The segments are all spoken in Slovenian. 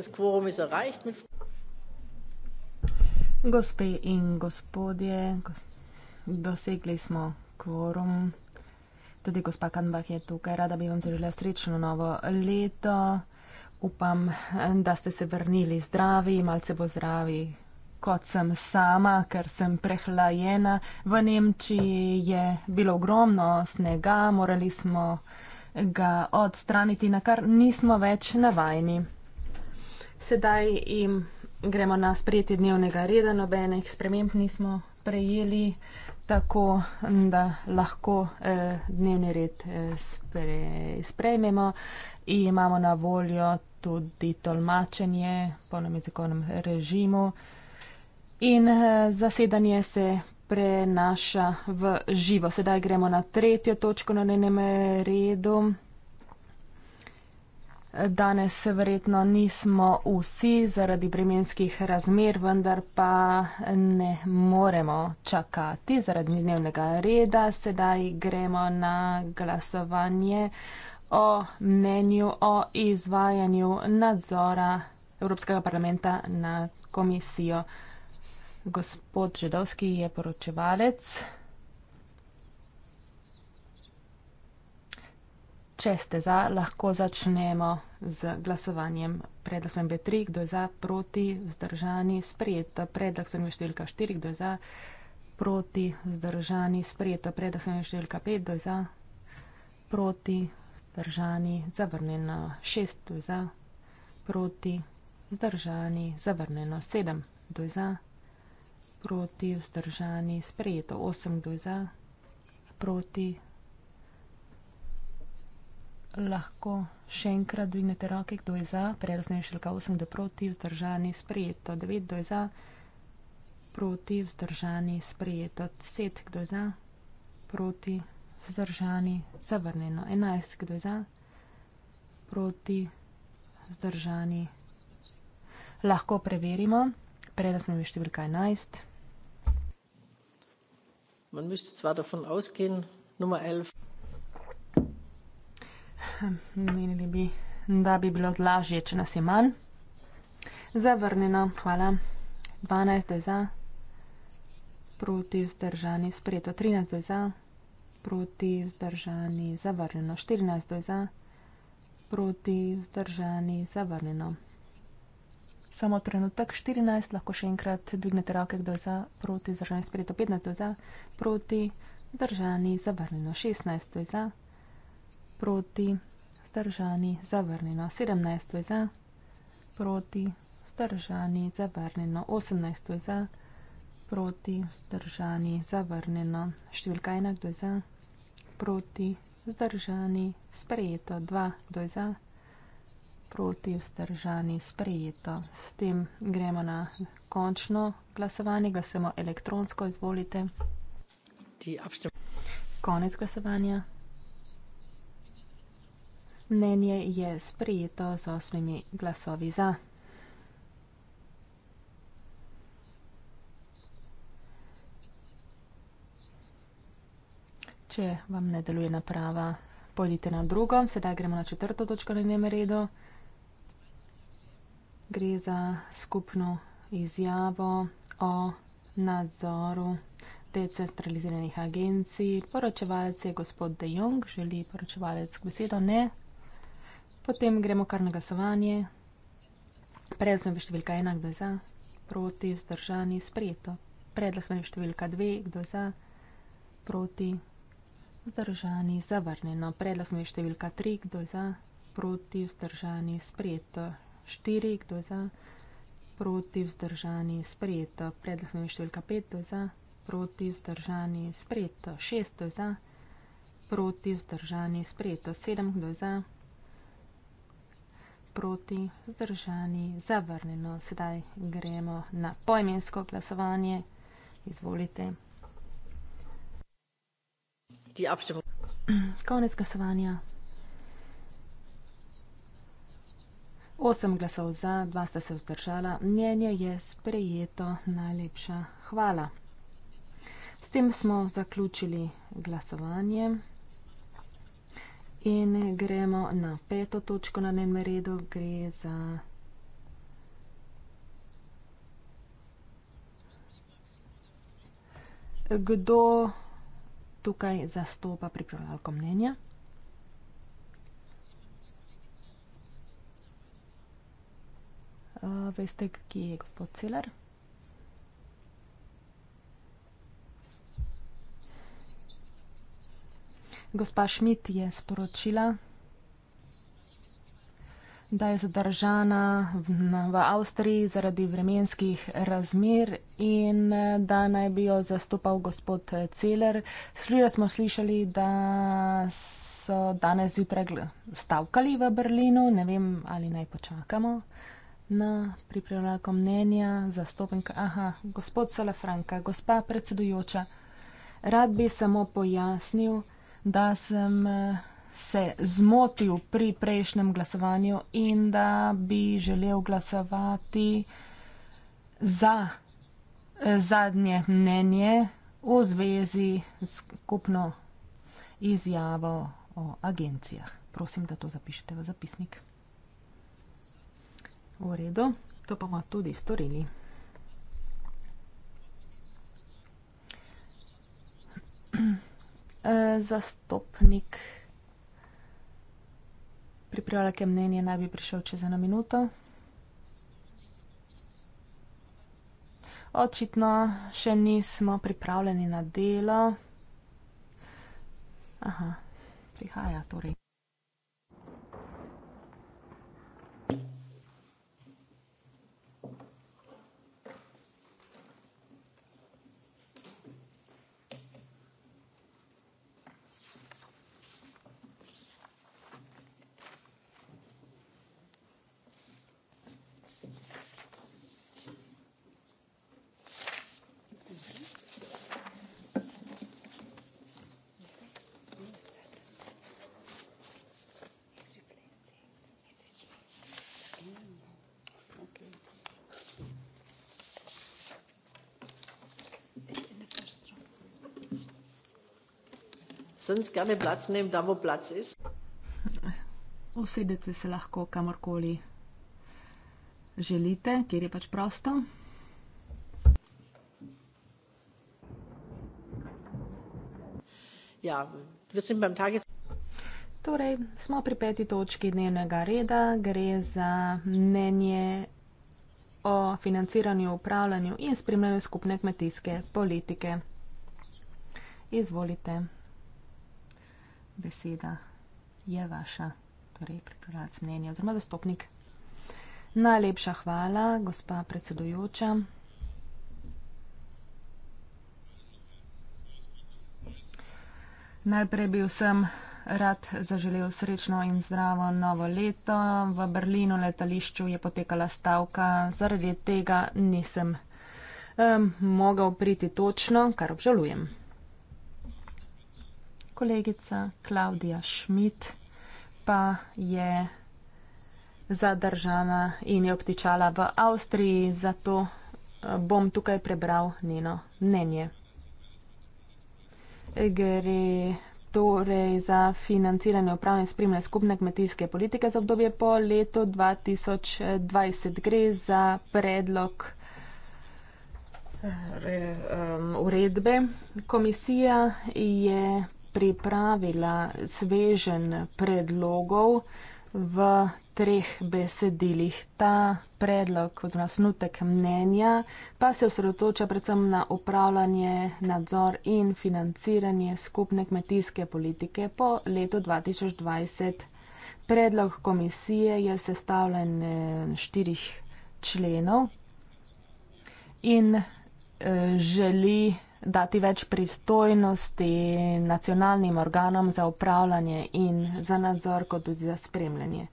das Quorum ist erreicht. Gospe in gospodje, dosegli smo kvorum. Tudi gospa Kanbah je tukaj. Rada bi vam zaželela srečno novo leto. Upam, da ste se vrnili zdravi, malce bo zdravi, kot sem sama, ker sem prehlajena. V Nemčiji je bilo ogromno snega, morali smo ga odstraniti, na kar nismo več navajeni sedaj jim gremo na sprejetje dnevnega reda, nobenih sprememb nismo prejeli, tako da lahko eh, dnevni red eh, sprejmemo. In imamo na voljo tudi tolmačenje po nam jezikovnem režimu. In eh, zasedanje se prenaša v živo. Sedaj gremo na tretjo točko na njenem redu. Danes se verjetno nismo vsi zaradi bremenskih razmer, vendar pa ne moremo čakati zaradi dnevnega reda. Sedaj gremo na glasovanje o mnenju o izvajanju nadzora Evropskega parlamenta na komisijo. Gospod Židovski je poročevalec. Če ste za, lahko začnemo z glasovanjem. Predlog smembe 3, kdo je za, proti, vzdržani, sprejeta. Predlog smembe številka 4, kdo je za, proti, vzdržani, sprejeta. Predlog smembe številka 5, kdo je za, proti, vzdržani, zavrnjeno. 6, kdo je za, proti, vzdržani, zavrnjeno. 7, kdo je za, proti, vzdržani, sprejeta. 8, kdo je za, proti, vzdržani lahko še enkrat dvignete roke, kdo je za, prej raznešilka 8, da proti vzdržani sprejeto 9, kdo je za, proti vzdržani sprejeto 10, kdo je za, proti vzdržani zavrnjeno 11, kdo je za, proti vzdržani. Lahko preverimo, prej raznešilka številka 11. Man müsste zwar davon ausgehen, Nummer 11 menili bi, da bi bilo lažje, če nas je manj. Zavrnjeno, hvala. 12 je za, proti vzdržani, sprejeto 13 je za, proti vzdržani, zavrnjeno 14 je za, proti vzdržani, zavrnjeno. Samo trenutek 14, lahko še enkrat dvignete roke, kdo je za, proti vzdržani, sprejeto 15 je za, proti vzdržani, zavrnjeno 16 je za proti, zdržani, zavrnjeno, 17 je za, proti, zdržani, zavrnjeno, 18 je za, proti, zdržani, zavrnjeno, številka 1, kdo je za, proti, zdržani, sprejeto, 2, kdo je za, proti, zdržani, sprejeto. S tem gremo na končno glasovanje, glasujemo elektronsko, izvolite. Konec glasovanja. Mnenje je sprejeto z osmimi glasovi za. Če vam ne deluje naprava, pojdite na drugo. Sedaj gremo na četrto točko na njem redu. Gre za skupno izjavo o nadzoru decentraliziranih agencij. Poročevalec je gospod De Jong. Želi poročevalec besedo? Ne. Potem gremo kar na glasovanje. Predlog sem številka ena, kdo je za, proti, vzdržani, sprejeto. Predlog sem številka dve, kdo je za, proti, vzdržani, zavrnjeno. Predlog sem številka tri, kdo je za, proti, vzdržani, sprejeto. Štiri, kdo je za, proti, vzdržani, sprejeto. Predlog sem številka pet, kdo je za, proti, vzdržani, sprejeto. Šesto je za, proti, vzdržani, sprejeto. Sedem, kdo je za, proti, vzdržani, sprejeto proti, zdržani, zavrnjeno. Sedaj gremo na pojmensko glasovanje. Izvolite. Konec glasovanja. Osem glasov za, dva sta se vzdržala, mnenje je sprejeto, najlepša hvala. S tem smo zaključili glasovanje. In gremo na peto točko na dnevnem redu, gre za. Kdo tukaj zastopa pripravljalko mnenja? Uh, veste, kje je gospod Celer? Gospa Šmit je sporočila, da je zadržana v, v Avstriji zaradi vremenskih razmer in da naj bi jo zastopal gospod Celer. Sluje smo slišali, da so danes zjutraj stavkali v Berlinu, ne vem, ali naj počakamo na pripravljako mnenja, zastopenka. Aha, gospod Salafranka, gospa predsedujoča, rad bi samo pojasnil, da sem eh, se zmotil pri prejšnjem glasovanju in da bi želel glasovati za eh, zadnje mnenje v zvezi s skupno izjavo o agencijah. Prosim, da to zapišete v zapisnik. V redu, to pa bomo tudi storili. Eh, zastopnik pripravljake mnenje naj bi prišel čez eno minuto. Očitno še nismo pripravljeni na delo. Aha, prihaja torej. sonce gane plac, ne vem, da bo plac res. Usedete se lahko kamorkoli želite, kjer je pač prosto. Ja, mislim, da imam tage. Torej, smo pri peti točki dnevnega reda. Gre za mnenje o financiranju, upravljanju in spremljanju skupne kmetijske politike. Izvolite beseda je vaša, torej pripravljalc mnenja oziroma zastopnik. Najlepša hvala, gospa predsedujoča. Najprej bi vsem rad zaželel srečno in zdravo novo leto. V Berlinu letališču je potekala stavka, zaradi tega nisem um, mogel priti točno, kar obžalujem kolegica Klaudija Šmit pa je zadržana in je obtičala v Avstriji, zato eh, bom tukaj prebral njeno mnenje. Gre torej za financiranje upravne spremlje skupne kmetijske politike za obdobje po letu 2020. Gre za predlog eh, eh, uredbe. Komisija je pripravila svežen predlogov v treh besedilih. Ta predlog oziroma snutek mnenja pa se osredotoča predvsem na upravljanje, nadzor in financiranje skupne kmetijske politike po letu 2020. Predlog komisije je sestavljen eh, štirih členov in eh, želi dati več pristojnosti nacionalnim organom za upravljanje in za nadzor kot tudi za spremljanje.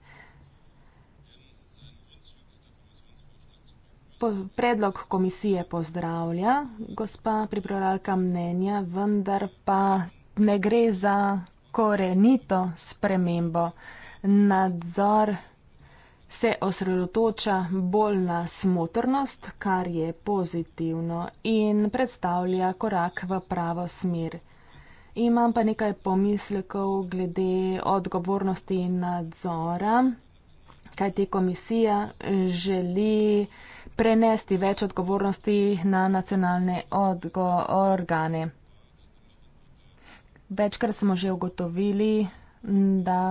Predlog komisije pozdravlja gospa pripravljalka mnenja, vendar pa ne gre za korenito spremembo nadzor se osredotoča bolj na smotrnost, kar je pozitivno in predstavlja korak v pravo smer. Imam pa nekaj pomislekov glede odgovornosti in nadzora, kaj ti komisija želi prenesti več odgovornosti na nacionalne odgo organe. Večkrat smo že ugotovili, da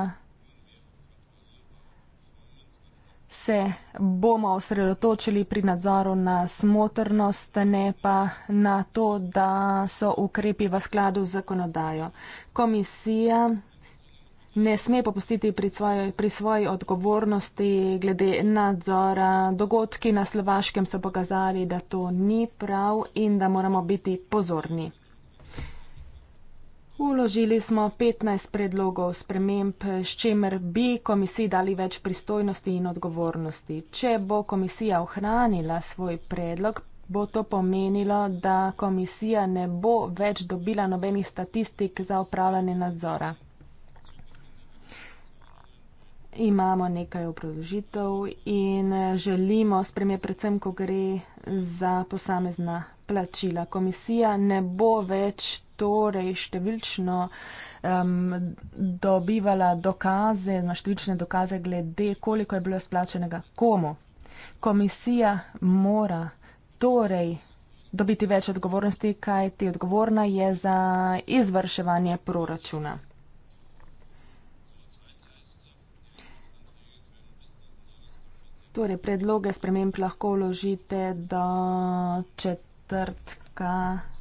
se bomo osredotočili pri nadzoru na smotrnost, ne pa na to, da so ukrepi v skladu z zakonodajo. Komisija ne sme popustiti pri, svoj, pri svoji odgovornosti glede nadzora. Dogodki na Slovaškem so pokazali, da to ni prav in da moramo biti pozorni. Vložili smo 15 predlogov sprememb, s čimer bi komisiji dali več pristojnosti in odgovornosti. Če bo komisija ohranila svoj predlog, bo to pomenilo, da komisija ne bo več dobila nobenih statistik za upravljanje nadzora. Imamo nekaj obrazložitev in želimo spremljati predvsem, ko gre za posamezna plačila. Komisija ne bo več torej številčno um, dobivala dokaze, na številčne dokaze glede, koliko je bilo splačenega komu. Komisija mora torej dobiti več odgovornosti, kaj ti odgovorna je za izvrševanje proračuna. Torej, predloge sprememb lahko vložite do četrtka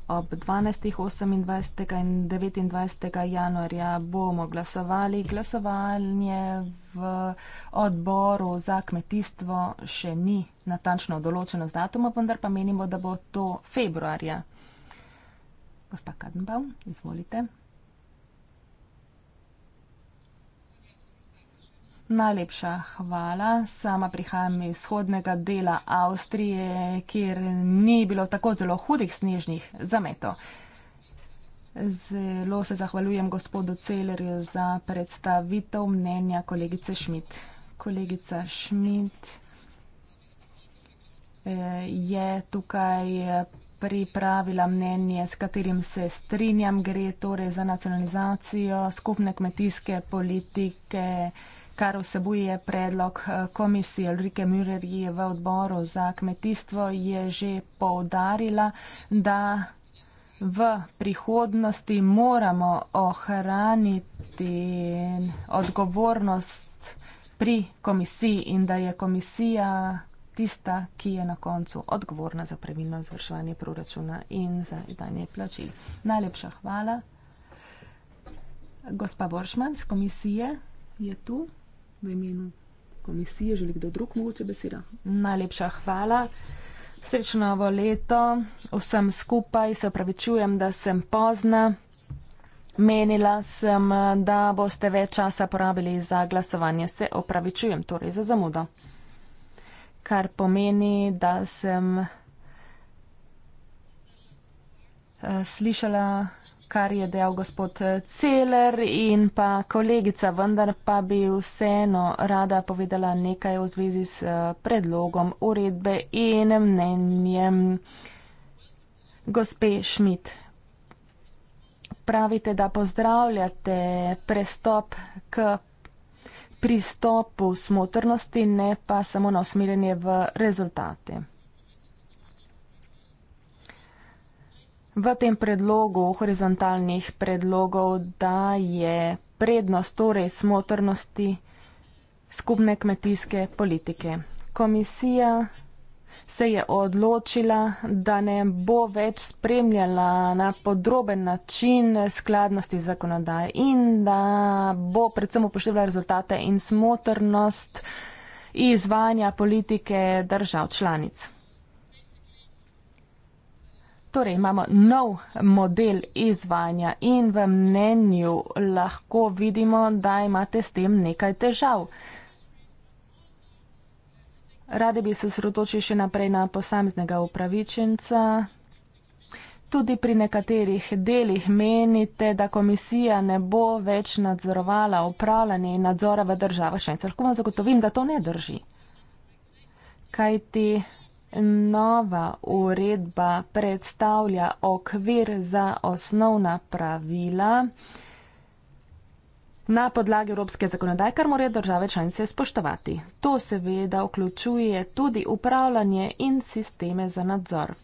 ob 12., 28. in 29. januarja bomo glasovali. Glasovanje v odboru za kmetijstvo še ni natančno določeno z datuma, vendar pa menimo, da bo to februarja. Gospa Kadenbaum, izvolite. Najlepša hvala. Sama prihajam iz vzhodnega dela Avstrije, kjer ni bilo tako zelo hudih snežnih zametov. Zelo se zahvaljujem gospodu Celerju za predstavitev mnenja kolegice Šmit. Kolegica Šmit eh, je tukaj eh, pripravila mnenje, s katerim se strinjam, gre torej za nacionalizacijo skupne kmetijske politike kar vsebuje predlog eh, komisije Ulrike Müllerije v odboru za kmetijstvo, je že poudarila, da v prihodnosti moramo ohraniti odgovornost pri komisiji in da je komisija tista, ki je na koncu odgovorna za pravilno izvrševanje proračuna in za izdanje plačil. Najlepša hvala. Gospa Boršman z komisije je tu v imenu komisije, želi kdo drug mogoče beseda. Najlepša hvala. Srečno novo leto vsem skupaj, se opravičujem, da sem pozna. Menila sem, da boste več časa porabili za glasovanje. Se opravičujem torej za zamudo. Kar pomeni, da sem uh, slišala kar je dejal gospod Celer in pa kolegica, vendar pa bi vseeno rada povedala nekaj v zvezi s eh, predlogom uredbe in mnenjem gospe Šmit. Pravite, da pozdravljate prestop k pristopu smotrnosti, ne pa samo na usmerjanje v rezultate. v tem predlogu horizontalnih predlogov, da je prednost torej smotrnosti skupne kmetijske politike. Komisija se je odločila, da ne bo več spremljala na podroben način skladnosti zakonodaje in da bo predvsem upoštevala rezultate in smotrnost izvanja politike držav članic. Torej imamo nov model izvanja in v mnenju lahko vidimo, da imate s tem nekaj težav. Rade bi se sredočil še naprej na posameznega upravičenca. Tudi pri nekaterih delih menite, da komisija ne bo več nadzorovala upravljanje in nadzora v državah. Še enkrat, lahko vam zagotovim, da to ne drži. Kaj ti? Te... Nova uredba predstavlja okvir za osnovna pravila na podlagi evropske zakonodaje, kar morajo države članice spoštovati. To seveda vključuje tudi upravljanje in sisteme za nadzor.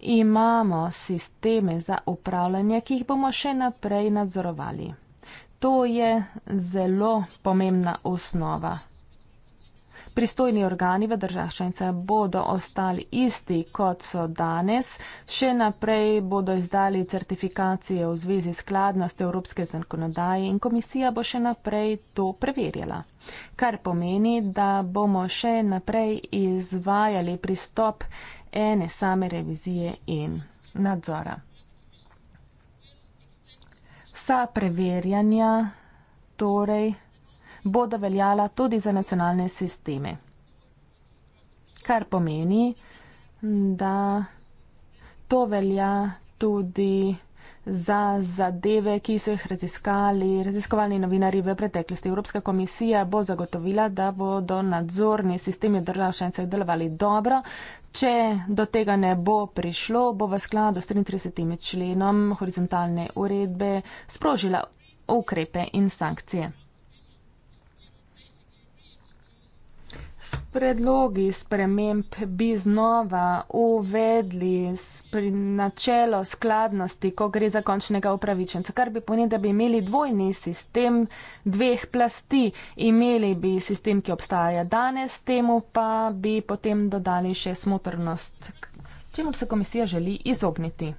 Imamo sisteme za upravljanje, ki jih bomo še naprej nadzorovali. To je zelo pomembna osnova Pristojni organi v državah članicah bodo ostali isti, kot so danes. Še naprej bodo izdali certifikacije v zvezi s skladnost Evropske zakonodaje in komisija bo še naprej to preverjala. Kar pomeni, da bomo še naprej izvajali pristop ene same revizije in nadzora. Vsa preverjanja torej bodo veljala tudi za nacionalne sisteme. Kar pomeni, da to velja tudi za zadeve, ki so jih raziskali raziskovalni novinari v preteklosti. Evropska komisija bo zagotovila, da bodo nadzorni sistemi držav šence delovali dobro. Če do tega ne bo prišlo, bo v skladu s 33. členom horizontalne uredbe sprožila ukrepe in sankcije. predlogi sprememb bi znova uvedli pri načelo skladnosti, ko gre za končnega upravičenca, kar bi pomenilo, da bi imeli dvojni sistem dveh plasti, imeli bi sistem, ki obstaja danes, temu pa bi potem dodali še smotrnost, čemu se komisija želi izogniti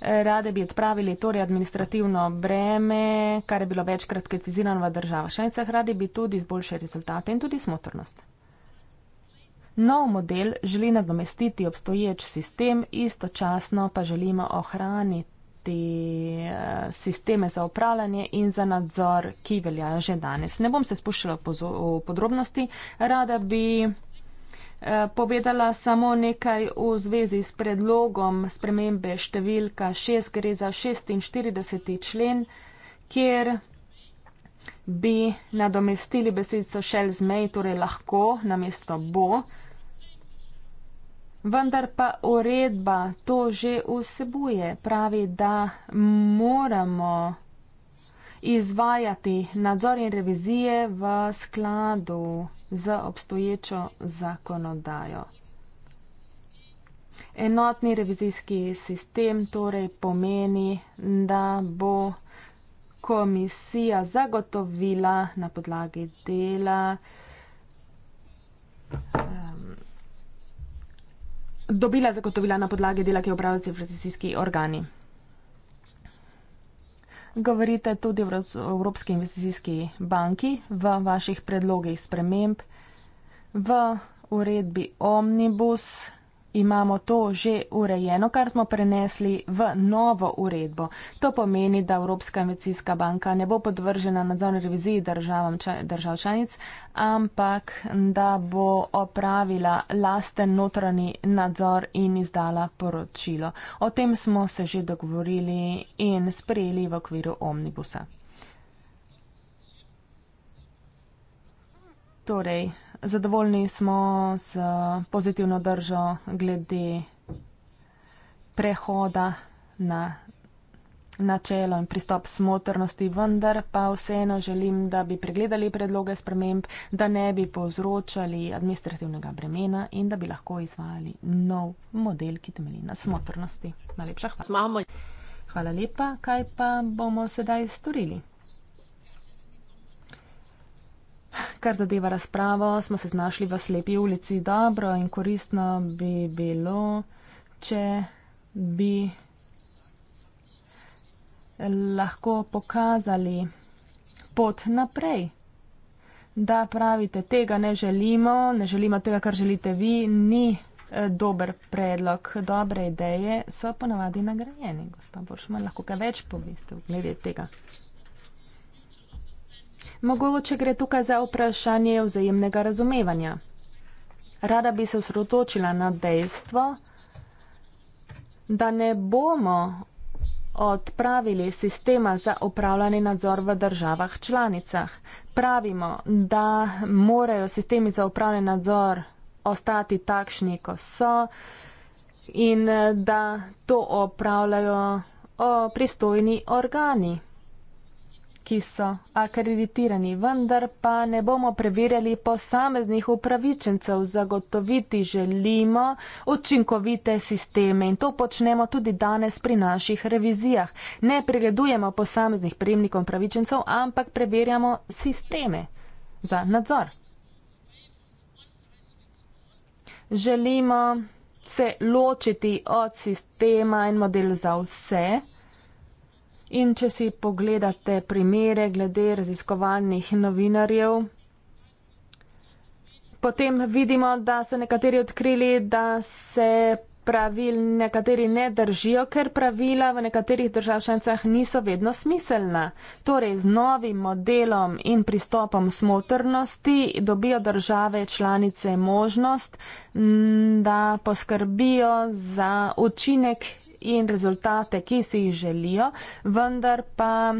rade bi odpravili torej administrativno breme, kar je bilo večkrat kritizirano v državah članicah, rade bi tudi izboljšali rezultate in tudi smotrnost. Nov model želi nadomestiti obstoječ sistem, istočasno pa želimo ohraniti eh, sisteme za upravljanje in za nadzor, ki veljajo že danes. Ne bom se spuščala v podrobnosti, rada bi Eh, povedala samo nekaj v zvezi s predlogom spremembe številka 6, gre za 46. člen, kjer bi nadomestili besedico šel zmej, torej lahko, namesto bo. Vendar pa uredba to že vsebuje, pravi, da moramo izvajati nadzor in revizije v skladu z obstoječo zakonodajo. Enotni revizijski sistem torej pomeni, da bo komisija zagotovila na podlagi dela dobila zagotovila na podlagi dela, ki jo opravljajo revizijski organi. Govorite tudi v Evropski investicijski banki v vaših predlogih sprememb, v uredbi Omnibus, imamo to že urejeno, kar smo prenesli v novo uredbo. To pomeni, da Evropska investicijska banka ne bo podvržena nadzorni reviziji državam, držav članic, ampak da bo opravila lasten notranji nadzor in izdala poročilo. O tem smo se že dogovorili in sprejeli v okviru omnibusa. Torej, zadovoljni smo z pozitivno držo glede prehoda na načelo in pristop smotrnosti, vendar pa vseeno želim, da bi pregledali predloge sprememb, da ne bi povzročali administrativnega bremena in da bi lahko izvajali nov model, ki temelji na smotrnosti. Najlepša hvala. Hvala lepa, kaj pa bomo sedaj storili? Kar zadeva razpravo, smo se znašli v slepi ulici. Dobro in koristno bi bilo, če bi lahko pokazali pot naprej. Da pravite, tega ne želimo, ne želimo tega, kar želite vi, ni eh, dober predlog. Dobre ideje so ponavadi nagrajeni. Gospa Boršman, lahko kaj več poveste v glede tega? Mogoče gre tukaj za vprašanje vzajemnega razumevanja. Rada bi se osredotočila na dejstvo, da ne bomo odpravili sistema za upravljanje nadzor v državah članicah. Pravimo, da morajo sistemi za upravljanje nadzor ostati takšni, ko so in da to opravljajo pristojni organi ki so akreditirani, vendar pa ne bomo preverjali posameznih upravičencev. Zagotoviti želimo učinkovite sisteme in to počnemo tudi danes pri naših revizijah. Ne pregledujemo posameznih prejemnikov upravičencev, ampak preverjamo sisteme za nadzor. Želimo se ločiti od sistema in model za vse. In če si pogledate primere glede raziskovalnih novinarjev, potem vidimo, da so nekateri odkrili, da se pravil nekateri ne držijo, ker pravila v nekaterih državšencah niso vedno smiselna. Torej, z novim modelom in pristopom smotrnosti dobijo države članice možnost, da poskrbijo za učinek in rezultate, ki si jih želijo, vendar pa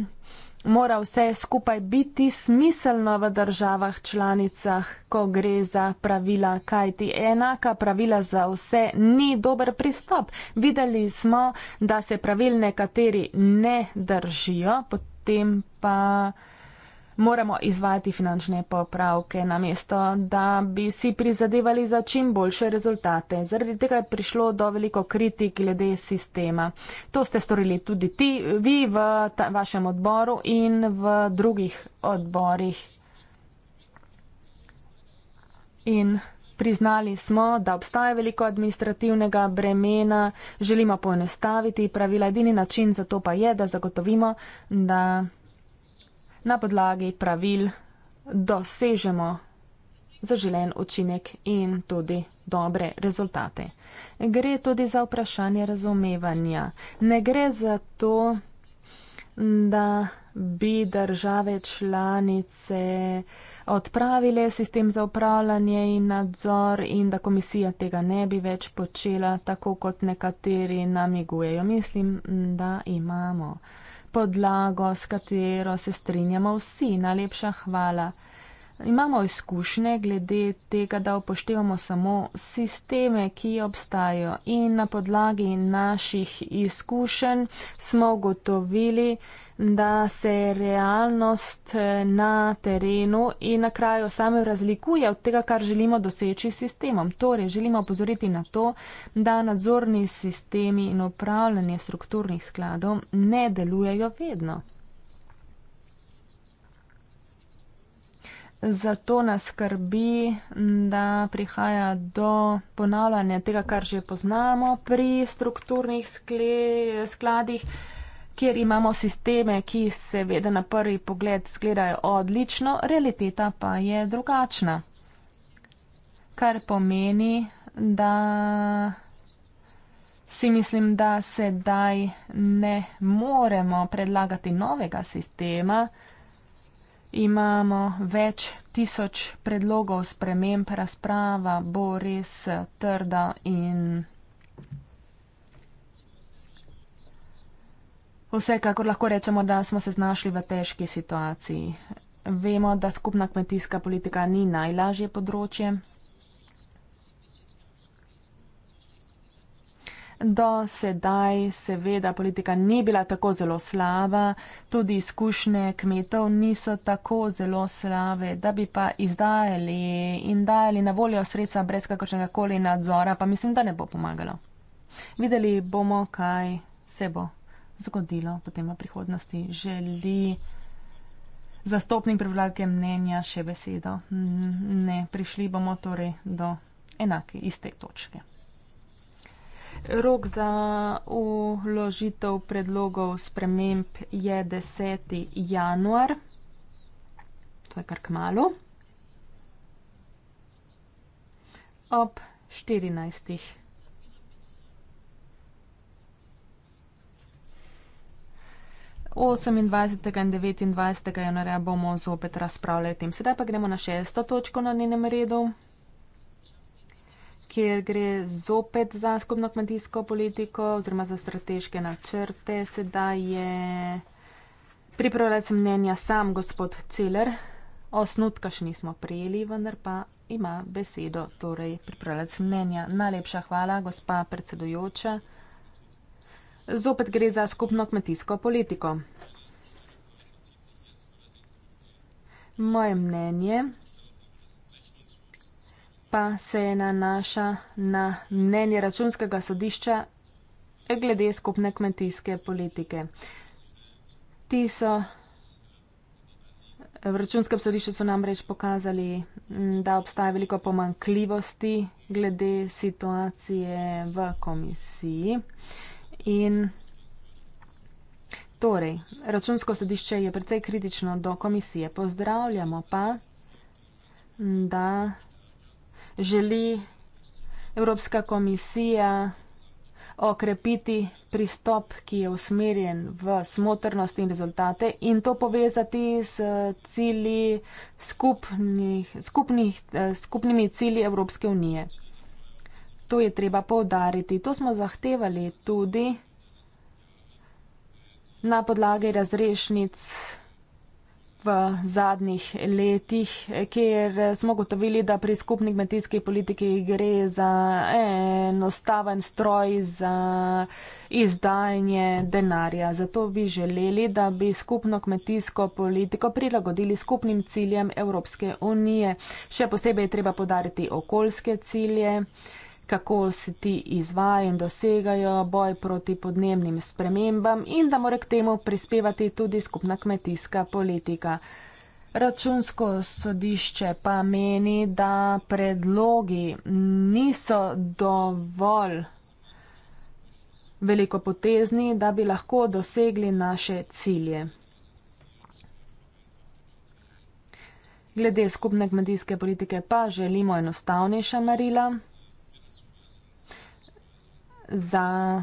mora vse skupaj biti smiselno v državah članicah, ko gre za pravila, kajti enaka pravila za vse ni dober pristop. Videli smo, da se pravil nekateri ne držijo, potem pa moramo izvajati finančne popravke na mesto, da bi si prizadevali za čim boljše rezultate. Zaradi tega je prišlo do veliko kritik glede sistema. To ste storili tudi ti, vi v ta, vašem odboru in v drugih odborih. In priznali smo, da obstaja veliko administrativnega bremena, želimo poenostaviti pravila. Edini način za to pa je, da zagotovimo, da na podlagi pravil dosežemo zaželen učinek in tudi dobre rezultate. Gre tudi za vprašanje razumevanja. Ne gre za to, da bi države članice odpravile sistem za upravljanje in nadzor in da komisija tega ne bi več počela, tako kot nekateri namigujejo. Mislim, da imamo podlago, s katero se strinjamo vsi. Najlepša hvala. Imamo izkušnje glede tega, da upoštevamo samo sisteme, ki obstajajo in na podlagi naših izkušenj smo ugotovili, da se realnost eh, na terenu in na kraju same razlikuje od tega, kar želimo doseči s sistemom. Torej, želimo opozoriti na to, da nadzorni sistemi in upravljanje strukturnih skladov ne delujejo vedno. Zato nas skrbi, da prihaja do ponavljanja tega, kar že poznamo pri strukturnih skle, skladih, kjer imamo sisteme, ki seveda na prvi pogled zgledajo odlično, realiteta pa je drugačna. Kar pomeni, da si mislim, da sedaj ne moremo predlagati novega sistema, imamo več tisoč predlogov sprememb, razprava bo res trda in vsekakor lahko rečemo, da smo se znašli v težki situaciji. Vemo, da skupna kmetijska politika ni najlažje področje. Do sedaj seveda politika ni bila tako zelo slaba, tudi izkušnje kmetov niso tako zelo slave, da bi pa izdajali in dajali na voljo sredstva brez kakršnega koli nadzora, pa mislim, da ne bo pomagalo. Videli bomo, kaj se bo zgodilo potem v prihodnosti. Želi zastopnik privlake mnenja še besedo. Ne, prišli bomo torej do enake, iste točke. Rok za uložitev predlogov sprememb je 10. januar, to je kar k malu, ob 14. 28. in 29. januarja bomo zopet razpravljali o tem. Sedaj pa gremo na šesto točko na njenem redu kjer gre zopet za skupno kmetijsko politiko oziroma za strateške načrte. Sedaj je pripravljalec mnenja sam gospod Celer. Osnutka še nismo prijeli, vendar pa ima besedo, torej pripravljalec mnenja. Najlepša hvala, gospa predsedujoča. Zopet gre za skupno kmetijsko politiko. Moje mnenje pa se nanaša na mnenje računskega sodišča glede skupne kmetijske politike. Ti so v računskem sodišču so namreč pokazali, da obstaja veliko pomankljivosti glede situacije v komisiji. In torej, računsko sodišče je precej kritično do komisije. Pozdravljamo pa, da želi Evropska komisija okrepiti pristop, ki je usmerjen v smotrnost in rezultate in to povezati s cilji skupnih, skupnih, eh, skupnimi cilji Evropske unije. To je treba povdariti. To smo zahtevali tudi na podlagi razrešnic v zadnjih letih, kjer smo gotovili, da pri skupni kmetijski politiki gre za enostaven stroj za izdajanje denarja. Zato bi želeli, da bi skupno kmetijsko politiko prilagodili skupnim ciljem Evropske unije. Še posebej je treba podariti okoljske cilje kako se ti izvaja in dosegajo boj proti podnebnim spremembam in da mora k temu prispevati tudi skupna kmetijska politika. Računsko sodišče pa meni, da predlogi niso dovolj velikopotezni, da bi lahko dosegli naše cilje. Glede skupne kmetijske politike pa želimo enostavnejša merila za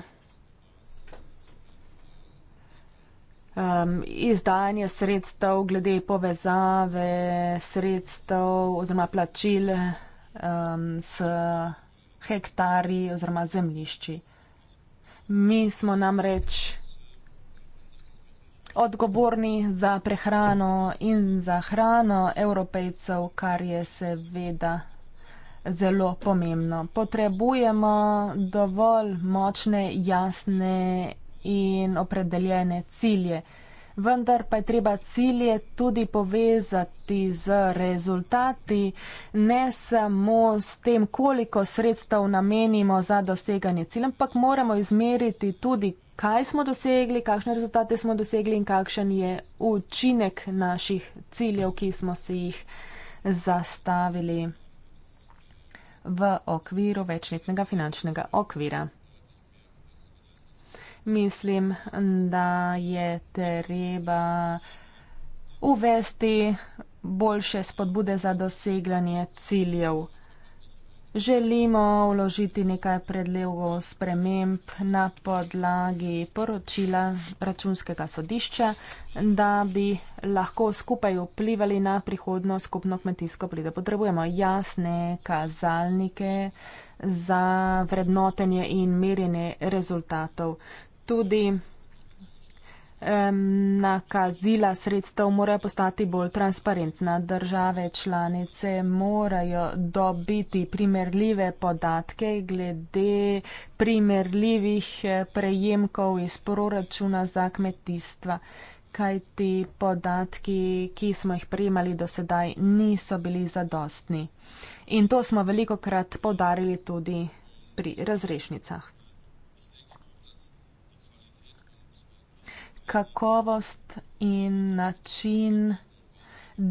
um, izdajanje sredstev glede povezave sredstev oziroma plačil um, s hektari oziroma zemlišči. Mi smo namreč odgovorni za prehrano in za hrano evropejcev, kar je seveda zelo pomembno. Potrebujemo dovolj močne, jasne in opredeljene cilje. Vendar pa je treba cilje tudi povezati z rezultati, ne samo s tem, koliko sredstev namenimo za doseganje cilja, ampak moramo izmeriti tudi, kaj smo dosegli, kakšne rezultate smo dosegli in kakšen je učinek naših ciljev, ki smo si jih zastavili v okviru večletnega finančnega okvira. Mislim, da je treba uvesti boljše spodbude za doseganje ciljev želimo vložiti nekaj predlogov sprememb na podlagi poročila računskega sodišča, da bi lahko skupaj vplivali na prihodno skupno kmetijsko plido. Potrebujemo jasne kazalnike za vrednotenje in merjenje rezultatov. Tudi nakazila sredstev morajo postati bolj transparentna. Države članice morajo dobiti primerljive podatke glede primerljivih eh, prejemkov iz proračuna za kmetijstva, kaj ti podatki, ki smo jih prejemali do sedaj, niso bili zadostni. In to smo veliko krat podarili tudi pri razrešnicah. kakovost in način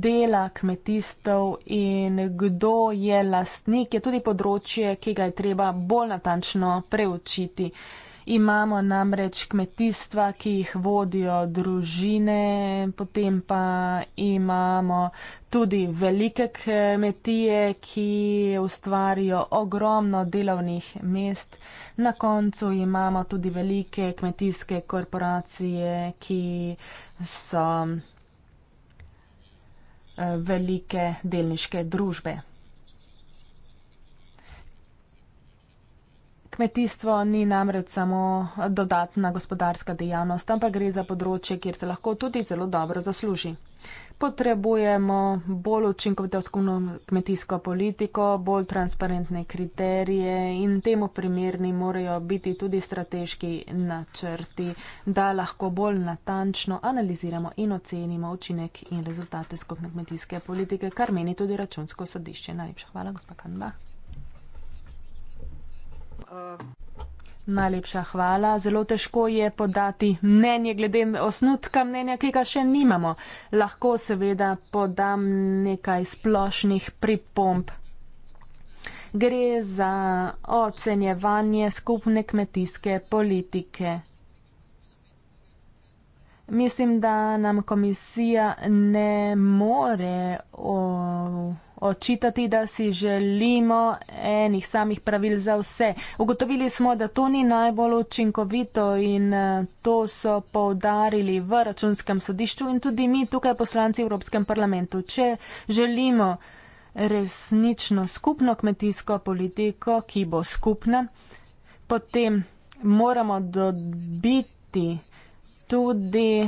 dela kmetistov in kdo je lastnik, je tudi področje, ki ga je treba bolj natančno preučiti. Imamo namreč kmetijstva, ki jih vodijo družine, potem pa imamo tudi velike kmetije, ki ustvarijo ogromno delovnih mest. Na koncu imamo tudi velike kmetijske korporacije, ki so eh, velike delniške družbe. Kmetijstvo ni namreč samo dodatna gospodarska dejavnost, ampak gre za področje, kjer se lahko tudi zelo dobro zasluži. Potrebujemo bolj učinkovito skupno kmetijsko politiko, bolj transparentne kriterije in temu primerni morajo biti tudi strateški načrti, da lahko bolj natančno analiziramo in ocenimo učinek in rezultate skupne kmetijske politike, kar meni tudi računsko sodišče. Najlepša hvala, gospod Kanba. Najlepša hvala. Zelo težko je podati mnenje glede osnutka mnenja, ki ga še nimamo. Lahko seveda podam nekaj splošnih pripomp. Gre za ocenjevanje skupne kmetijske politike mislim, da nam komisija ne more očitati, da si želimo enih samih pravil za vse. Ugotovili smo, da to ni najbolj učinkovito in eh, to so povdarili v računskem sodišču in tudi mi tukaj poslanci v Evropskem parlamentu. Če želimo resnično skupno kmetijsko politiko, ki bo skupna, potem moramo dobiti tudi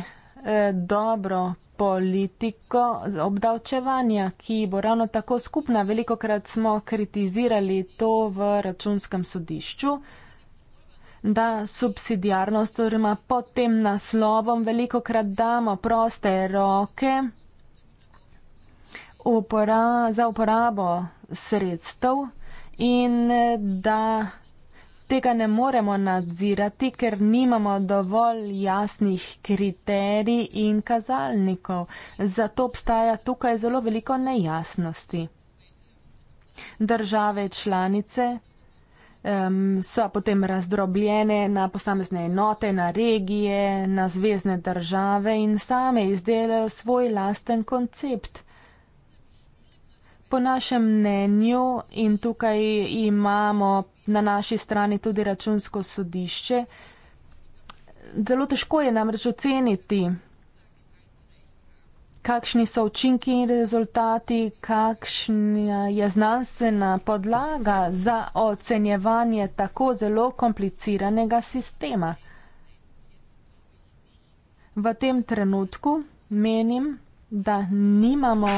eh, dobro politiko obdavčevanja, ki bo ravno tako skupna. Veliko krat smo kritizirali to v računskem sodišču, da subsidijarnost, oziroma pod tem naslovom, veliko krat damo proste roke upora, za uporabo sredstev in eh, da tega ne moremo nadzirati, ker nimamo dovolj jasnih kriterij in kazalnikov. Zato obstaja tukaj zelo veliko nejasnosti. Države članice um, so potem razdrobljene na posamezne enote, na regije, na zvezne države in same izdelajo svoj lasten koncept. Po našem mnenju in tukaj imamo na naši strani tudi računsko sodišče, zelo težko je namreč oceniti, kakšni so učinki in rezultati, kakšna je znanstvena podlaga za ocenjevanje tako zelo kompliciranega sistema. V tem trenutku menim, da nimamo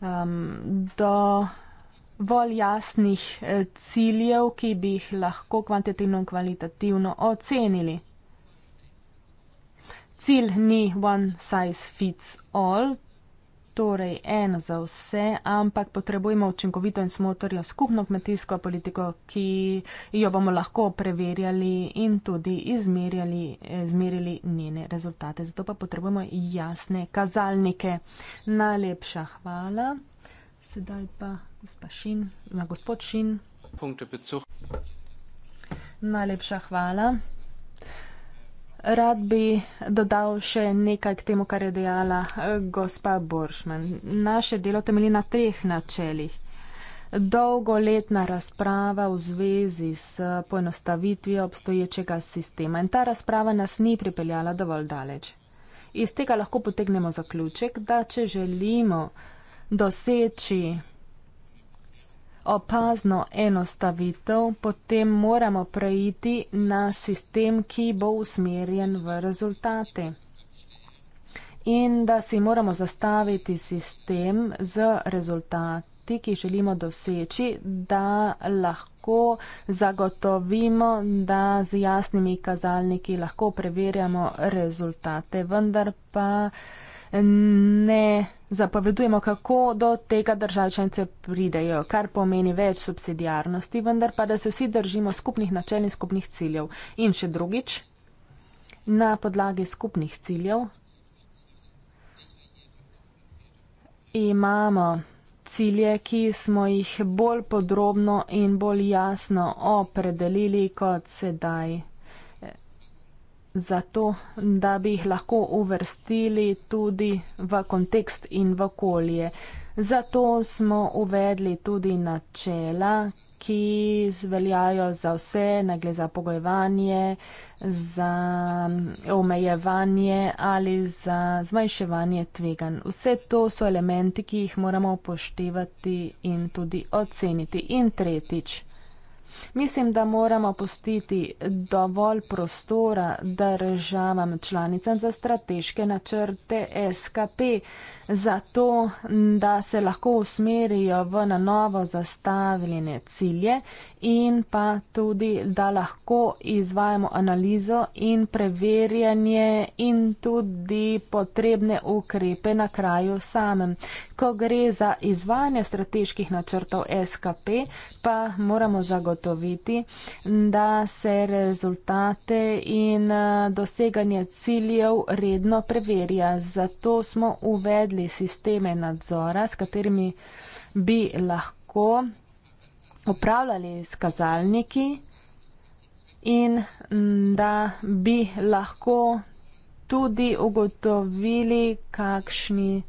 um, dovolj jasnih eh, ciljev, ki bi jih lahko kvantitativno in kvalitativno ocenili. Cilj ni one size fits all, torej eno za vse, ampak potrebujemo učinkovito in smotrjo skupno kmetijsko politiko, ki jo bomo lahko preverjali in tudi izmerjali, izmerjali njene rezultate. Zato pa potrebujemo jasne kazalnike. Najlepša hvala. Sedaj pa Šin, na gospod Šin. Najlepša hvala. Rad bi dodal še nekaj k temu, kar je dejala eh, gospa Boršman. Naše delo temelji na treh načelih. Dolgoletna razprava v zvezi s poenostavitvijo obstoječega sistema in ta razprava nas ni pripeljala dovolj daleč. Iz tega lahko potegnemo zaključek, da če želimo doseči opazno enostavitev, potem moramo preiti na sistem, ki bo usmerjen v rezultate. In da si moramo zastaviti sistem z rezultati, ki želimo doseči, da lahko zagotovimo, da z jasnimi kazalniki lahko preverjamo rezultate, vendar pa ne zapovedujemo, kako do tega državčance pridejo, kar pomeni več subsidijarnosti, vendar pa, da se vsi držimo skupnih načel in skupnih ciljev. In še drugič, na podlagi skupnih ciljev imamo cilje, ki smo jih bolj podrobno in bolj jasno opredelili kot sedaj zato, da bi jih lahko uvrstili tudi v kontekst in v okolje. Zato smo uvedli tudi načela, ki veljajo za vse, nagle za pogojevanje, za omejevanje ali za zmanjševanje tvegan. Vse to so elementi, ki jih moramo upoštevati in tudi oceniti. In tretjič, Mislim, da moramo pustiti dovolj prostora državam članicam za strateške načrte SKP, zato da se lahko usmerijo v na novo zastavljene cilje in pa tudi, da lahko izvajamo analizo in preverjanje in tudi potrebne ukrepe na kraju samem. Ko gre za izvajanje strateških načrtov SKP, pa moramo zagotoviti, ugotoviti, da se rezultate in eh, doseganje ciljev redno preverja. Zato smo uvedli sisteme nadzora, s katerimi bi lahko upravljali s kazalniki in da bi lahko tudi ugotovili, kakšni,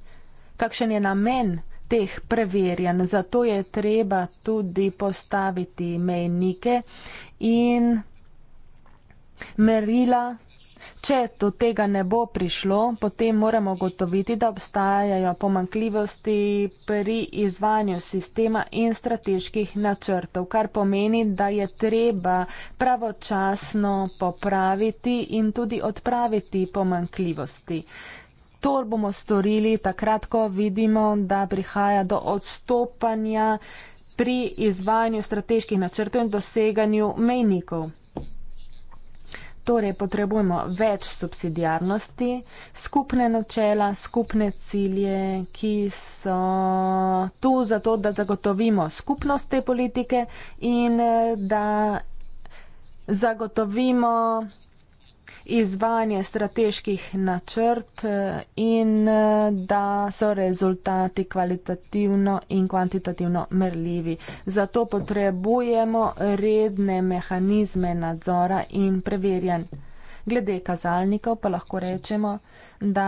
kakšen je namen, teh preverjanj. Zato je treba tudi postaviti mejnike in merila. Če do tega ne bo prišlo, potem moramo gotoviti, da obstajajo pomankljivosti pri izvanju sistema in strateških načrtov, kar pomeni, da je treba pravočasno popraviti in tudi odpraviti pomankljivosti. Uh, To bomo storili takrat, ko vidimo, da prihaja do odstopanja pri izvajanju strateških načrtov in doseganju mejnikov. Torej potrebujemo več subsidijarnosti, skupne načela, skupne cilje, ki so tu zato, da zagotovimo skupnost te politike in eh, da zagotovimo izvanje strateških načrt eh, in eh, da so rezultati kvalitativno in kvantitativno merljivi. Zato potrebujemo redne mehanizme nadzora in preverjanj. Glede kazalnikov pa lahko rečemo, da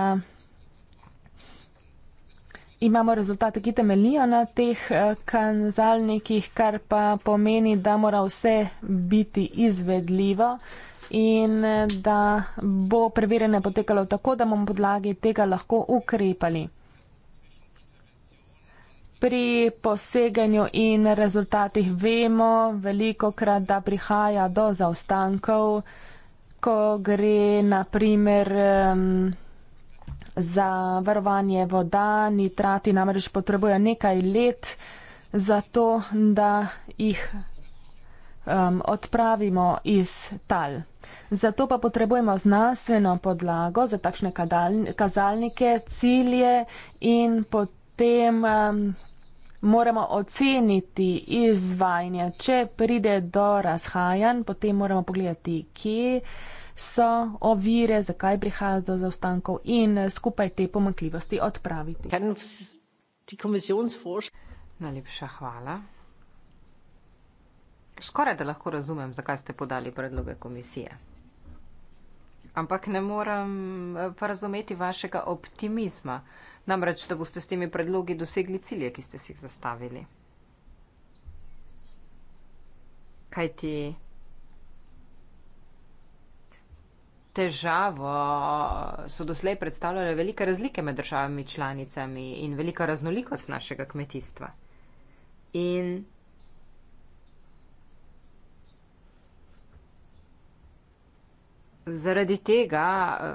imamo rezultate, ki temeljijo na teh eh, kazalnikih, kar pa pomeni, da mora vse biti izvedljivo in eh, da bo preverjanje potekalo tako, da bomo podlagi tega lahko ukrepali. Pri poseganju in rezultatih vemo veliko krat, da prihaja do zaostankov, ko gre naprimer um, za varovanje voda, nitrati namreč potrebujejo nekaj let za to, da jih um, odpravimo iz tal. Zato pa potrebujemo znanstveno podlago za takšne kazalnike, cilje in potem um, moramo oceniti izvajanje. Če pride do razhajanj, potem moramo pogledati, kje so ovire, zakaj prihaja do zaostankov in eh, skupaj te pomakljivosti odpraviti. Najlepša hvala skoraj da lahko razumem, zakaj ste podali predloge komisije. Ampak ne morem eh, pa razumeti vašega optimizma, namreč, da boste s temi predlogi dosegli cilje, ki ste si jih zastavili. Kaj ti težavo eh, so doslej predstavljale velike razlike med državami članicami in velika raznolikost našega kmetijstva. In Zaradi tega eh,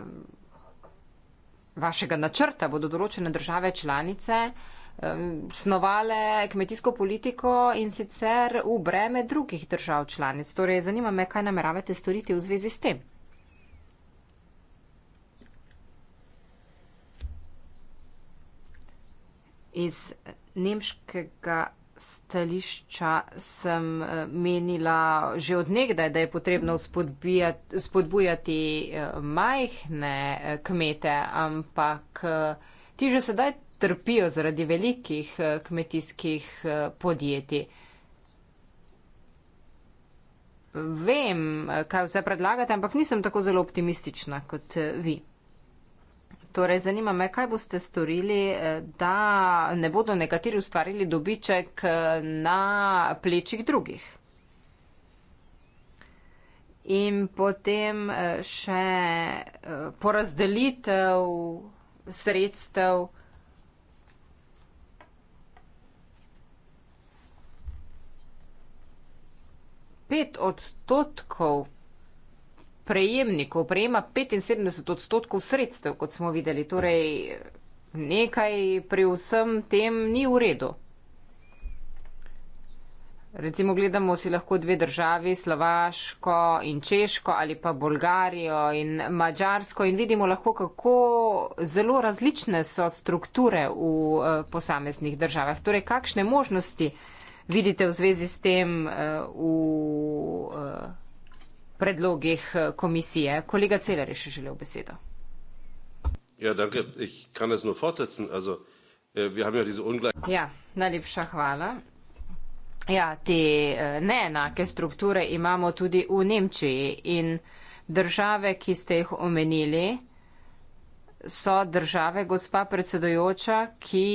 vašega načrta bodo določene države članice eh, snovale kmetijsko politiko in sicer v breme drugih držav članic. Torej, zanima me, kaj nameravate storiti v zvezi s tem. Iz nemškega stališča sem eh, menila že odnegdaj, da je potrebno spodbujati eh, majhne eh, kmete, ampak ti že sedaj trpijo zaradi velikih kmetijskih podjetij. Vem, kaj vse predlagate, ampak nisem tako zelo optimistična kot vi. Torej, zanima me, kaj boste storili, eh, da ne bodo nekateri ustvarili dobiček eh, na plečih drugih. In potem eh, še porazdelitev sredstev. Pet odstotkov prejemnikov prejema 75 odstotkov sredstev, kot smo videli. Torej, nekaj pri vsem tem ni v redu. Recimo gledamo si lahko dve državi, Slovaško in Češko ali pa Bolgarijo in Mačarsko in vidimo lahko, kako zelo različne so strukture v eh, posameznih državah. Torej, kakšne možnosti vidite v zvezi s tem eh, v eh, predlogih eh, komisije. Kolega Celer je še želel besedo. Ja, danke. Ich kann es nur fortsetzen. Also, äh, wir haben ja diese ungleich... Ja, najlepša hvala. Ja, te eh, neenake strukture imamo tudi v Nemčiji in države, ki ste jih omenili, so države, gospa predsedojoča, ki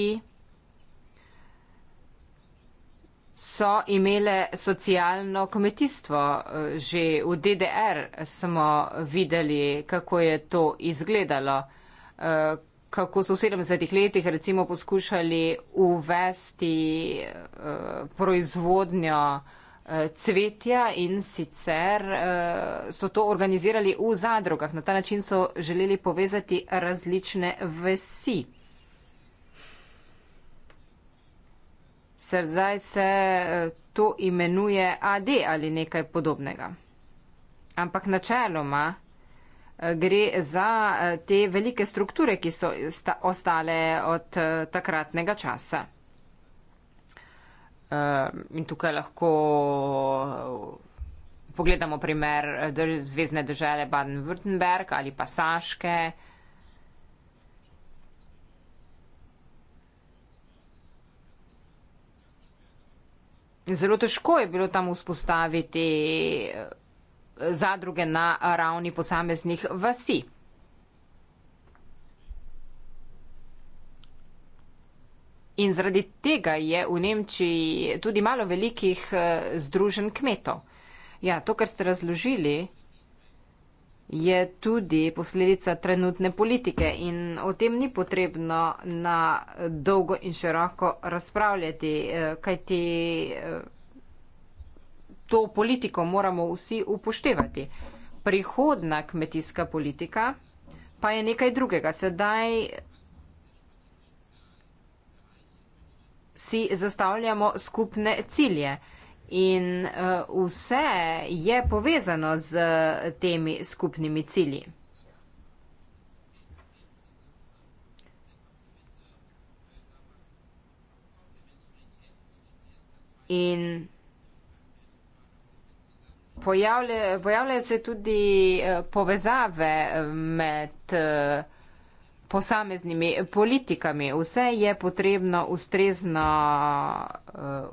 so imele socialno kmetijstvo. Eh, že v DDR smo videli, kako je to izgledalo, eh, kako so v 70-ih letih recimo poskušali uvesti eh, proizvodnjo cvetja in sicer so to organizirali v zadrugah. Na ta način so želeli povezati različne vesi. ser zdaj se eh, to imenuje AD ali nekaj podobnega. Ampak načeloma eh, gre za eh, te velike strukture, ki so ostale od takratnega časa. In tukaj lahko pogledamo primer Zvezdne države Baden-Württemberg ali pa Saške. In zelo težko je bilo tam vzpostaviti eh, zadruge na ravni posameznih vasi. In zaradi tega je v Nemčiji tudi malo velikih eh, združen kmetov. Ja, to, kar ste razložili, je tudi posledica trenutne politike in o tem ni potrebno na dolgo in široko razpravljati, eh, kajti eh, to politiko moramo vsi upoštevati. Prihodna kmetijska politika pa je nekaj drugega. Sedaj si zastavljamo skupne cilje. In uh, vse je povezano z eh, temi skupnimi cilji. In pojavljajo, pojavljajo se tudi eh, povezave med posameznimi politikami. Vse je potrebno ustrezno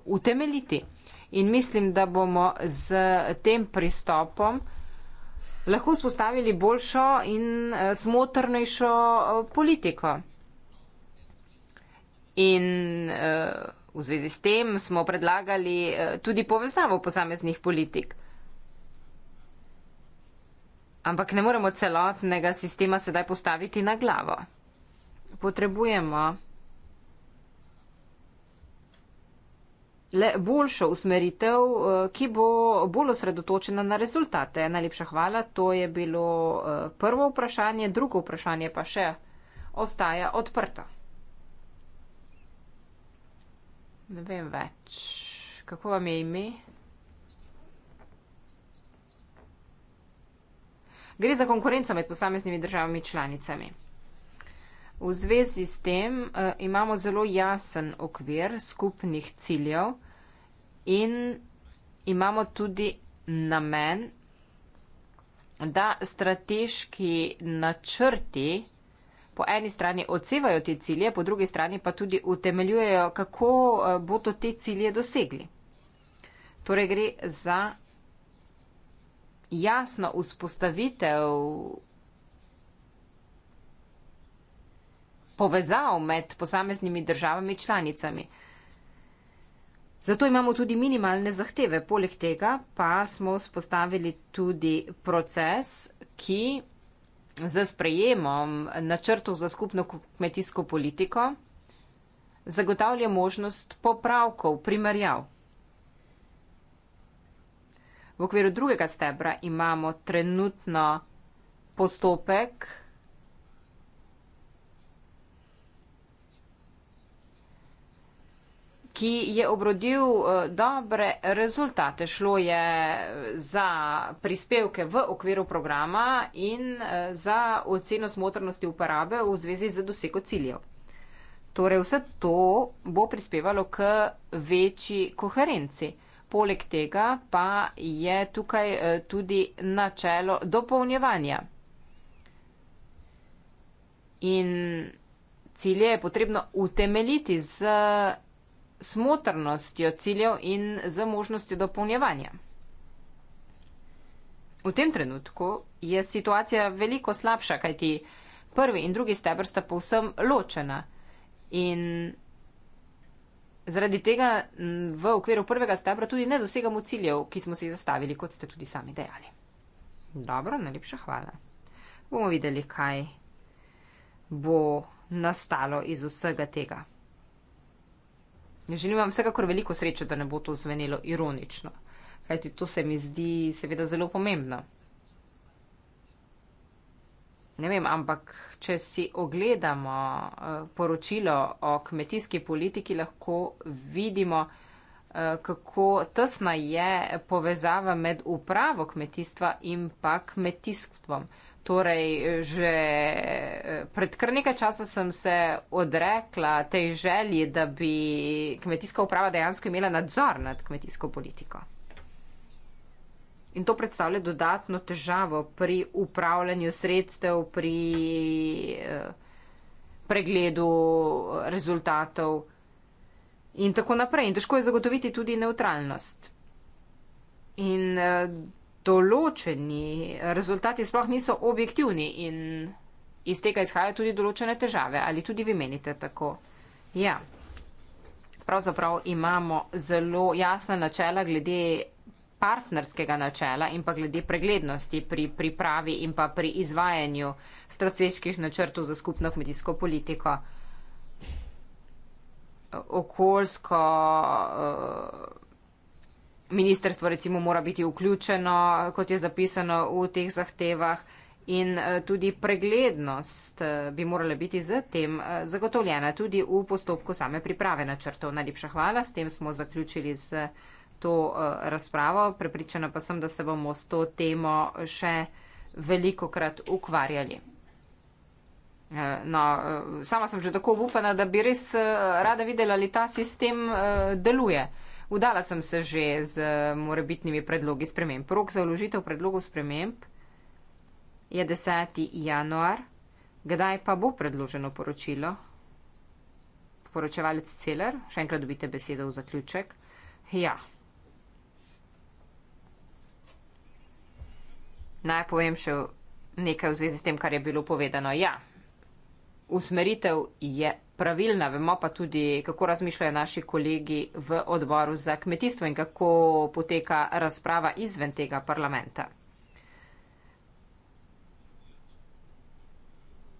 utemeljiti. Uh, In mislim, da bomo z tem pristopom lahko spostavili boljšo in eh, smotrnejšo eh, politiko. In eh, v zvezi s tem smo predlagali tudi povezavo posameznih politik. Ampak ne moremo celotnega sistema sedaj postaviti na glavo. Potrebujemo. le boljšo usmeritev, eh, ki bo bolj osredotočena na rezultate. Najlepša hvala, to je bilo eh, prvo vprašanje, drugo vprašanje pa še ostaja odprto. Ne vem več, kako vam je ime. Gre za konkurenco med posameznimi državami članicami. V zvezi s tem uh, imamo zelo jasen okvir skupnih ciljev in imamo tudi namen, da strateški načrti po eni strani odsevajo te cilje, po drugi strani pa tudi utemeljujejo, kako uh, bodo te cilje dosegli. Torej gre za jasno vzpostavitev povezav med posameznimi državami članicami. Zato imamo tudi minimalne zahteve. Poleg tega pa smo spostavili tudi proces, ki za sprejemom načrtov za skupno kmetijsko politiko zagotavlja možnost popravkov, primerjav. V okviru drugega stebra imamo trenutno postopek, ki je obrodil eh, dobre rezultate. Šlo je eh, za prispevke v okviru programa in eh, za oceno smotrnosti uporabe v zvezi z dosego ciljev. Torej vse to bo prispevalo k večji koherenci. Poleg tega pa je tukaj tudi načelo dopolnjevanja. In cilje je potrebno utemeljiti z smotrnostjo ciljev in z možnostjo dopolnjevanja. V tem trenutku je situacija veliko slabša, kajti prvi in drugi stebr sta povsem ločena in zaradi tega v okviru prvega stebra tudi ne dosegamo ciljev, ki smo si jih zastavili, kot ste tudi sami dejali. Dobro, najlepša hvala. Bomo videli, kaj bo nastalo iz vsega tega. Želim vam vsekakor veliko sreče, da ne bo to zvenelo ironično, kajti to se mi zdi seveda zelo pomembno. Ne vem, ampak če si ogledamo eh, poročilo o kmetijski politiki, lahko vidimo, eh, kako tesna je povezava med upravo kmetijstva in pa kmetijstvom. Torej, že eh, pred kar nekaj časa sem se odrekla tej želji, da bi kmetijska uprava dejansko imela nadzor nad kmetijsko politiko. In to predstavlja dodatno težavo pri upravljanju sredstev, pri eh, pregledu eh, rezultatov in tako naprej. In težko je zagotoviti tudi neutralnost. In določeni rezultati sploh niso objektivni in iz tega izhajajo tudi določene težave. Ali tudi vi menite tako? Ja. Pravzaprav imamo zelo jasna načela glede partnerskega načela in pa glede preglednosti pri pripravi in pa pri izvajanju strateških načrtov za skupno kmetijsko politiko. Okoljsko uh, ministerstvo recimo mora biti vključeno, kot je zapisano v teh zahtevah. In eh, tudi preglednost eh, bi morala biti z tem eh, zagotovljena tudi v postopku same priprave načrtov. Najlepša hvala, s tem smo zaključili z to razpravo. Prepričana pa sem, da se bomo s to temo še veliko krat ukvarjali. No, sama sem že tako upana, da bi res rada videla, ali ta sistem deluje. Vdala sem se že z eh, morebitnimi predlogi sprememb. Rok za vložitev predlogov sprememb je 10. januar. Kdaj pa bo predloženo poročilo? Poročevalec Celer, še enkrat dobite besedo v zaključek. Ja. Naj povem še nekaj v zvezi s tem, kar je bilo povedano. Ja, usmeritev je pravilna, vemo pa tudi, kako razmišljajo naši kolegi v odboru za kmetijstvo in kako poteka razprava izven tega parlamenta.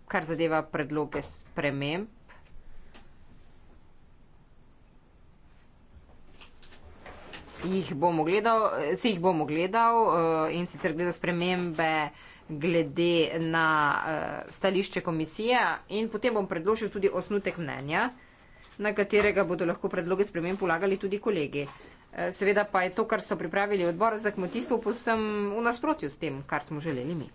Kar zadeva predloge sprememb. Jih bomo gledal, si jih bomo gledal eh, in sicer gleda spremembe glede na uh, stališče komisije in potem bom predložil tudi osnutek mnenja, na katerega bodo lahko predloge spremem polagali tudi kolegi. Uh, seveda pa je to, kar so pripravili odbor za kmetijstvo, posem v nasprotju s tem, kar smo želeli mi.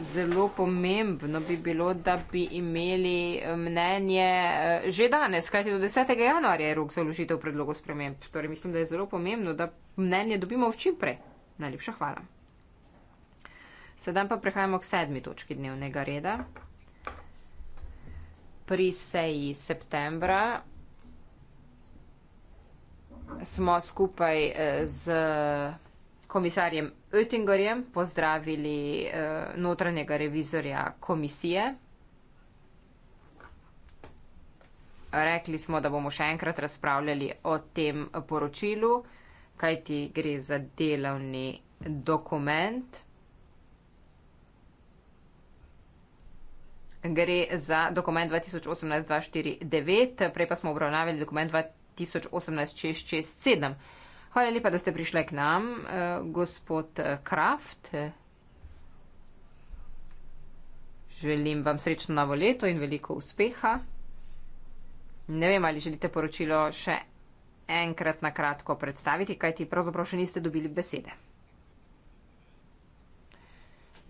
Zelo pomembno bi bilo, da bi imeli eh, mnenje že danes, kajti do 10. januarja je rok za vložitev predlogov sprememb. Torej mislim, da je zelo pomembno, da mnenje dobimo včimprej. Najlepša hvala. Sedaj pa prehajamo k sedmi točki dnevnega reda. Pri seji septembra smo skupaj eh, z komisarjem Oettingerjem pozdravili eh, notranjega revizorja komisije. Rekli smo, da bomo še enkrat razpravljali o tem poročilu kaj ti gre za delovni dokument. Gre za dokument 2018-249, prej pa smo obravnavali dokument 2018-667. Hvala lepa, da ste prišli k nam, eh, gospod eh, Kraft. Želim vam srečno novo leto in veliko uspeha. Ne vem, ali želite poročilo še enkrat na kratko predstaviti, kajti pravzaprav še niste dobili besede.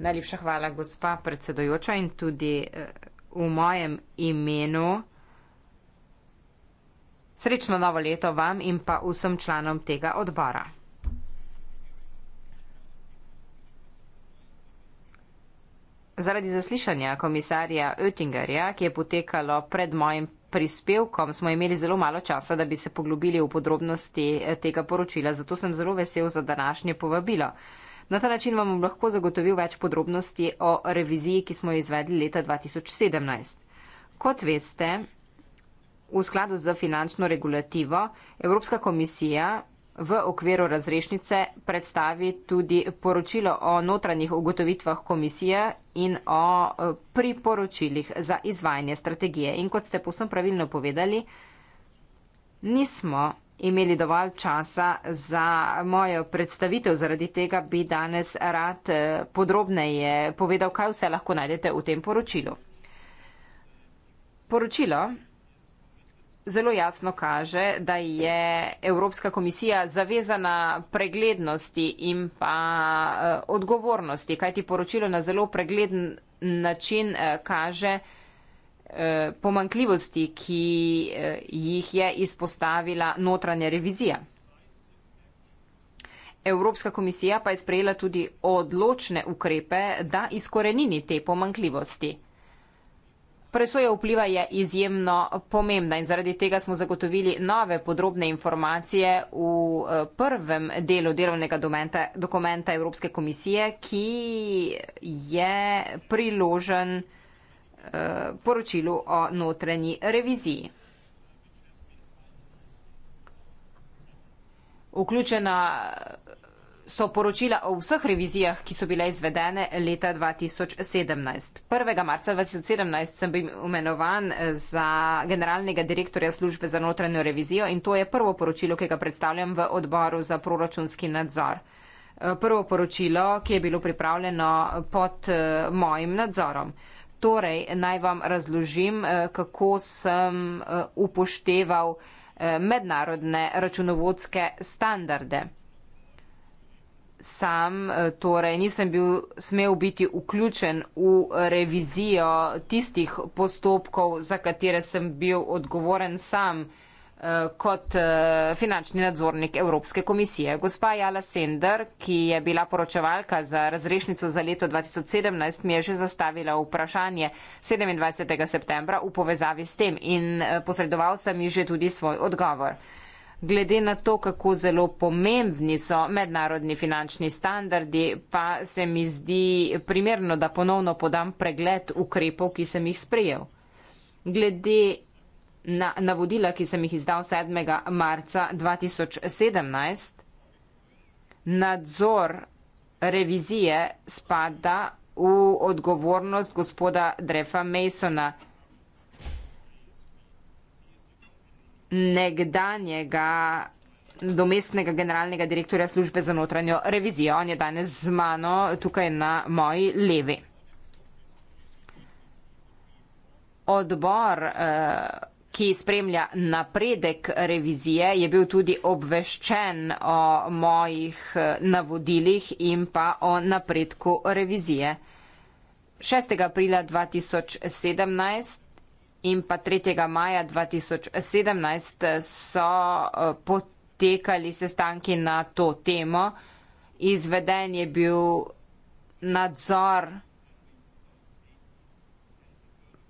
Najlepša hvala, gospa predsedojoča, in tudi eh, v mojem imenu. Srečno novo leto vam in pa vsem članom tega odbora. Zaradi zaslišanja komisarja Oettingerja, ki je potekalo pred mojim prispevkom smo imeli zelo malo časa, da bi se poglobili v podrobnosti eh, tega poročila, zato sem zelo vesel za današnje povabilo. Na ta način vam lahko zagotovil več podrobnosti o reviziji, ki smo jo izvedli leta 2017. Kot veste, v skladu z finančno regulativo Evropska komisija v okviru razrešnice predstavi tudi poročilo o notranjih ugotovitvah komisije in o e, priporočilih za izvajanje strategije. In kot ste posem pravilno povedali, nismo imeli dovolj časa za mojo predstavitev, zaradi tega bi danes rad e, podrobneje povedal, kaj vse lahko najdete v tem poročilu. Poročilo zelo jasno kaže, da je Evropska komisija zavezana preglednosti in pa eh, odgovornosti, kaj ti poročilo na zelo pregleden način eh, kaže eh, pomankljivosti, ki jih je izpostavila notranja revizija. Evropska komisija pa je sprejela tudi odločne ukrepe, da izkorenini te pomankljivosti. Presoja vpliva je izjemno pomembna in zaradi tega smo zagotovili nove podrobne informacije v eh, prvem delu delovnega dokumenta, dokumenta Evropske komisije, ki je priložen eh, poročilu o notranji reviziji. Vključena so poročila o vseh revizijah, ki so bile izvedene leta 2017. 1. marca 2017 sem bil imenovan eh, za generalnega direktorja službe za notranjo revizijo in to je prvo poročilo, ki ga predstavljam v odboru za proračunski nadzor. Eh, prvo poročilo, ki je bilo pripravljeno pod eh, mojim nadzorom. Torej, naj vam razložim, kako sem upošteval mednarodne računovodske standarde sam, eh, torej nisem bil smel biti vključen v revizijo tistih postopkov, za katere sem bil odgovoren sam eh, kot eh, finančni nadzornik Evropske komisije. Gospa Jala Sender, ki je bila poročevalka za razrešnico za leto 2017, mi je že zastavila vprašanje 27. septembra v povezavi s tem in posredoval sem ji že tudi svoj odgovor glede na to, kako zelo pomembni so mednarodni finančni standardi, pa se mi zdi primerno, da ponovno podam pregled ukrepov, ki sem jih sprejel. Glede na navodila, ki sem jih izdal 7. marca 2017, nadzor revizije spada v odgovornost gospoda Drefa Masona. nekdanjega domestnega generalnega direktorja službe za notranjo revizijo. On je danes z mano tukaj na moji levi. Odbor, eh, ki spremlja napredek revizije, je bil tudi obveščen o mojih eh, navodilih in pa o napredku revizije. 6. aprila 2017 in pa 3. maja 2017 so eh, potekali sestanki na to temo. Izveden je bil nadzor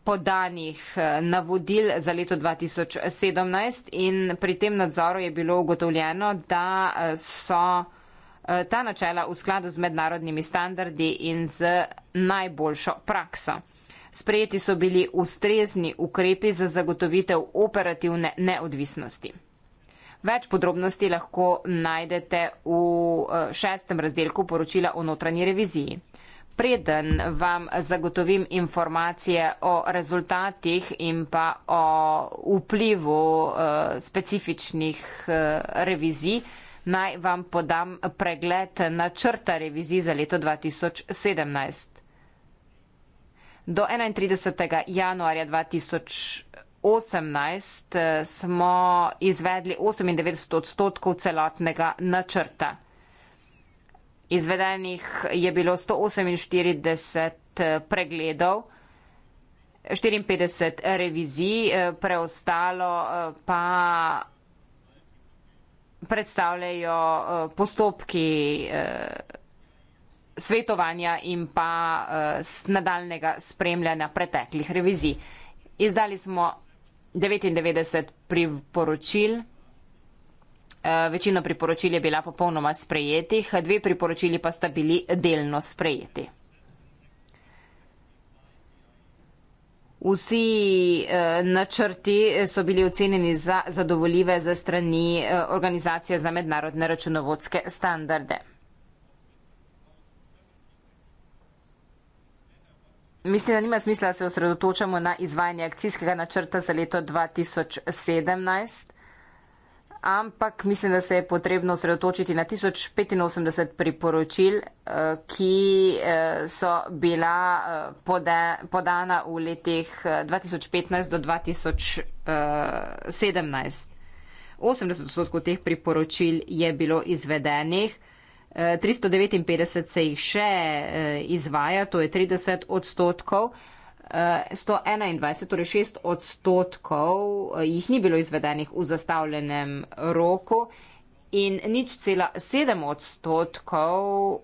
podanih eh, navodil za leto 2017 in pri tem nadzoru je bilo ugotovljeno, da eh, so ta načela v skladu z mednarodnimi standardi in z najboljšo prakso. Sprejeti so bili ustrezni ukrepi za zagotovitev operativne neodvisnosti. Več podrobnosti lahko najdete v eh, šestem razdelku poročila o notranji reviziji. Preden vam zagotovim informacije o rezultatih in pa o vplivu eh, specifičnih eh, revizij, naj vam podam pregled načrta revizij za leto 2017 do 31. januarja 2018 eh, smo izvedli 98 odstotkov celotnega načrta. Izvedenih je bilo 148 eh, pregledov, 54 revizij, eh, preostalo pa predstavljajo postopki svetovanja in pa uh, eh, nadaljnega spremljanja preteklih revizij. Izdali smo 99 priporočil. Eh, Večina priporočil je bila popolnoma sprejetih, dve priporočili pa sta bili delno sprejeti. Vsi eh, načrti so bili ocenjeni za zadovoljive za strani Organizacije za mednarodne računovodske standarde. Mislim, da nima smisla, da se osredotočamo na izvajanje akcijskega načrta za leto 2017, ampak mislim, da se je potrebno osredotočiti na 1085 priporočil, eh, ki eh, so bila eh, podana v letih 2015 do 2017. 80 odstotkov teh priporočil je bilo izvedenih. 359 se jih še eh, izvaja, to je 30 odstotkov. 121, eh, torej 6 odstotkov eh, jih ni bilo izvedenih v zastavljenem roku in nič cela 7 odstotkov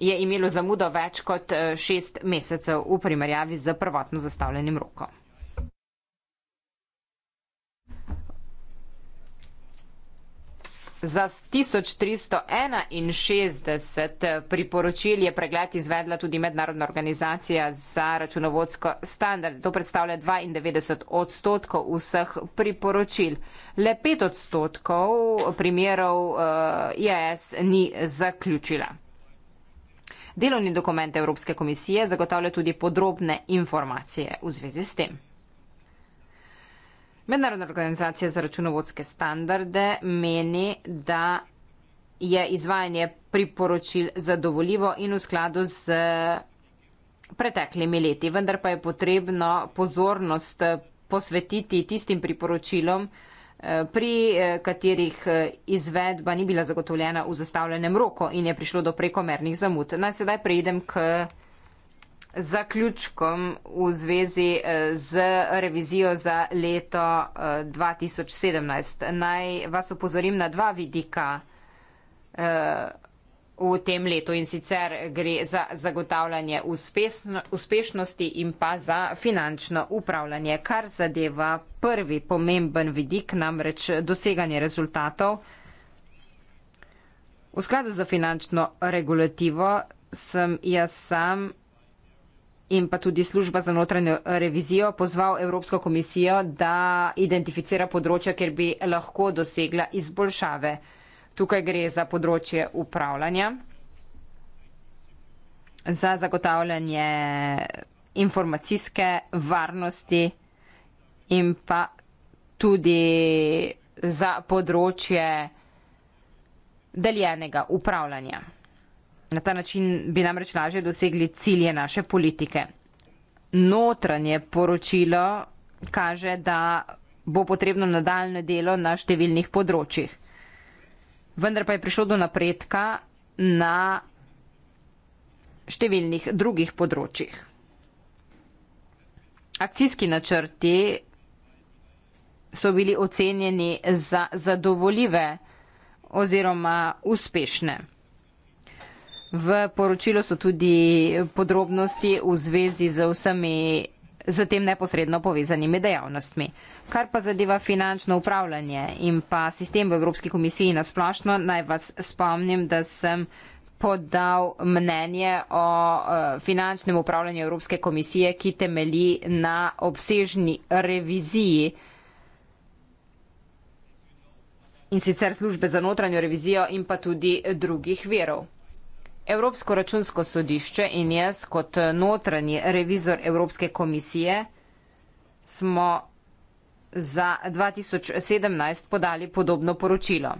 je imelo zamudo več kot 6 mesecev v primerjavi z prvotno zastavljenim rokom. Za 1361 priporočil je pregled izvedla tudi Mednarodna organizacija za računovodsko standard. To predstavlja 92 odstotkov vseh priporočil. Le 5 odstotkov primerov eh, IAS ni zaključila. Delovni dokument Evropske komisije zagotavlja tudi podrobne informacije v zvezi s tem. Mednarodna organizacija za računovodske standarde meni, da je izvajanje priporočil zadovoljivo in v skladu z preteklimi leti, vendar pa je potrebno pozornost posvetiti tistim priporočilom, eh, pri eh, katerih eh, izvedba ni bila zagotovljena v zastavljenem roku in je prišlo do prekomernih zamud. Naj sedaj preidem k zaključkom v zvezi eh, z revizijo za leto 2017. Eh, Naj vas upozorim na dva vidika eh, v tem letu in sicer gre za zagotavljanje uspešno, uspešnosti in pa za finančno upravljanje, kar zadeva prvi pomemben vidik, namreč doseganje rezultatov. V skladu za finančno regulativo sem jaz sam in pa tudi služba za notranjo eh, revizijo pozval Evropsko komisijo, da identificira področja, kjer bi lahko dosegla izboljšave. Tukaj gre za področje upravljanja, za zagotavljanje informacijske varnosti in pa tudi za področje deljenega upravljanja. Na ta način bi namreč lažje dosegli cilje naše politike. Notranje poročilo kaže, da bo potrebno nadaljne delo na številnih področjih. Vendar pa je prišlo do napredka na številnih drugih področjih. Akcijski načrti so bili ocenjeni za zadovoljive oziroma uspešne. V poročilu so tudi podrobnosti v zvezi z vsemi z tem neposredno povezanimi dejavnostmi. Kar pa zadeva finančno upravljanje in pa sistem v Evropski komisiji nasplošno, naj vas spomnim, da sem podal mnenje o e, finančnem upravljanju Evropske komisije, ki temelji na obsežni reviziji in sicer službe za notranjo revizijo in pa tudi drugih verov. Evropsko računsko sodišče in jaz kot eh, notranji revizor Evropske komisije smo za 2017 podali podobno poročilo.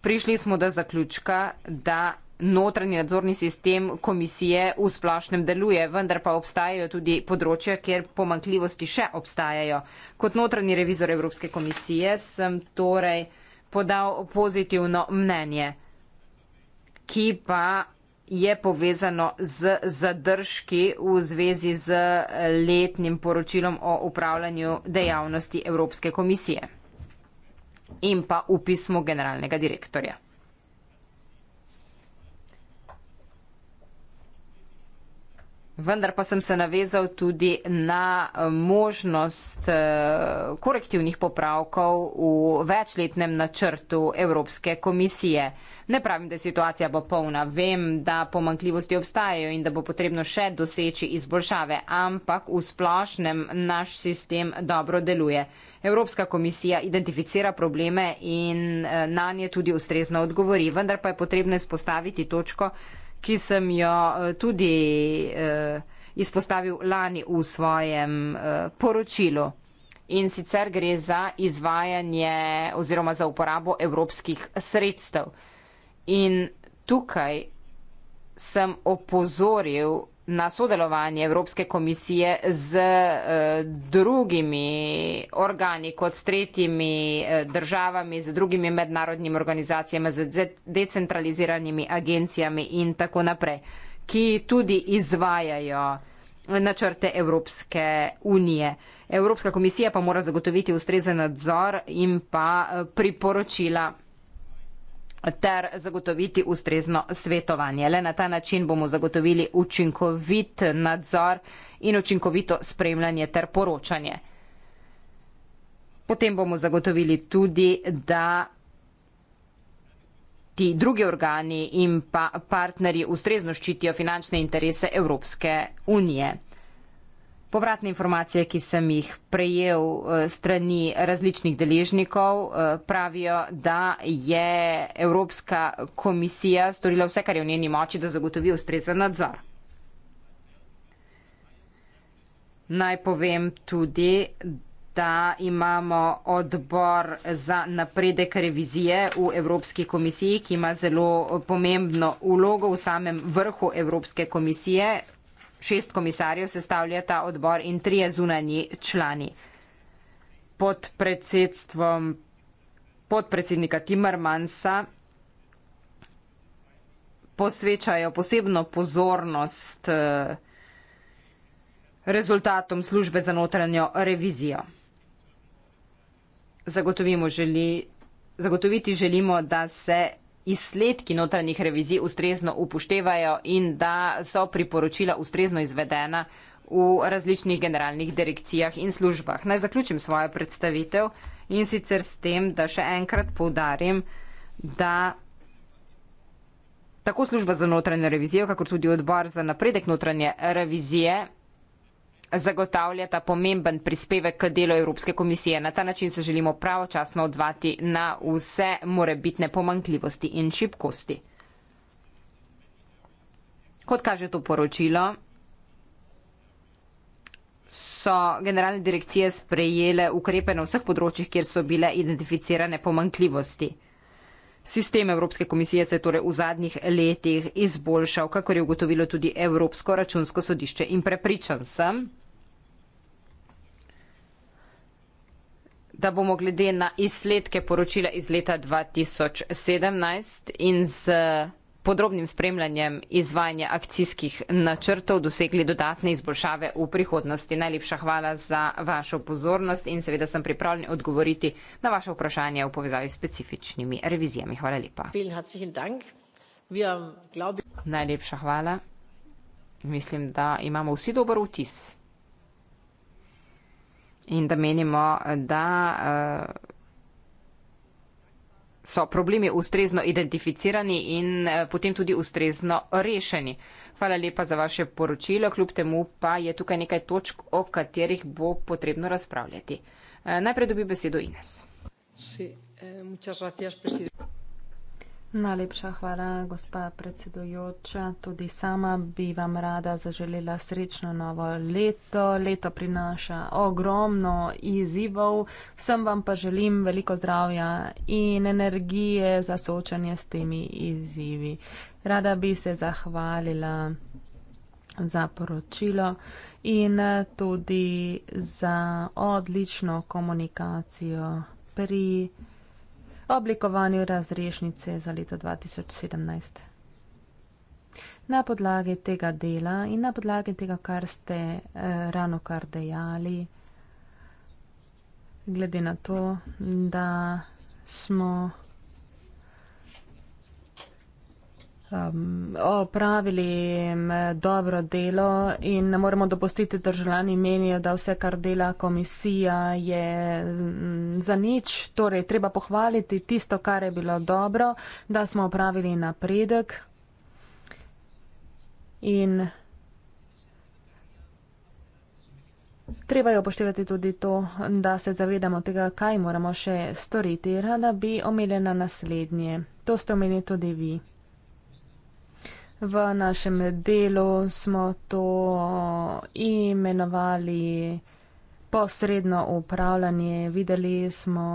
Prišli smo do zaključka, da notranji nadzorni sistem komisije v splošnem deluje, vendar pa obstajajo tudi področja, kjer pomankljivosti še obstajajo. Kot notranji revizor Evropske komisije sem torej podal pozitivno mnenje, ki pa je povezano z zadržki v zvezi z letnim poročilom o upravljanju dejavnosti Evropske komisije in pa v pismo generalnega direktorja. vendar pa sem se navezal tudi na eh, možnost eh, korektivnih popravkov v večletnem načrtu Evropske komisije. Ne pravim, da je situacija popolna, vem, da pomankljivosti obstajajo in da bo potrebno še doseči izboljšave, ampak v splošnem naš sistem dobro deluje. Evropska komisija identificira probleme in eh, na nje tudi ustrezno odgovori, vendar pa je potrebno izpostaviti točko, ki sem jo eh, tudi eh, izpostavil lani v svojem eh, poročilu. In sicer gre za izvajanje oziroma za uporabo evropskih sredstev. In tukaj sem opozoril na sodelovanje Evropske komisije z eh, drugimi organi, kot s tretjimi eh, državami, z drugimi mednarodnimi organizacijami, z decentraliziranimi agencijami in tako naprej, ki tudi izvajajo načrte Evropske unije. Evropska komisija pa mora zagotoviti ustrezen nadzor in pa eh, priporočila ter zagotoviti ustrezno svetovanje. Le na ta način bomo zagotovili učinkovit nadzor in učinkovito spremljanje ter poročanje. Potem bomo zagotovili tudi, da ti drugi organi in pa partnerji ustrezno ščitijo finančne interese Evropske unije. Povratne informacije, ki sem jih prejel eh, strani različnih deležnikov, eh, pravijo, da je Evropska komisija storila vse, kar je v njeni moči, da zagotovi ustrezen nadzor. Naj povem tudi, da imamo odbor za napredek revizije v Evropski komisiji, ki ima zelo pomembno ulogo v samem vrhu Evropske komisije, Šest komisarjev sestavljata odbor in trije zunanji člani. Pod predsedstvom podpredsednika Timmermansa posvečajo posebno pozornost eh, rezultatom službe za notranjo revizijo. Zagotovimo želi, zagotoviti želimo, da se izsledki notranjih revizij ustrezno upoštevajo in da so priporočila ustrezno izvedena v različnih generalnih direkcijah in službah. Naj zaključim svojo predstavitev in sicer s tem, da še enkrat poudarim, da tako služba za notranjo revizijo, kakor tudi odbor za napredek notranje revizije zagotavljata pomemben prispevek k delu Evropske komisije. Na ta način se želimo pravočasno odzvati na vse morebitne pomankljivosti in šibkosti. Kot kaže to poročilo, so generalne direkcije sprejele ukrepe na vseh področjih, kjer so bile identificirane pomankljivosti. Sistem Evropske komisije se je torej v zadnjih letih izboljšal, kakor je ugotovilo tudi Evropsko računsko sodišče in prepričan sem, da bomo glede na izsledke poročila iz leta 2017 in z podrobnim spremljanjem izvajanja akcijskih načrtov dosegli dodatne izboljšave v prihodnosti. Najlepša hvala za vašo pozornost in seveda sem pripravljen odgovoriti na vaše vprašanje v povezavi s specifičnimi revizijami. Hvala lepa. Najlepša hvala. Mislim, da imamo vsi dober vtis in da menimo, da. Uh, so problemi ustrezno identificirani in eh, potem tudi ustrezno rešeni. Hvala lepa za vaše poročilo, kljub temu pa je tukaj nekaj točk, o katerih bo potrebno razpravljati. Eh, najprej dobi besedo Ines. Sí, eh, Najlepša hvala, gospa predsedujoča. Tudi sama bi vam rada zaželela srečno novo leto. Leto prinaša ogromno izzivov. Vsem vam pa želim veliko zdravja in energije za soočanje s temi izzivi. Rada bi se zahvalila za poročilo in tudi za odlično komunikacijo pri oblikovanju razrešnice za leto 2017. Na podlagi tega dela in na podlagi tega, kar ste eh, rano kar dejali, glede na to, da smo um, opravili dobro delo in ne moremo dopustiti državljani menijo, da vse, kar dela komisija, je mm, za nič. Torej, treba pohvaliti tisto, kar je bilo dobro, da smo opravili napredek. In treba je upoštevati tudi to, da se zavedamo tega, kaj moramo še storiti. Rada bi omenila naslednje. To ste omenili tudi vi. V našem delu smo to imenovali posredno upravljanje. Videli smo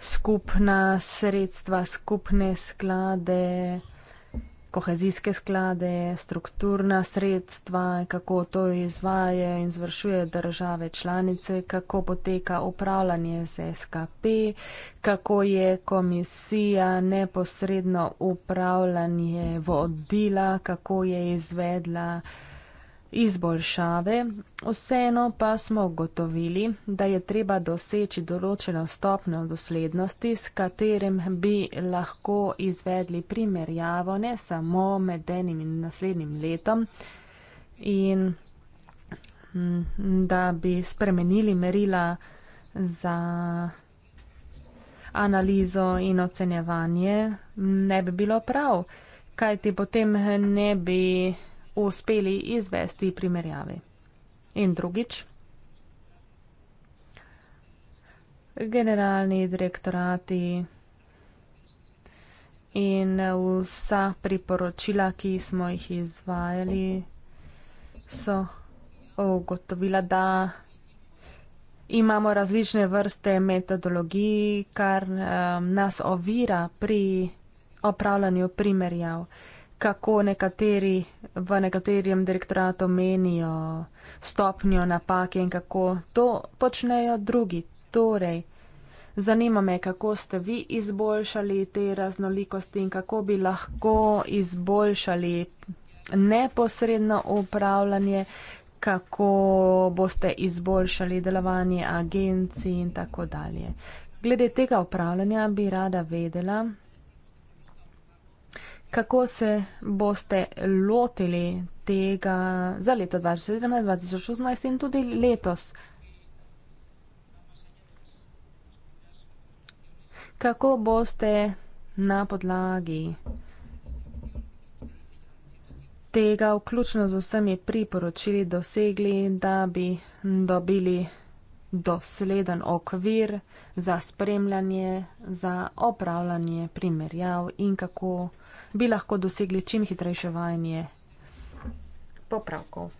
skupna sredstva, skupne sklade kohezijske sklade, strukturna sredstva, kako to izvaje in zvršuje države članice, kako poteka upravljanje z SKP, kako je komisija neposredno upravljanje vodila, kako je izvedla uh, izboljšave, vseeno pa smo ugotovili, da je treba doseči določeno stopnjo doslednosti, s katerim bi lahko izvedli primerjavo ne samo med enim in naslednjim letom in da bi spremenili merila za analizo in ocenjevanje, ne bi bilo prav, kajti potem ne bi uspeli izvesti primerjavi. In drugič, generalni direktorati in vsa priporočila, ki smo jih izvajali, so ugotovila, da imamo različne vrste metodologij, kar um, nas ovira pri opravljanju primerjav. Uh, kako nekateri v nekaterem direktoratu menijo stopnjo napake in kako to počnejo drugi. Torej, zanima me, kako ste vi izboljšali te raznolikosti in kako bi lahko izboljšali neposredno upravljanje, kako boste izboljšali delovanje agencij in tako dalje. Glede tega upravljanja bi rada vedela, Kako se boste lotili tega za leto 2017, 2018 in tudi letos? Kako boste na podlagi tega, vključno z vsemi priporočili, dosegli, da bi dobili dosleden okvir za spremljanje, za opravljanje primerjav in kako bi lahko dosegli čim hitrejše vajanje popravkov.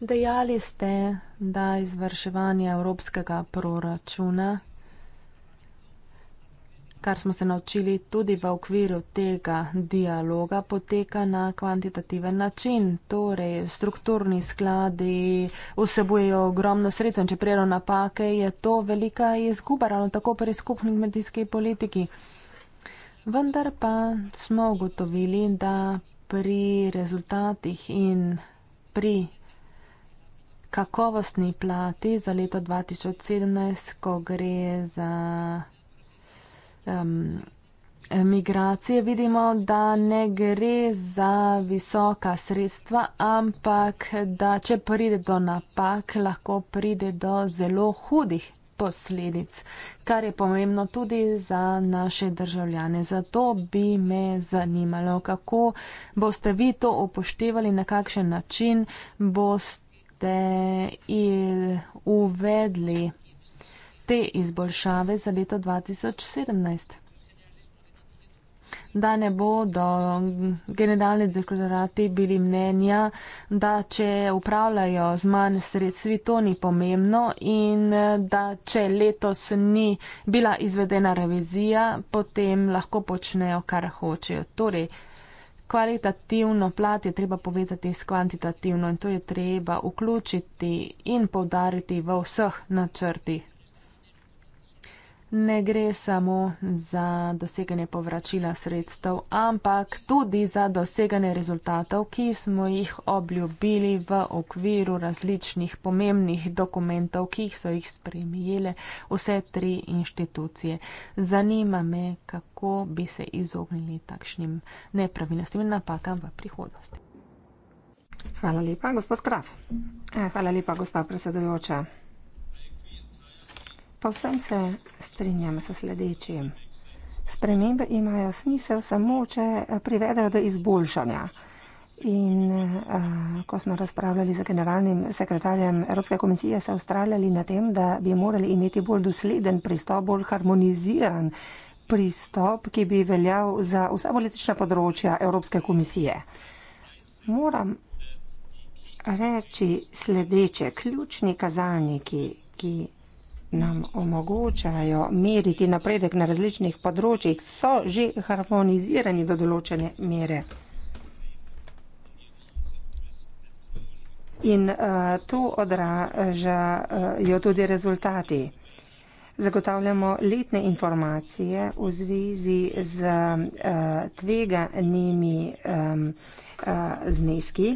Dejali ste, da izvrševanje evropskega proračuna, kar smo se naučili tudi v okviru tega dialoga, poteka na kvantitativen način. Torej, strukturni skladi vsebujejo ogromno sredstva in če prijelo napake, je to velika izguba, ravno tako pri skupni kmetijski politiki vendar pa smo ugotovili, da pri rezultatih in pri kakovostni plati za leto 2017, ko gre za um, migracije, vidimo, da ne gre za visoka sredstva, ampak da če pride do napak, lahko pride do zelo hudih posledic, kar je pomembno tudi za naše državljane. Zato bi me zanimalo, kako boste vi to upoštevali, na kakšen način boste uvedli te izboljšave za leto 2017 da ne bodo generalni deklarati bili mnenja, da če upravljajo z manj sredstvi, to ni pomembno in da če letos ni bila izvedena revizija, potem lahko počnejo, kar hočejo. Torej, Kvalitativno plat je treba povezati s kvantitativno in to je treba vključiti in povdariti v vseh načrtih ne gre samo za doseganje povračila sredstev, ampak tudi za doseganje rezultatov, ki smo jih obljubili v okviru različnih pomembnih dokumentov, ki so jih spremijele vse tri inštitucije. Zanima me, kako bi se izognili takšnim nepravilnostim in napakam v prihodnosti. Hvala lepa, gospod Kraf. Eh, hvala lepa, gospod predsedujoča. Povsem se strinjam s sledečim. Spremembe imajo smisel samo, če eh, privedajo do izboljšanja. In uh, ko smo razpravljali z generalnim sekretarjem Evropske komisije, se ustraljali na tem, da bi morali imeti bolj dosleden pristop, bolj harmoniziran pristop, ki bi veljal za vsa politična področja Evropske komisije. Moram reči sledeče, ključni kazalniki, ki nam omogočajo meriti napredek na različnih področjih, so že harmonizirani do določene mere. In uh, to odražajo uh, tudi rezultati. Zagotavljamo letne informacije v zvezi z uh, tveganimi um, uh, zneski.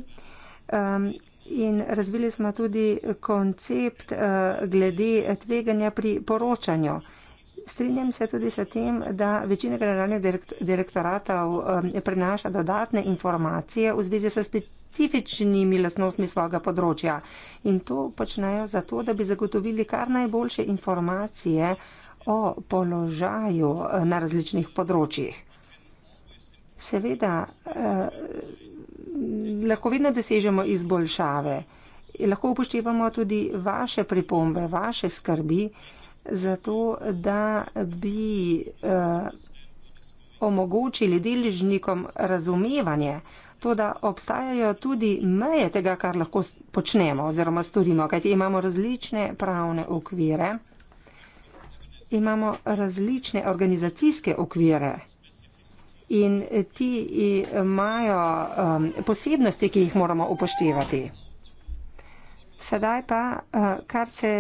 Um, in razvili smo tudi koncept eh, glede tveganja pri poročanju. Strinjam se tudi s tem, da večina generalnih direktoratov eh, prenaša dodatne informacije v zvezi s specifičnimi lasnostmi svojega področja. In to počnejo zato, da bi zagotovili kar najboljše informacije o položaju eh, na različnih področjih. Seveda, lahko vedno dosežemo izboljšave. Lahko upoštevamo tudi vaše pripombe, vaše skrbi, zato da bi eh, omogočili deležnikom razumevanje, to, da obstajajo tudi meje tega, kar lahko počnemo oziroma storimo, kajti imamo različne pravne okvire, imamo različne organizacijske okvire in eh, ti eh, imajo um, posebnosti, ki jih moramo upoštevati. Sedaj pa, uh, kar se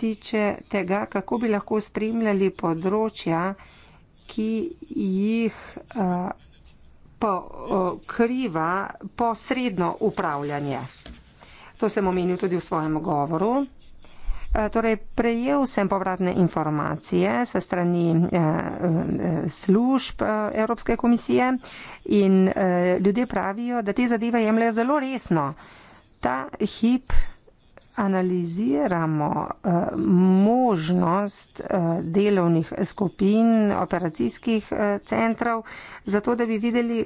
tiče tega, kako bi lahko spremljali področja, ki jih uh, pokriva uh, posredno upravljanje. To sem omenil tudi v svojem govoru. Eh, torej, prejel sem povratne informacije se strani eh, eh, služb Evropske komisije in ljudje pravijo, da te zadeve jemljajo zelo resno. Ta hip analiziramo možnost delovnih skupin, operacijskih centrov, zato da bi videli,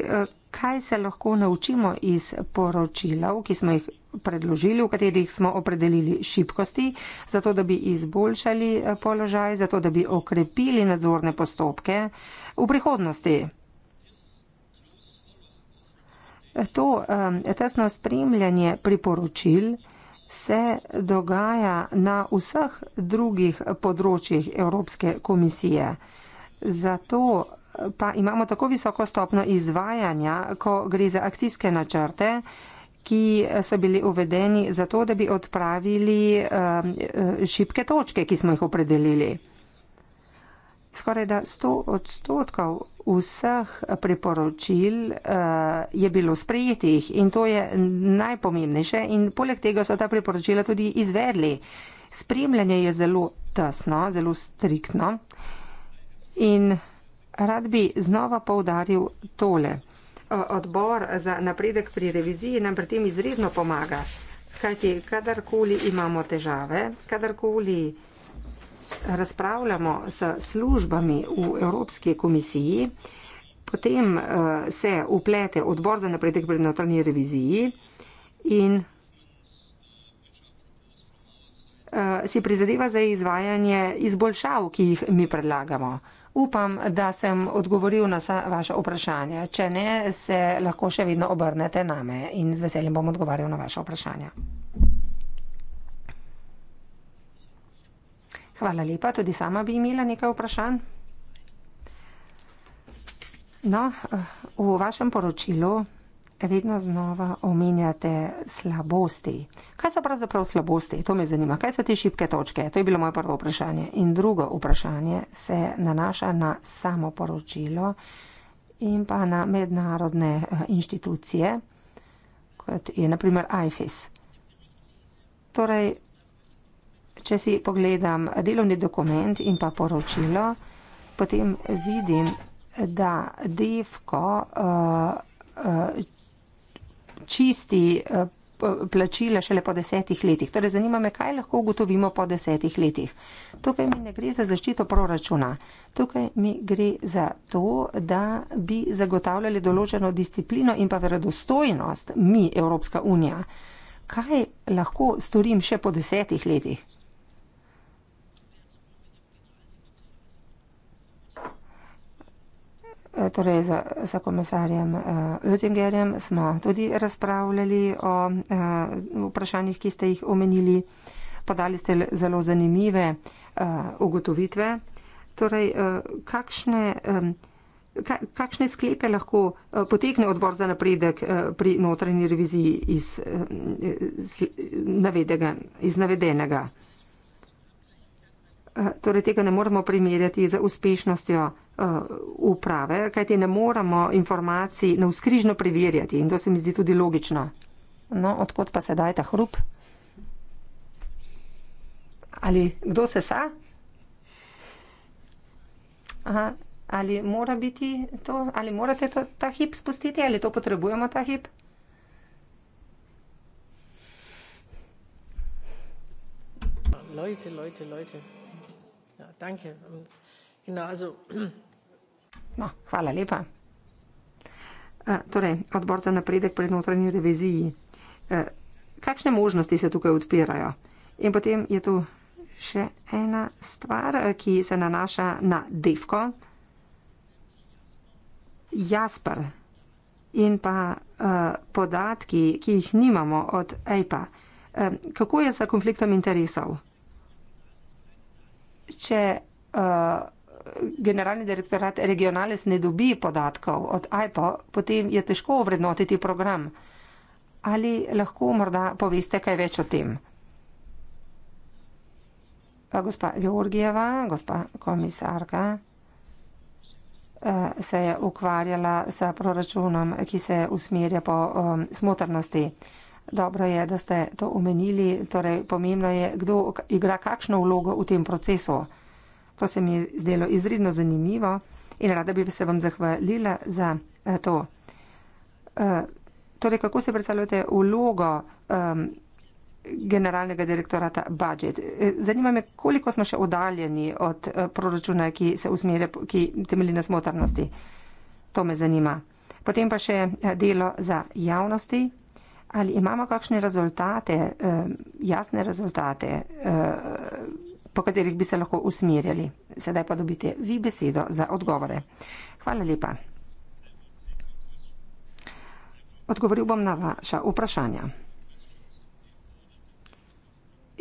kaj se lahko naučimo iz poročilov, ki smo jih predložili, v katerih smo opredelili šibkosti, zato da bi izboljšali eh, položaj, zato da bi okrepili nadzorne postopke v prihodnosti. To eh, tesno spremljanje priporočil se dogaja na vseh drugih področjih Evropske komisije. Zato pa imamo tako visoko stopno izvajanja, ko gre za akcijske načrte, ki eh, so bili uvedeni zato, da bi odpravili eh, eh, šibke točke, ki smo jih opredelili. Skoraj da 100 odstotkov vseh priporočil uh, je bilo sprejetih in to je najpomembnejše in poleg tega so ta priporočila tudi izvedli. Spremljanje je zelo tesno, zelo striktno in rad bi znova povdaril tole odbor za napredek pri reviziji nam pri tem izredno pomaga. Kajti, kadarkoli imamo težave, kadarkoli razpravljamo s službami v Evropski komisiji, potem uh, se uplete odbor za napredek pri notranji reviziji in uh, si prizadeva za izvajanje izboljšav, ki jih mi predlagamo. Uh, Upam, da sem odgovoril na vaše vprašanje. Če ne, se lahko še vedno obrnete name in z veseljem bom odgovarjal na vaše vprašanje. Hvala lepa, tudi sama bi imela nekaj vprašanj. No, eh, v vašem poročilu vedno znova omenjate slabosti. Kaj so pravzaprav slabosti? To me zanima. Kaj so te šibke točke? To je bilo moje prvo vprašanje. In drugo vprašanje se nanaša na samo poročilo in pa na mednarodne eh, inštitucije, kot je naprimer IFIS. Torej, če si pogledam delovni dokument in pa poročilo, potem vidim, da DEFKO uh, eh, eh, čisti eh, plačila šele po desetih letih. Torej, zanima me, kaj lahko ugotovimo po desetih letih. Tukaj mi ne gre za zaščito proračuna. Tukaj mi gre za to, da bi zagotavljali določeno disciplino in pa verodostojnost mi, Evropska unija. Kaj lahko storim še po desetih letih? Eh, torej, z, z komisarjem eh, Oettingerjem smo tudi razpravljali o eh, vprašanjih, ki ste jih omenili. Podali ste zelo zanimive ugotovitve. Torej, kakšne, kakšne sklepe lahko potekne odbor za napredek pri notranji reviziji iz, iz navedenega? Torej, tega ne moremo primerjati z uspešnostjo uh, uprave, kajti ne moremo informacij na vzkrižno preverjati in to se mi zdi tudi logično. No, odkot pa sedaj ta hrup? Ali kdo se sa? Aha, ali mora biti to, ali morate to, ta hip spustiti, ali to potrebujemo ta hip? Leute, Leute, Leute. Ja, danke. Genau, also. No, hvala lepa. E, torej, odbor za napredek pred notranji reviziji. E, kakšne možnosti se tukaj odpirajo? In potem je tu še ena stvar, e, ki se nanaša na Devko, Jasper in pa e, podatki, ki jih nimamo od EIPA. E, kako je sa konfliktom interesov? Če. E, generalni direktorat regionales ne dobi podatkov od AIPO, potem je težko ovrednotiti program. Ali lahko morda poveste kaj več o tem? Gospa Georgijeva, gospa komisarka, eh, se je ukvarjala s proračunom, ki se usmerja po ehm, smotrnosti. Dobro je, da ste to omenili, torej pomembno je, kdo igra kakšno vlogo v tem procesu. To se mi je zdelo izredno zanimivo in rada bi se vam zahvalila za eh, to. Eh, torej, kako se predstavljate vlogo um, generalnega direktorata budget? Eh, zanima me, koliko smo še oddaljeni od proračuna, ki se usmerja, ki temelji na smotrnosti. To me zanima. Potem pa še delo za javnosti. Ali imamo kakšne rezultate, jasne rezultate? Um, po katerih bi se lahko usmerjali. Sedaj pa dobite vi besedo za odgovore. Hvala lepa. Odgovoril bom na vaša vprašanja.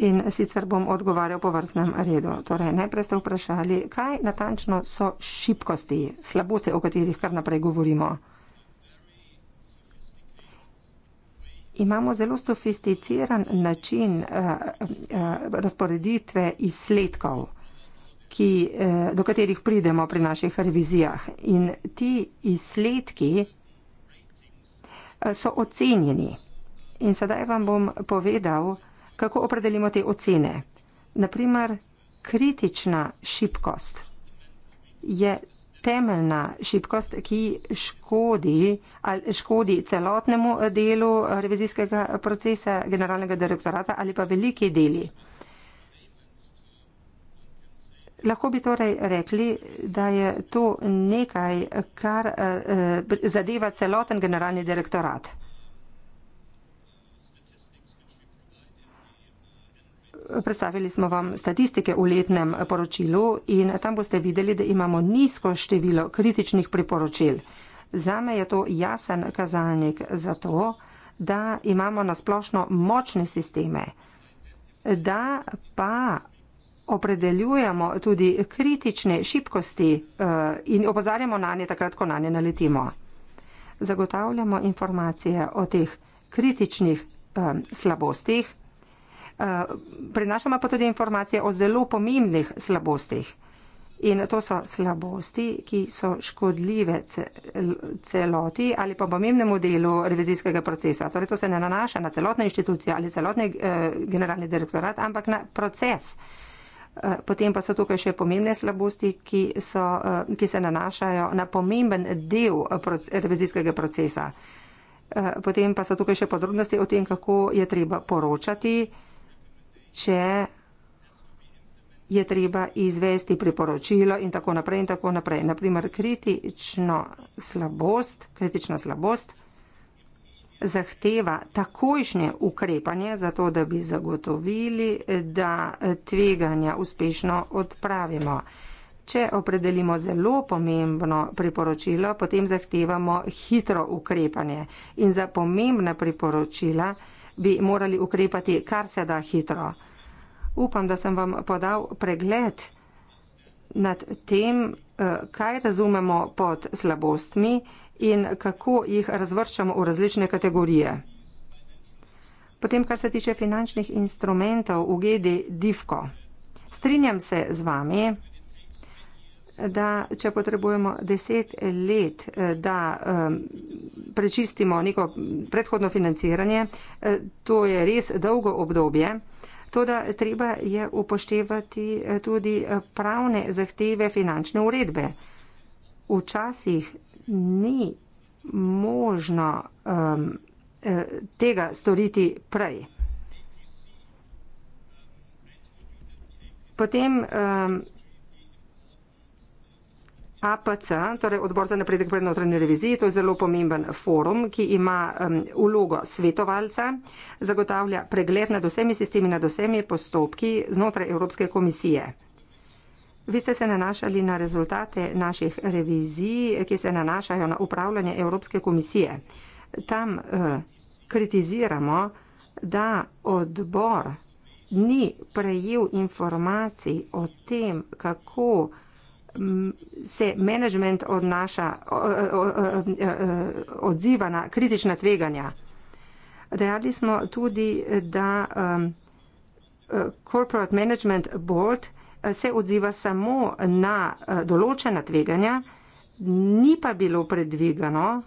In sicer bom odgovarjal po vrstnem redu. Torej, najprej ste vprašali, kaj natančno so šibkosti, slabosti, o katerih kar naprej govorimo. imamo zelo sofisticiran način eh, eh, razporeditve izsledkov, ki, eh, do katerih pridemo pri naših revizijah. In ti izsledki so ocenjeni. In sedaj vam bom povedal, kako opredelimo te ocene. Naprimer, kritična šibkost je temeljna šibkost, ki škodi, ali škodi celotnemu delu revizijskega procesa generalnega direktorata ali pa veliki deli. Lahko bi torej rekli, da je to nekaj, kar eh, zadeva celoten generalni direktorat. predstavili smo vam statistike v letnem poročilu in tam boste videli, da imamo nizko število kritičnih priporočil. Zame je to jasen kazalnik za to, da imamo nasplošno močne sisteme, da pa opredeljujemo tudi kritične šibkosti eh, in opozarjamo na nje takrat, ko na nje naletimo. Zagotavljamo informacije o teh kritičnih eh, slabostih, Eh, prenašamo pa tudi informacije o zelo pomembnih slabostih. In to so slabosti, ki so škodljive celoti ali pa pomembnemu delu revizijskega procesa. Torej, to se ne nanaša na celotno inštitucijo ali celotni eh, generalni direktorat, ampak na proces. Eh, potem pa so tukaj še pomembne slabosti, ki, so, eh, ki se nanašajo na pomemben del revizijskega procesa. Potem pa so tukaj še podrobnosti o tem, kako je treba poročati, če je treba izvesti priporočilo in tako naprej in tako naprej. Naprimer, kritično slabost, kritična slabost zahteva takojšnje ukrepanje za to, da bi zagotovili, da tveganja uspešno odpravimo. Če opredelimo zelo pomembno priporočilo, potem zahtevamo hitro ukrepanje in za pomembna priporočila bi morali ukrepati kar se da hitro. Upam, da sem vam podal pregled nad tem, eh, kaj razumemo pod slabostmi in kako jih razvrščamo v različne kategorije. Potem, kar se tiče finančnih instrumentov v GD Divko. Strinjam se z vami, da če potrebujemo deset let, eh, da eh, prečistimo neko predhodno financiranje, to je res dolgo obdobje. Toda treba je upoštevati eh, tudi eh, pravne zahteve finančne uredbe. Včasih ni možno um, tega storiti prej. Potem um, APC, torej odbor za napredek pred notranjo revizijo, to je zelo pomemben forum, ki ima um, ulogo svetovalca, zagotavlja pregled nad vsemi sistemi, nad vsemi postopki znotraj Evropske komisije. Vi ste se nanašali na rezultate naših revizij, ki se nanašajo na upravljanje Evropske komisije. Tam uh, kritiziramo, da odbor ni prejel informacij o tem, kako se management odnaša, odziva na kritična tveganja. Dejali smo tudi, da um, corporate management board eh, se odziva samo na eh, določena tveganja, ni pa bilo predvigano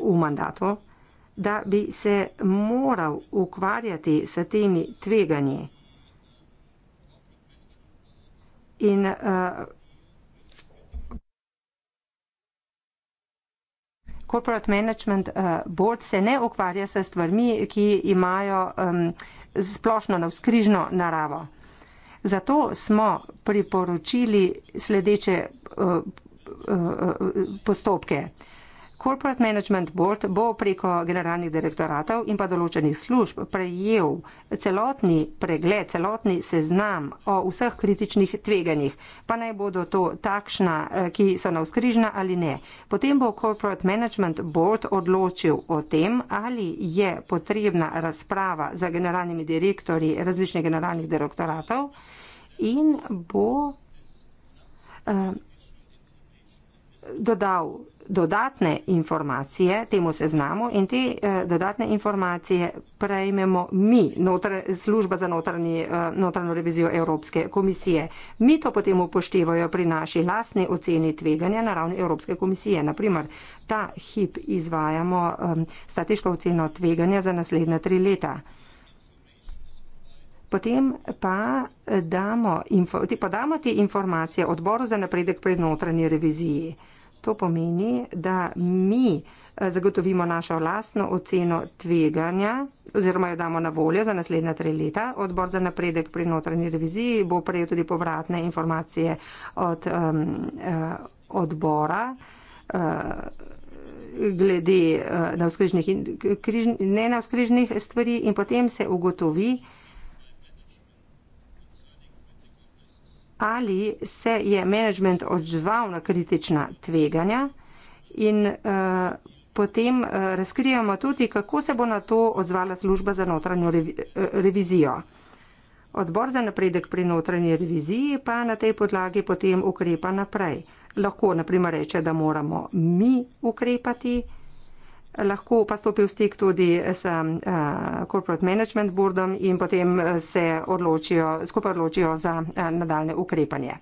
v mandatu, da bi se moral ukvarjati s temi tveganji. In uh, corporate management eh, board se ne ukvarja s stvarmi, ki imajo um, splošno navskrižno naravo. Zato smo priporočili sledeče uh, uh, postopke. Uh, Corporate Management Board bo preko generalnih direktoratov in pa določenih služb prejel celotni pregled, celotni seznam o vseh kritičnih tveganjih, pa naj bodo to takšna, eh, ki so navskrižna ali ne. Potem bo Corporate Management Board odločil o tem, ali je potrebna razprava za generalnimi direktori različnih generalnih direktoratov in bo. Uh, dodal dodatne informacije temu seznamu in te eh, dodatne informacije prejmemo mi, notr, služba za notrni, eh, notranjo revizijo Evropske komisije. Mi to potem upoštevajo pri naši lastni oceni tveganja na ravni Evropske komisije. Naprimer, ta hip izvajamo eh, statiško oceno tveganja za naslednja tri leta. Potem pa eh, damo, info, podamo te informacije odboru za napredek pred notranji reviziji. To pomeni, da mi eh, zagotovimo našo lastno oceno tveganja oziroma jo damo na voljo za naslednja tri leta. Odbor za napredek pri notranji reviziji bo prejel tudi povratne informacije od um, uh, odbora uh, glede uh, na in, križ, ne na vzkrižnih stvari in potem se ugotovi, ali se je management odzval na kritična tveganja in uh, potem uh, eh, razkrijamo tudi, kako se bo na to odzvala služba za notranjo revi eh, revizijo. Odbor za napredek pri notranji reviziji pa na tej podlagi potem ukrepa naprej. Lahko naprimer reče, da moramo mi ukrepati lahko pa stopi v stik tudi s uh, Corporate Management Boardom in potem eh, se odločijo, skupaj odločijo za uh, eh, nadaljne ukrepanje.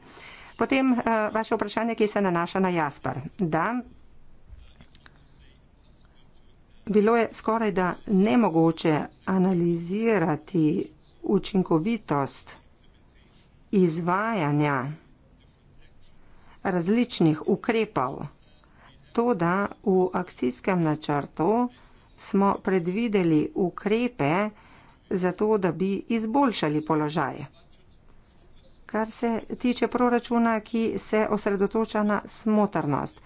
Potem uh, vaše vprašanje, ki se nanaša na Jasper. Da, bilo je skoraj da nemogoče analizirati učinkovitost izvajanja različnih ukrepov Toda v akcijskem načrtu smo predvideli ukrepe za to, da bi izboljšali položaj. Kar se tiče proračuna, ki se osredotoča na smotrnost,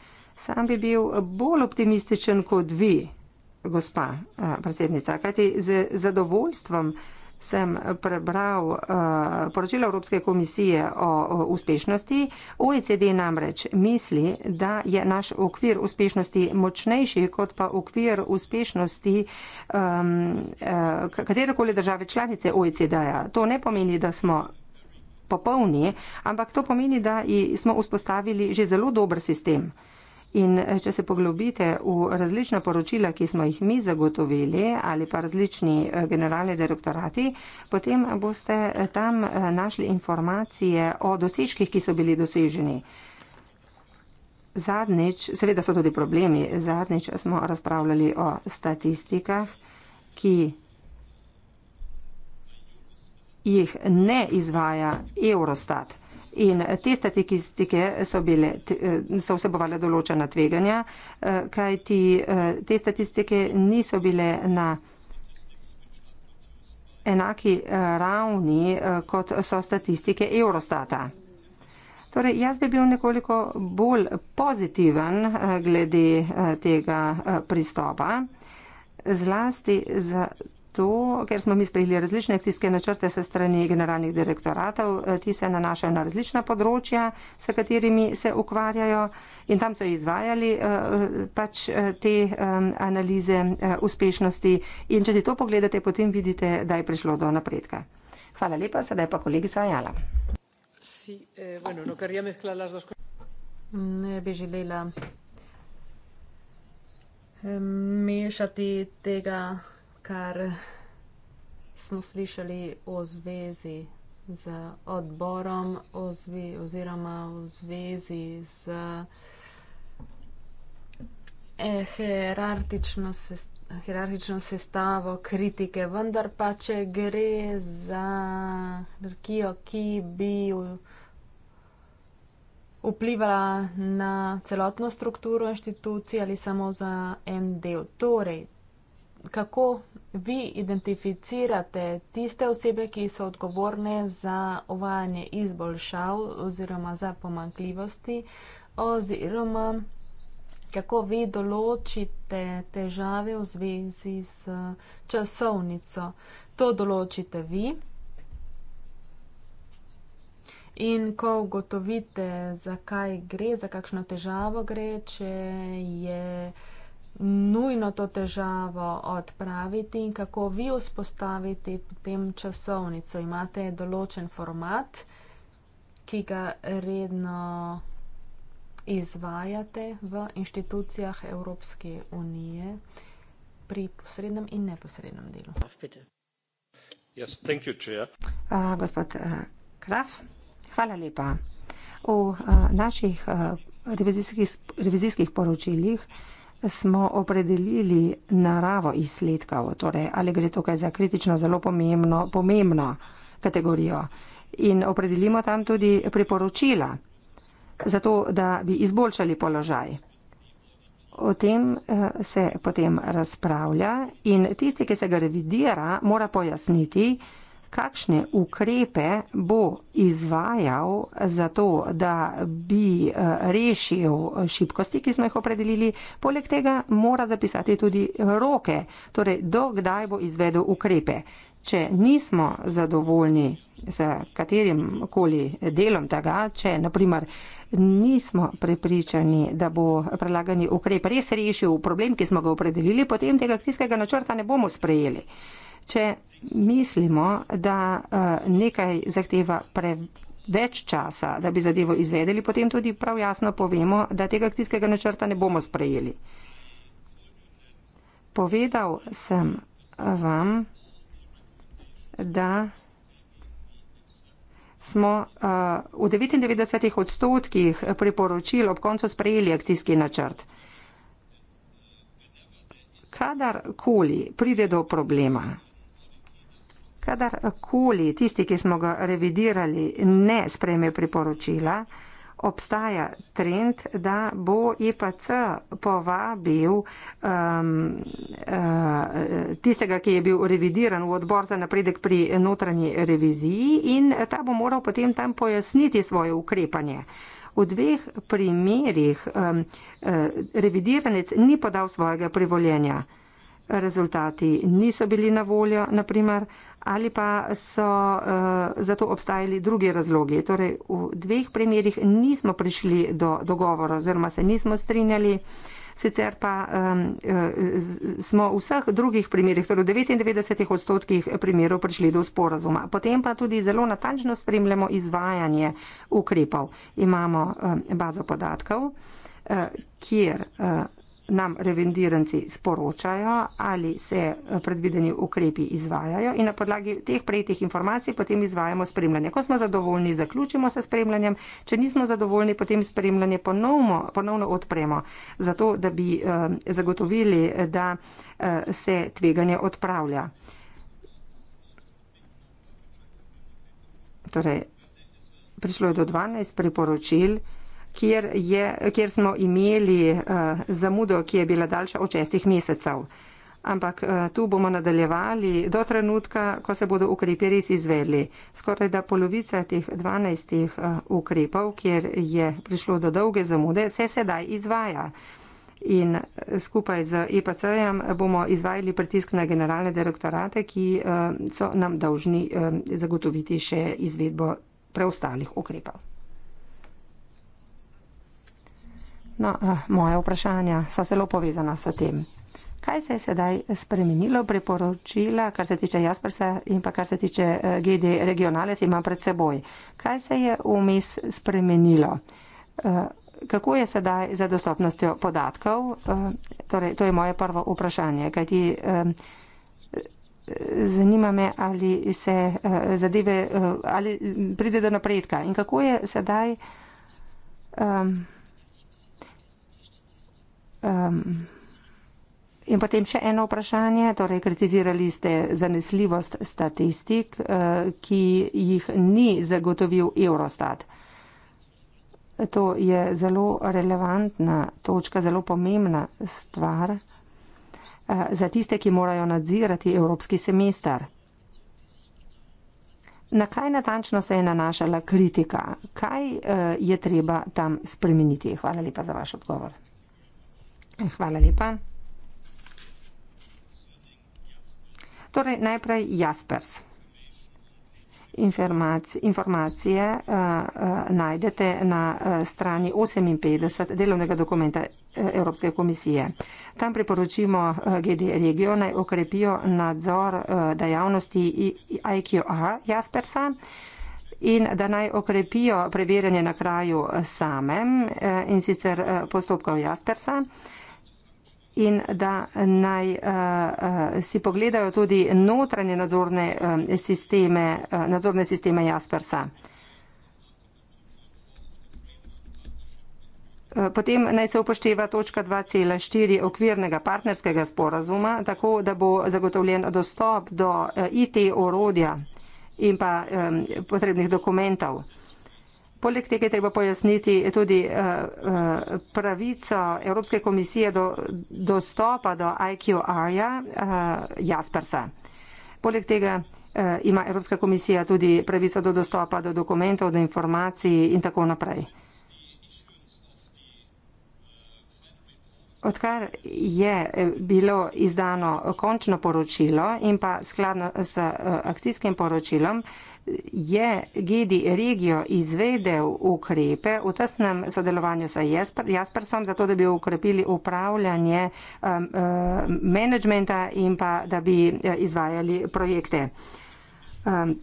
sam bi bil bolj optimističen kot vi, gospa eh, predsednica, kajti z zadovoljstvom sem prebral uh, poročilo Evropske komisije o, o uspešnosti. OECD namreč misli, da je naš okvir uspešnosti močnejši kot pa okvir uspešnosti um, uh, katerekoli države članice OECD-ja. To ne pomeni, da smo popolni, ampak to pomeni, da smo vzpostavili že zelo dober sistem. Uh, In eh, če se poglobite v različna poročila, ki smo jih mi zagotovili ali pa različni eh, generali direktorati, potem boste eh, tam našli informacije o dosežkih, ki so bili doseženi. Zadnjič, seveda so tudi problemi, zadnjič smo razpravljali o statistikah, ki jih ne izvaja Eurostat. In te statistike so, bile, eh, so vsebovali določena tveganja, eh, kaj ti eh, te statistike niso bile na enaki ravni, kot so statistike Eurostata. Torej, jaz bi bil nekoliko bolj pozitiven glede tega pristopa, zlasti za to, ker smo mi sprejeli različne akcijske načrte se strani generalnih direktoratov, ti se nanašajo na različna področja, s katerimi se ukvarjajo in tam so izvajali eh, pač eh, te eh, analize uspešnosti. In če si to pogledate, potem vidite, da je prišlo do napredka. Hvala lepa, sedaj pa kolegica Ajala. Sí, eh, bueno, no quería mezclar las dos Ne bi želela mešati tega kar smo slišali o zvezi z odborom o zvi, oziroma o zvezi z hierarhično, sest, hierarhično sestavo kritike. Vendar pa, če gre za hierarhijo, ki bi vplivala na celotno strukturo inštitucije ali samo za en del. Torej, kako vi identificirate tiste osebe, ki so odgovorne za uvajanje izboljšav oziroma za pomankljivosti, oziroma kako vi določite težave v zvezi s eh, časovnico. To določite vi. In ko ugotovite, zakaj gre, za kakšno težavo gre, če je nujno to težavo odpraviti in kako vi vzpostaviti potem časovnico. Imate določen format, ki ga redno izvajate v inštitucijah Evropske unije pri posrednem in neposrednem delu. Yes, thank you, chair. Uh, gospod uh, eh, Kraf, hvala lepa. V uh, naših uh, revizijskih, revizijskih poročilih uh, smo opredelili naravo izsledkov, torej ali gre tukaj za kritično zelo pomembno, pomembno kategorijo. In opredelimo tam tudi priporočila, zato da bi izboljšali položaj. O tem eh, se potem razpravlja in tisti, ki se ga revidira, mora pojasniti, kakšne ukrepe bo izvajal za to, da bi eh, rešil šibkosti, ki smo jih opredelili. Poleg tega mora zapisati tudi roke, torej dokdaj bo izvedel ukrepe. Če nismo zadovoljni z katerim koli delom tega, če naprimer nismo prepričani, da bo prelagani ukrep res rešil problem, ki smo ga opredelili, potem tega akcijskega načrta ne bomo sprejeli če mislimo, da eh, nekaj zahteva preveč časa, da bi zadevo izvedeli, potem tudi prav jasno povemo, da tega akcijskega načrta ne bomo sprejeli. Povedal sem vam, da smo eh, v 99 odstotkih priporočil ob koncu sprejeli akcijski načrt. Kadarkoli pride do problema, Kadarkoli tisti, ki smo ga revidirali, ne spreme priporočila, obstaja trend, da bo IPC povabil um, uh, tistega, ki je bil revidiran v odbor za napredek pri notranji reviziji in ta bo moral potem tam pojasniti svoje ukrepanje. V dveh primerjih um, uh, revidiranec ni podal svojega privoljenja. Rezultati niso bili na voljo, naprimer, ali pa so uh, za to obstajali drugi razlogi. Torej, v dveh primerjih nismo prišli do dogovora oziroma se nismo strinjali. Sicer pa um, smo v vseh drugih primerjih, torej v 99 odstotkih primerov, prišli do sporazuma. Potem pa tudi zelo natančno spremljamo izvajanje ukrepov. Imamo um, bazo podatkov, uh, kjer. Uh, nam revendiranci sporočajo, ali se predvideni ukrepi izvajajo in na podlagi teh prejetih informacij potem izvajamo spremljanje. Ko smo zadovoljni, zaključimo se spremljanjem, če nismo zadovoljni, potem spremljanje ponovno, ponovno odpremo, zato da bi eh, zagotovili, da eh, se tveganje odpravlja. Torej, prišlo je do 12 priporočil kjer, je, kjer smo imeli uh, zamudo, ki je bila daljša od šestih mesecev. Ampak uh, tu bomo nadaljevali do trenutka, ko se bodo ukrepi res izvedli. Skoraj da polovica teh dvanajstih uh, ukrepov, kjer je prišlo do dolge zamude, se sedaj izvaja. In skupaj z EPC-jem bomo izvajali pritisk na generalne direktorate, ki so nam dolžni zagotoviti še izvedbo preostalih ukrepov. No, eh, moje vprašanja so zelo povezana s tem. Kaj se je sedaj spremenilo pri poročila, kar se tiče Jaspersa in pa kar se tiče eh, GD regionale, si imam pred seboj? Kaj se je vmes spremenilo? Eh, kako je sedaj za dostopnostjo podatkov? Eh, torej, to je moje prvo vprašanje. Kajti, eh, Zanima me, ali se uh, zadeve, uh, ali pride do napredka in kako je sedaj um, Um, in potem še eno vprašanje, torej kritizirali ste zanesljivost statistik, uh, ki jih ni zagotovil Eurostat. To je zelo relevantna točka, zelo pomembna stvar eh, za tiste, ki morajo nadzirati evropski semester. Na kaj natančno se je nanašala kritika? Kaj eh, je treba tam spremeniti? Hvala lepa za vaš odgovor. Hvala lepa. Torej, najprej Jaspers. Informacije uh, uh, najdete na uh, strani 58 delovnega dokumenta uh, Evropske komisije. Tam priporočimo uh, GD regijo naj okrepijo nadzor uh, dejavnosti IQR Jaspersa in da naj okrepijo preverjanje na kraju samem uh, in sicer uh, postopkov Jaspersa. Uh, in da naj eh, eh, si pogledajo tudi notranje nadzorne eh, sisteme, nadzorne sisteme Jaspersa. Potem naj se upošteva točka 2.4 okvirnega partnerskega sporazuma, tako da bo zagotovljen dostop do IT orodja in pa potrebnih dokumentov. Poleg tega je treba pojasniti tudi uh, uh, pravico Evropske komisije do dostopa do IQR-ja uh, eh, Jaspersa. Poleg tega uh, ima Evropska komisija tudi pravico do dostopa do dokumentov, do informacij in tako naprej. Odkar je bilo izdano končno poročilo in pa skladno s akcijskim poročilom, je Gedi regijo izvedel ukrepe v tesnem sodelovanju sa Jasper, Jaspersom, zato da bi ukrepili upravljanje um, um, menedžmenta in pa da bi eh, izvajali projekte. Um,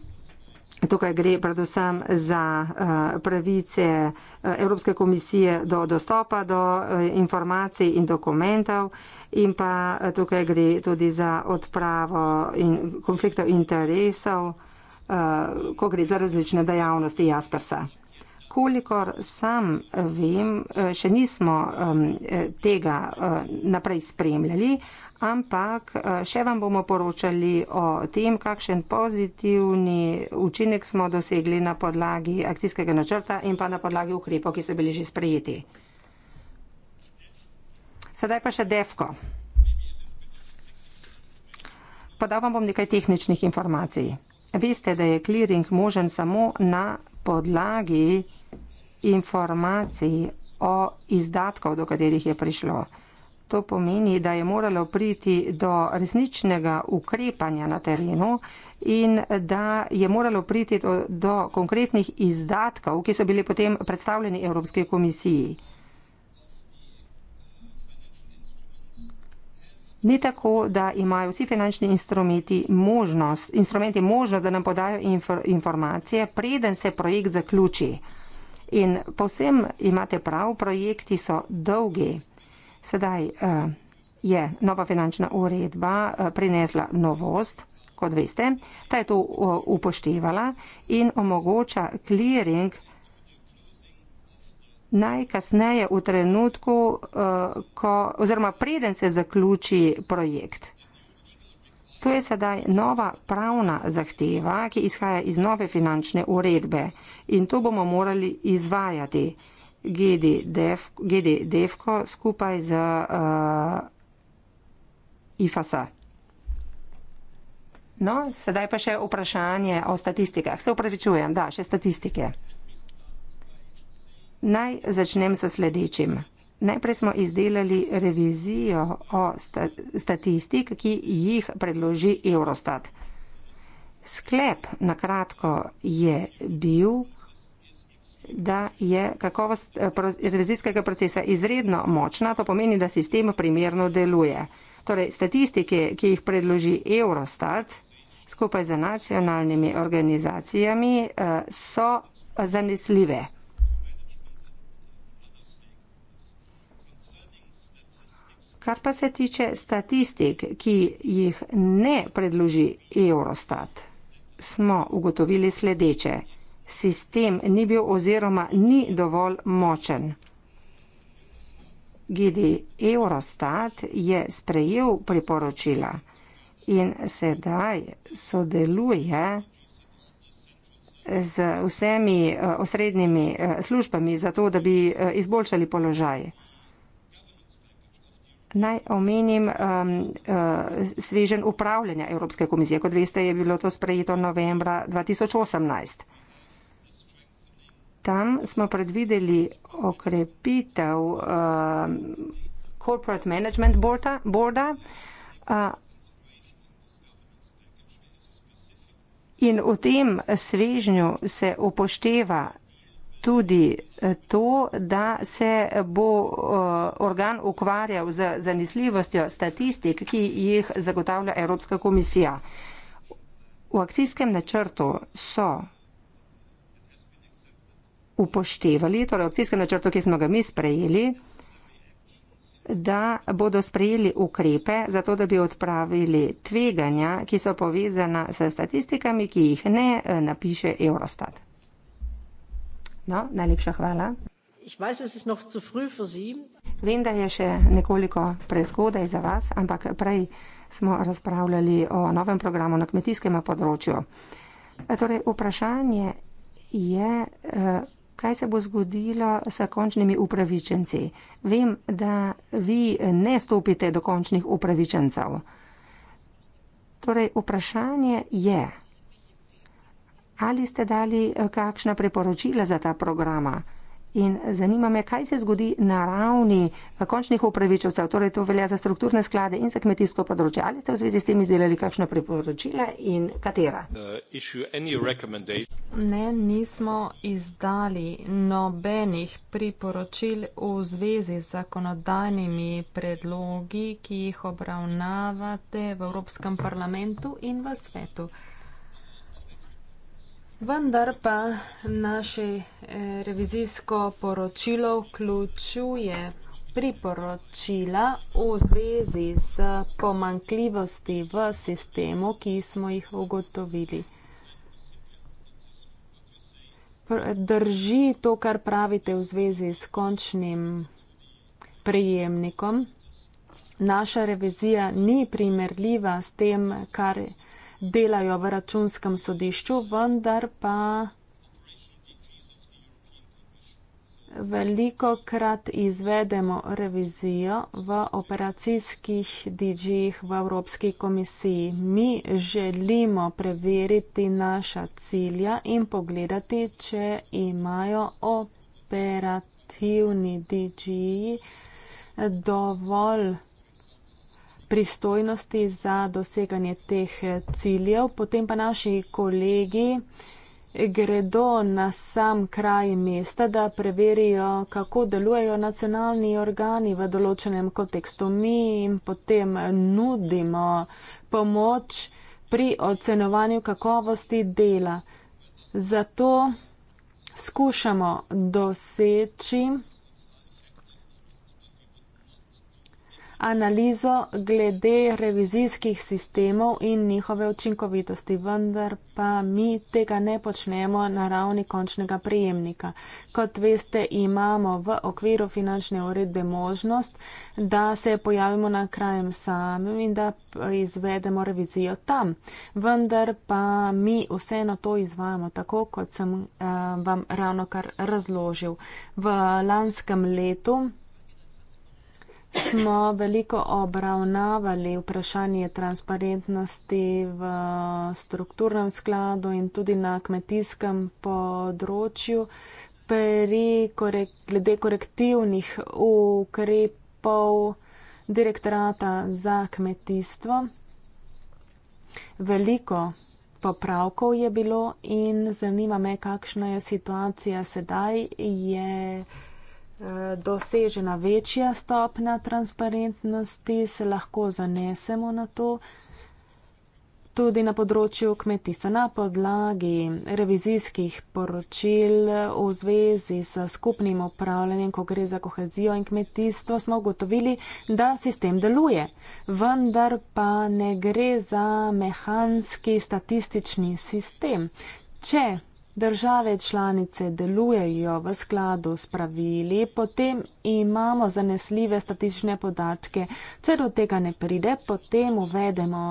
Tukaj gre predvsem za eh, pravice eh, Evropske komisije do dostopa do informacij in dokumentov in pa tukaj gre tudi za odpravo in konfliktov interesov. Eh, ko gre za različne dejavnosti Jaspersa. Kolikor sam eh, vem, eh, še nismo tega naprej spremljali, ampak še vam bomo poročali o tem, kakšen pozitivni učinek smo dosegli na podlagi akcijskega načrta in pa na podlagi ukrepov, ki so bili že sprejeti. Sedaj pa še DEFKO. Podal vam bom nekaj tehničnih informacij. Veste, da je kliring možen samo na podlagi informacij o izdatkov, do katerih je prišlo. To pomeni, da je moralo priti do resničnega ukrepanja na terenu in da je moralo priti do, do konkretnih izdatkov, ki so bili potem predstavljeni Evropske komisiji. ni tako, da imajo vsi finančni instrumenti možnost, instrumenti možnost da nam podajo infor, informacije, preden se projekt zaključi. In povsem imate prav, projekti so dolgi. Sedaj uh, je nova finančna uredba uh, prinesla novost, kot veste, ta je to uh, upoštevala in omogoča clearing najkasneje v trenutku, eh, ko, oziroma preden se zaključi projekt. To je sedaj nova pravna zahteva, ki izhaja iz nove finančne uredbe in to bomo morali izvajati GD Devko skupaj z uh, eh, IFAS-a. No, sedaj pa še vprašanje o statistikah. Se upravičujem, da, še statistike. Naj začnem s sledečim. Najprej smo izdelali revizijo o sta statistik, ki jih predloži Eurostat. Sklep na kratko je bil, da je kakovost eh, revizijskega procesa izredno močna, to pomeni, da sistem primerno deluje. Torej, statistike, ki jih predloži Eurostat skupaj z nacionalnimi organizacijami, eh, so zanesljive. Kar pa se tiče statistik, ki jih ne predloži Eurostat, smo ugotovili sledeče. Sistem ni bil oziroma ni dovolj močen. Gidi Eurostat je sprejel priporočila in sedaj sodeluje z vsemi eh, osrednjimi eh, službami za to, da bi eh, izboljšali položaj. Naj omenim um, uh, svežen upravljanja Evropske komisije. Kot veste, je bilo to sprejeto novembra 2018. Tam smo predvideli okrepitev um, Corporate Management Boarda. boarda uh, in v tem svežnju se upošteva tudi eh, to, da se bo eh, organ ukvarjal z zanesljivostjo statistik, ki jih zagotavlja Evropska komisija. V akcijskem načrtu so upoštevali, torej v akcijskem načrtu, ki smo ga mi sprejeli, da bodo sprejeli ukrepe za to, da bi odpravili tveganja, ki so povezana s statistikami, ki jih ne eh, napiše Eurostat. No, najlepša hvala. Vem, da je še nekoliko prezgodaj za vas, ampak prej smo razpravljali o novem programu na kmetijskem področju. Torej, vprašanje je, eh, kaj se bo zgodilo s končnimi upravičenci. Vem, da vi ne stopite do končnih upravičencev. Torej, vprašanje je, ali ste dali eh, kakšna preporočila za ta programa? In zanima me, kaj se zgodi na ravni eh, končnih upravičevcev, torej to velja za strukturne sklade in za kmetijsko področje. Ali ste v zvezi s tem izdelali kakšno priporočila in katera? Uh, ne, nismo izdali nobenih priporočil v zvezi z zakonodajnimi predlogi, ki jih obravnavate v Evropskem parlamentu in v svetu. Vendar pa naše eh, revizijsko poročilo vključuje priporočila v zvezi s pomankljivosti v sistemu, ki smo jih ugotovili. Drži to, kar pravite v zvezi s končnim prijemnikom. Naša revizija ni primerljiva s tem, kar je delajo v računskem sodišču, vendar pa veliko krat izvedemo revizijo v operacijskih DG-jih v Evropski komisiji. Mi želimo preveriti naša cilja in pogledati, če imajo operativni DG-ji dovolj pristojnosti za doseganje teh ciljev, potem pa naši kolegi gredo na sam kraj mesta, da preverijo, kako delujejo nacionalni organi v določenem kontekstu. Mi jim potem nudimo pomoč pri ocenovanju kakovosti dela. Zato skušamo doseči analizo glede revizijskih sistemov in njihove učinkovitosti, vendar pa mi tega ne počnemo na ravni končnega prejemnika. Kot veste, imamo v okviru finančne uredbe možnost, da se pojavimo na krajem samem in da izvedemo revizijo tam. Vendar pa mi vseeno to izvajamo tako, kot sem uh, vam ravno kar razložil. V lanskem letu smo veliko obravnavali vprašanje transparentnosti v strukturnem skladu in tudi na kmetijskem področju. Pri korek, glede korektivnih ukrepov direktorata za kmetijstvo veliko popravkov je bilo in zanima me, kakšna je situacija sedaj. Je dosežena večja stopna transparentnosti, se lahko zanesemo na to. Tudi na področju kmetijstva na podlagi revizijskih poročil v zvezi s skupnim upravljanjem, ko gre za kohezijo in kmetijstvo, smo ugotovili, da sistem deluje. Vendar pa ne gre za mehanski statistični sistem. Če države članice delujejo v skladu s pravili, potem imamo zanesljive statične podatke. Če do tega ne pride, potem uvedemo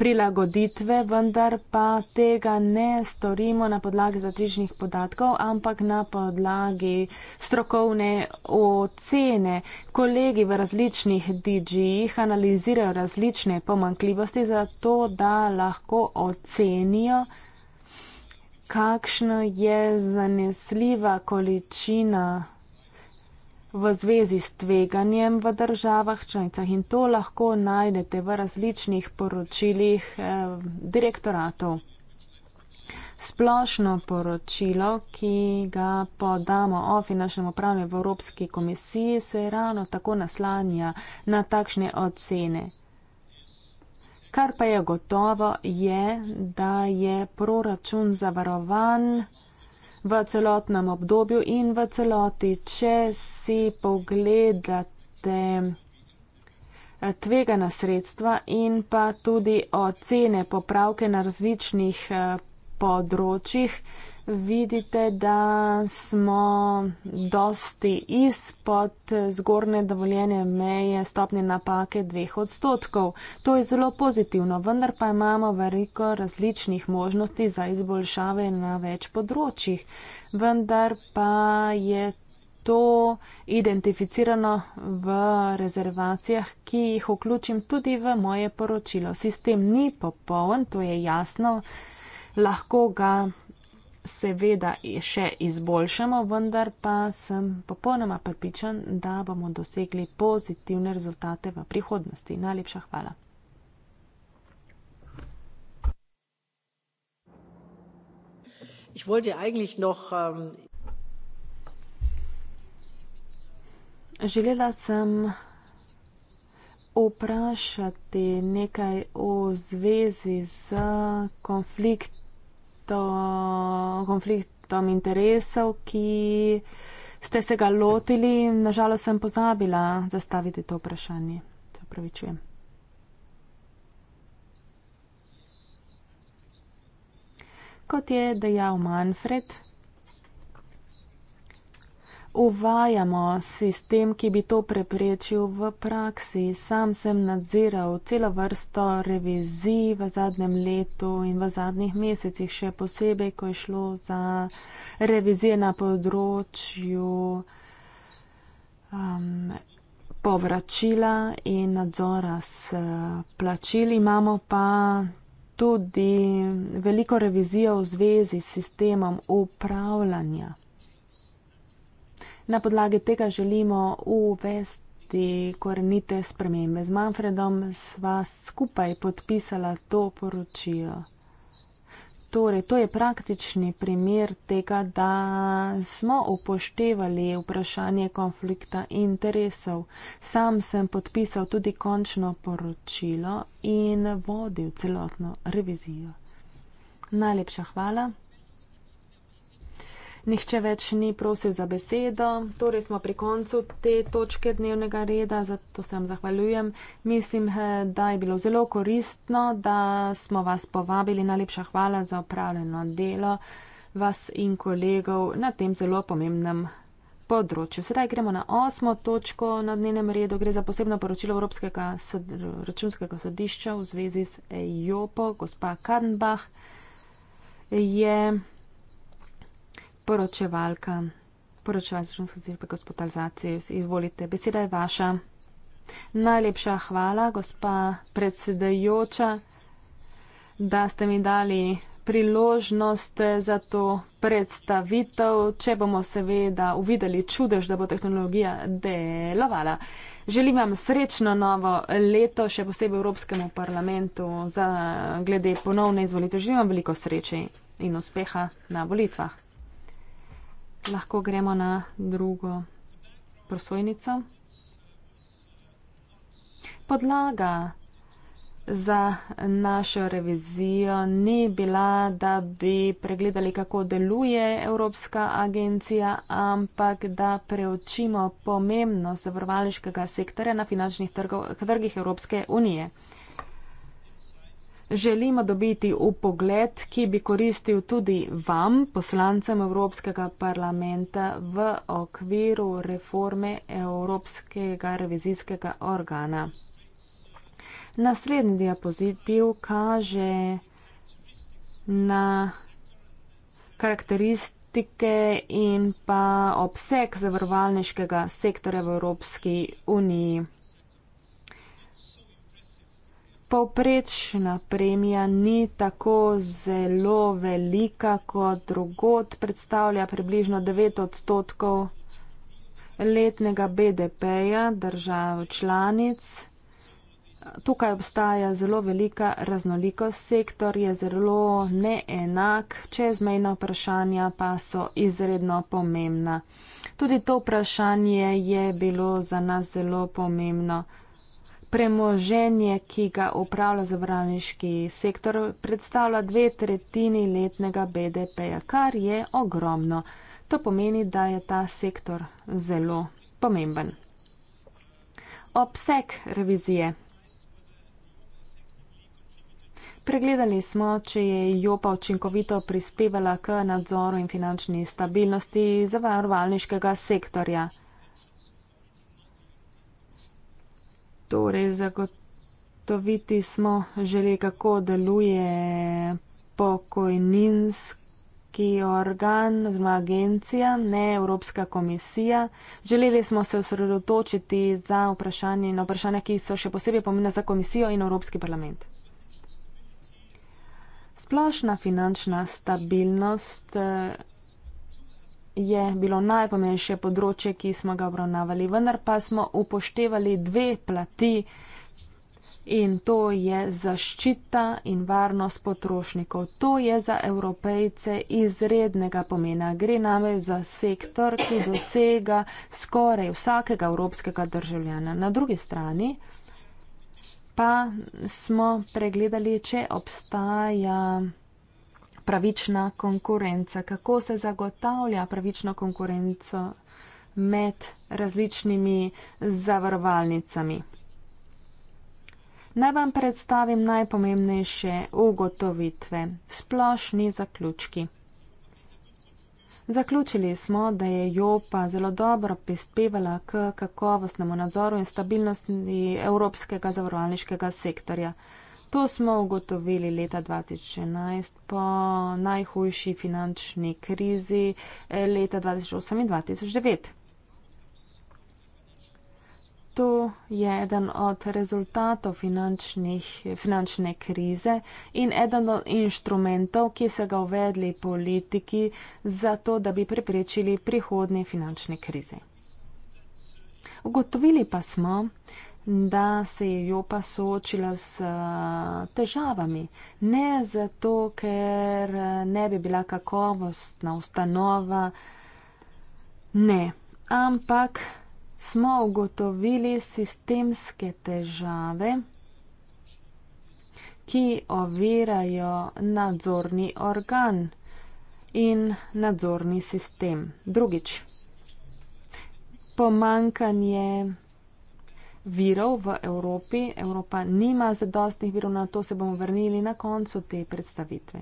prilagoditve, vendar pa tega ne storimo na podlagi statičnih podatkov, ampak na podlagi strokovne ocene. Kolegi v različnih DG-jih analizirajo različne pomankljivosti za to, da lahko ocenijo, kakšna je zanesljiva količina v zvezi s tveganjem v državah članicah in to lahko najdete v različnih poročilih eh, direktoratov. Splošno poročilo, ki ga podamo o finančnem upravljanju v Evropski komisiji, se ravno tako naslanja na takšne ocene. Kar pa je gotovo, je, da je proračun zavarovan v celotnem obdobju in v celoti, če si pogledate eh, tvegana sredstva in pa tudi ocene popravke na različnih eh, področjih, vidite, da smo dosti izpod zgornje dovoljene meje stopne napake dveh odstotkov. To je zelo pozitivno, vendar pa imamo veliko različnih možnosti za izboljšave na več področjih. Vendar pa je to identificirano v rezervacijah, ki jih vključim tudi v moje poročilo. Sistem ni popoln, to je jasno. Lahko ga seveda še izboljšamo, vendar pa sem popolnoma prepričan, da bomo dosegli pozitivne rezultate v prihodnosti. Najlepša hvala. Ähm, Želela sem vprašati nekaj v zvezi z konfliktom konfliktom interesov, ki ste se ga lotili in nažalost sem pozabila zastaviti to vprašanje. Se upravičujem. Kot je dejal Manfred, uvajamo sistem, ki bi to preprečil v praksi. Sam sem nadziral celo vrsto revizij v zadnjem letu in v zadnjih mesecih, še posebej, ko je šlo za revizije na področju um, povračila in nadzora s uh, plačili. Imamo pa tudi veliko revizijo v zvezi s sistemom upravljanja Na podlagi tega želimo uvesti korenite spremembe. Z Manfredom sva skupaj podpisala to poročilo. Torej, to je praktični primer tega, da smo upoštevali vprašanje konflikta interesov. Sam sem podpisal tudi končno poročilo in vodil celotno revizijo. Najlepša hvala nihče več ni prosil za besedo. Torej smo pri koncu te točke dnevnega reda, zato se vam zahvaljujem. Mislim, da je bilo zelo koristno, da smo vas povabili. Najlepša hvala za upravljeno delo vas in kolegov na tem zelo pomembnem. Področju. Sedaj gremo na osmo točko na dnevnem redu. Gre za posebno poročilo Evropskega sod računskega sodišča v zvezi z e Jopo. Gospa Kadenbach je poročevalka, poročevalka Računskega zbora pri gospitalizaciji. Izvolite, beseda je vaša. Najlepša hvala, gospa predsedajoča, da ste mi dali priložnost za to predstavitev, če bomo seveda uvideli čudež, da bo tehnologija delovala. Želim vam srečno novo leto, še posebej Evropskemu parlamentu, za glede ponovne izvolitev. Želim vam veliko sreče in uspeha na volitvah lahko gremo na drugo prosojnico. Podlaga za našo revizijo ni bila, da bi pregledali, kako deluje Evropska agencija, ampak da preučimo pomembnost zavrvališkega sektorja na finančnih trgov, trgih Evropske unije. Želimo dobiti upogled, ki bi koristil tudi vam, poslancem Evropskega parlamenta, v okviru reforme Evropskega revizijskega organa. Naslednji diapozitiv kaže na karakteristike in pa obseg zavarovalniškega sektorja v Evropski uniji. Povprečna premija ni tako zelo velika kot drugot, predstavlja približno 9 odstotkov letnega BDP-ja držav članic. Tukaj obstaja zelo velika raznolikost, sektor je zelo neenak, čezmejna vprašanja pa so izredno pomembna. Tudi to vprašanje je bilo za nas zelo pomembno premoženje, ki ga upravlja zavarovalniški sektor, predstavlja dve tretjini letnega BDP-ja, kar je ogromno. To pomeni, da je ta sektor zelo pomemben. Obseg revizije. Pregledali smo, če je Jopa učinkovito prispevala k nadzoru in finančni stabilnosti zavarovalniškega sektorja. Torej, zagotoviti smo želeli, kako deluje pokojninski organ oziroma agencija, ne Evropska komisija. Želeli smo se osredotočiti za vprašanje in vprašanja, ki so še posebej pomembna za komisijo in Evropski parlament. Splošna finančna stabilnost je bilo najpomembnejše področje, ki smo ga obravnavali, vendar pa smo upoštevali dve plati in to je zaščita in varnost potrošnikov. To je za evropejce izrednega pomena. Gre namreč za sektor, ki dosega skoraj vsakega evropskega državljana. Na drugi strani pa smo pregledali, če obstaja pravična konkurenca, kako se zagotavlja pravično konkurenco med različnimi zavarovalnicami. Naj vam predstavim najpomembnejše ugotovitve, splošni zaključki. Zaključili smo, da je Jopa zelo dobro prispevala k kakovostnemu nadzoru in stabilnosti evropskega zavarovalniškega sektorja. To smo ugotovili leta 2011 po najhujši finančni krizi eh, leta 2008 in 2009. To je eden od rezultatov finančne krize in eden od inštrumentov, ki so ga uvedli politiki za to, da bi preprečili prihodne finančne krize. Ugotovili pa smo, da se je Jopa soočila s eh, težavami. Ne zato, ker eh, ne bi bila kakovostna ustanova, ne, ampak smo ugotovili sistemske težave, ki ovirajo nadzorni organ in nadzorni sistem. Drugič, pomankanje virov v Evropi. Evropa nima zadostnih virov, na to se bomo vrnili na koncu te predstavitve.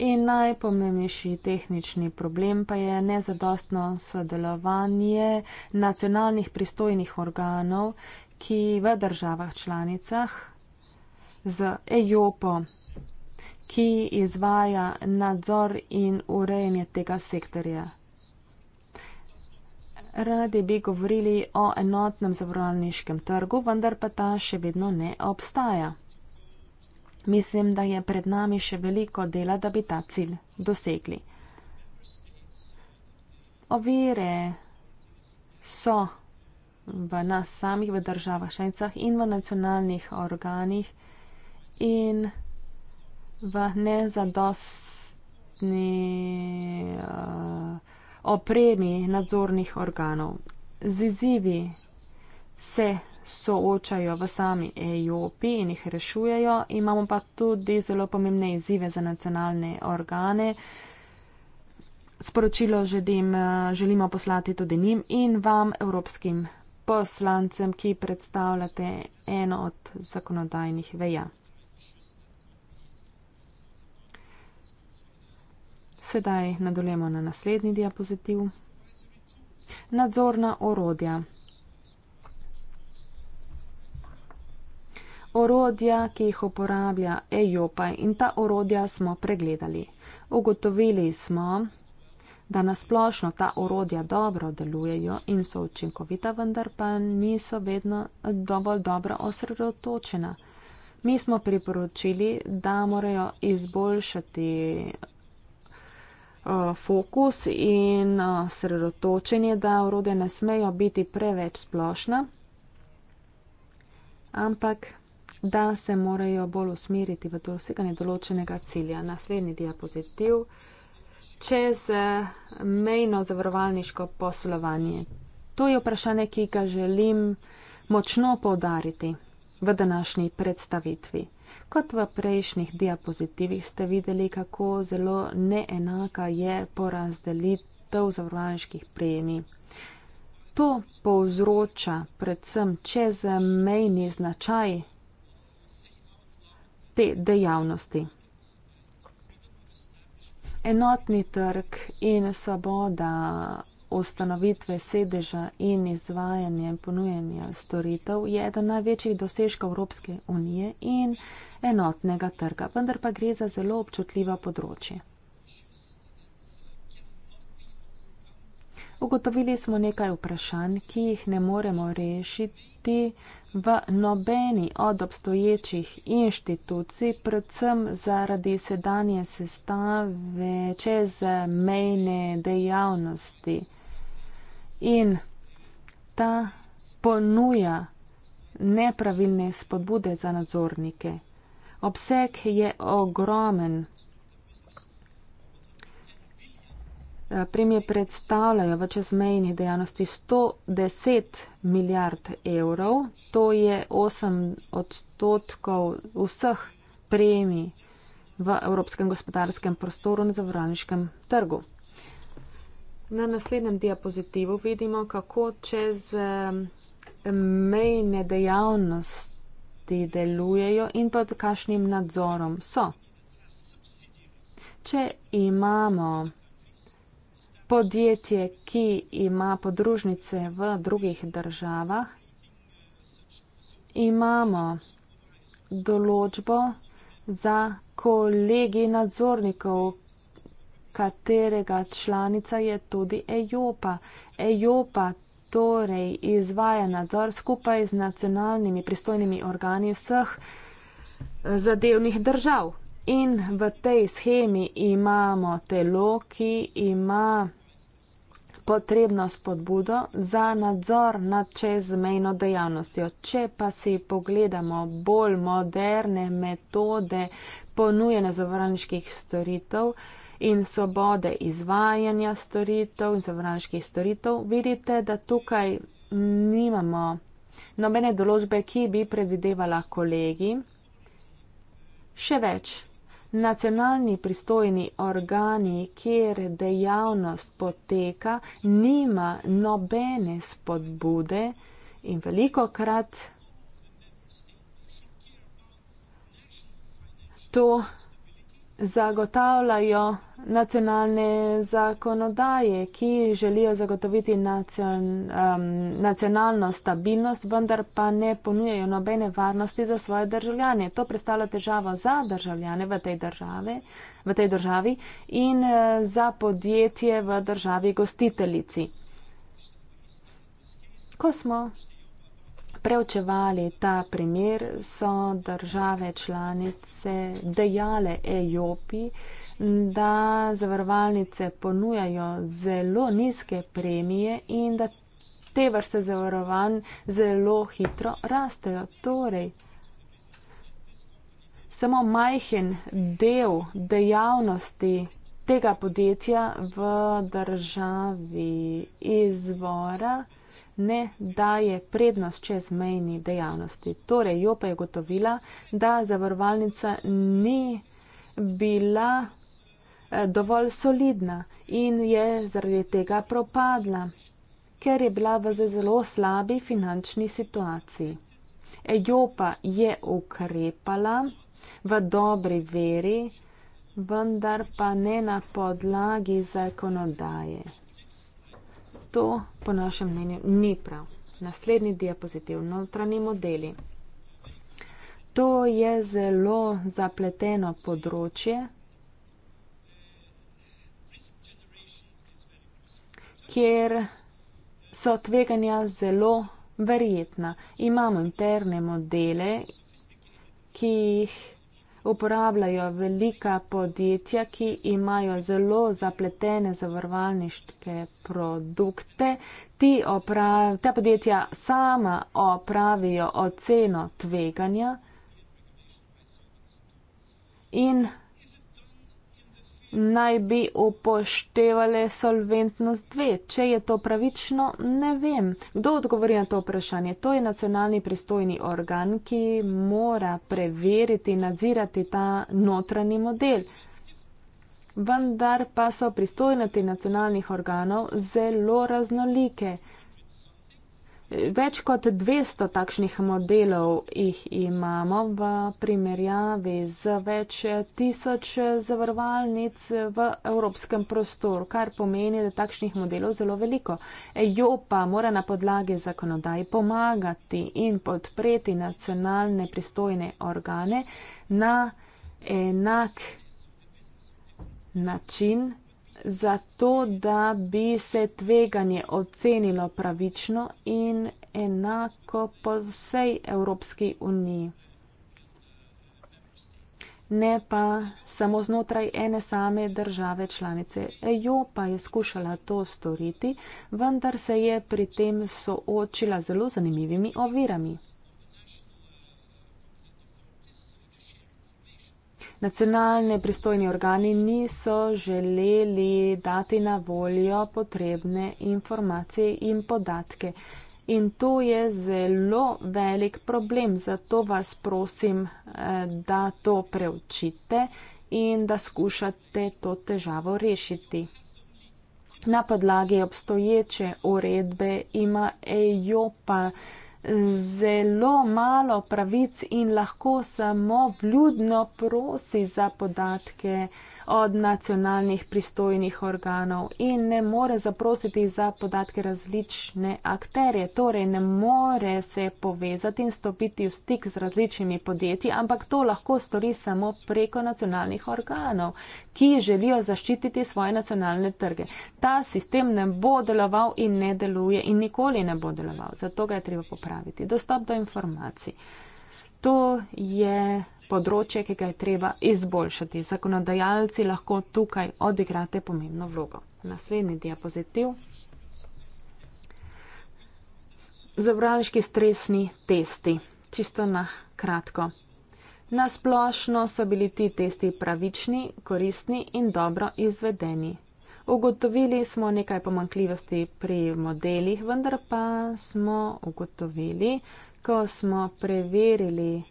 In najpomembnejši tehnični problem pa je nezadostno sodelovanje nacionalnih pristojnih organov, ki v državah članicah z EJOPO, ki izvaja nadzor in urejanje tega sektorja. Radi bi govorili o enotnem zavarovalniškem trgu, vendar pa ta še vedno ne obstaja. Mislim, da je pred nami še veliko dela, da bi ta cilj dosegli. Ovire so v nas samih, v državah šencah in v nacionalnih organih in v nezadostni. Uh, opremi nadzornih organov. Z izzivi se soočajo v sami EUP in jih rešujejo. Imamo pa tudi zelo pomembne izzive za nacionalne organe. Sporočilo želim, želimo poslati tudi njim in vam, evropskim poslancem, ki predstavljate eno od zakonodajnih veja. Sedaj nadaljujemo na naslednji diapozitiv. Nadzorna orodja. Orodja, ki jih uporablja EJOPA in ta orodja smo pregledali. Ugotovili smo, da nasplošno ta orodja dobro delujejo in so učinkovita, vendar pa niso vedno dovolj dobro osredotočena. Mi smo priporočili, da morajo izboljšati Eh, fokus in eh, sredotočenje, da orode ne smejo biti preveč splošna, ampak da se morajo bolj usmeriti v doseganje določenega cilja. Naslednji diapozitiv. Čez eh, mejno zavarovalniško poslovanje. To je vprašanje, ki ga želim močno povdariti v današnji predstavitvi. Kot v prejšnjih diapozitivih ste videli, kako zelo neenaka je porazdelitev zavrvanških premij. To povzroča predvsem čezmejni značaj te dejavnosti. Enotni trg in svoboda ustanovitve sedeža in izvajanje ponujanja storitev je eden največjih dosežkov Evropske unije in enotnega trga, vendar pa gre za zelo občutljiva področje. Ugotovili smo nekaj vprašanj, ki jih ne moremo rešiti v nobeni od obstoječih inštitucij, predvsem zaradi sedanje sestave čez mejne dejavnosti. In ta ponuja nepravilne spodbude za nadzornike. Obseg je ogromen. Eh, premije predstavljajo v čezmejni dejavnosti 110 milijard evrov, to je 8 odstotkov vseh premij v evropskem gospodarskem prostoru in zavoraniškem trgu. Na naslednjem diapozitivu vidimo, kako čez mejne dejavnosti delujejo in pod kakšnim nadzorom so. Če imamo podjetje, ki ima podružnice v drugih državah, imamo določbo za kolegi nadzornikov, katerega članica je tudi EJOPA. EJOPA torej izvaja nadzor skupaj z nacionalnimi pristojnimi organi vseh eh, zadevnih držav. In v tej schemi imamo telo, ki ima potrebno spodbudo za nadzor nad čezmejno dejavnostjo. Če pa si pogledamo bolj moderne metode ponujene zavarniških storitev, in svobode izvajanja storitev in zavranških storitev, vidite, da tukaj nimamo nobene določbe, ki bi predvidevala kolegi. Še več, nacionalni pristojni organi, kjer dejavnost poteka, nima nobene spodbude in veliko krat to zagotavljajo nacionalne zakonodaje, ki želijo zagotoviti nacion, um, nacionalno stabilnost, vendar pa ne ponujejo nobene varnosti za svoje državljane. To predstavlja težavo za državljane v tej državi, v tej državi in uh, za podjetje v državi gostiteljici. Ko smo preučevali ta primer, so države članice dejale EJOPI, da zavarovalnice ponujajo zelo nizke premije in da te vrste zavarovanj zelo hitro rastejo. Torej, samo majhen del dejavnosti tega podjetja v državi izvora, ne daje prednost čezmejni dejavnosti. Torej, jo pa je gotovila, da zavarovalnica ni bila eh, dovolj solidna in je zaradi tega propadla, ker je bila v zelo slabi finančni situaciji. Ejopa je ukrepala v dobri veri, vendar pa ne na podlagi zakonodaje to po našem mnenju ni prav. Naslednji diapozitiv, notranji modeli. To je zelo zapleteno področje, kjer so tveganja zelo verjetna. Imamo interne modele, ki jih uporabljajo velika podjetja, ki imajo zelo zapletene zavarovalniške produkte. Opravi, ta podjetja sama opravijo oceno tveganja in naj bi upoštevale solventnost dve. Če je to pravično, ne vem. Kdo odgovori na to vprašanje? To je nacionalni pristojni organ, ki mora preveriti, nadzirati ta notranji model. Vendar pa so pristojnosti nacionalnih organov zelo raznolike. Več kot 200 takšnih modelov jih imamo v primerjavi z več tisoč zavarovalnic v evropskem prostoru, kar pomeni, da takšnih modelov zelo veliko. Jo pa mora na podlagi zakonodaj pomagati in podpreti nacionalne pristojne organe na enak način zato da bi se tveganje ocenilo pravično in enako po vsej Evropski uniji. Ne pa samo znotraj ene same države članice. EU pa je skušala to storiti, vendar se je pri tem soočila zelo zanimivimi ovirami. nacionalne pristojni organi niso želeli dati na voljo potrebne informacije in podatke. In to je zelo velik problem, zato vas prosim, eh, da to preučite in da skušate to težavo rešiti. Na podlagi obstoječe uredbe ima EJOPA zelo malo pravic in lahko samo vljudno prosi za podatke od nacionalnih pristojnih organov in ne more zaprositi za podatke različne akterje. Torej, ne more se povezati in stopiti v stik z različnimi podjetji, ampak to lahko stori samo preko nacionalnih organov, ki želijo zaščititi svoje nacionalne trge. Ta sistem ne bo deloval in ne deluje in nikoli ne bo deloval. Zato ga je treba popraviti. Dostop do informacij. To je področje, ki ga je treba izboljšati. Zakonodajalci lahko tukaj odigrate pomembno vlogo. Naslednji diapozitiv. Zavraniški stresni testi. Čisto na kratko. Na splošno so bili ti testi pravični, koristni in dobro izvedeni. Ugotovili smo nekaj pomankljivosti pri modelih, vendar pa smo ugotovili, ko smo preverili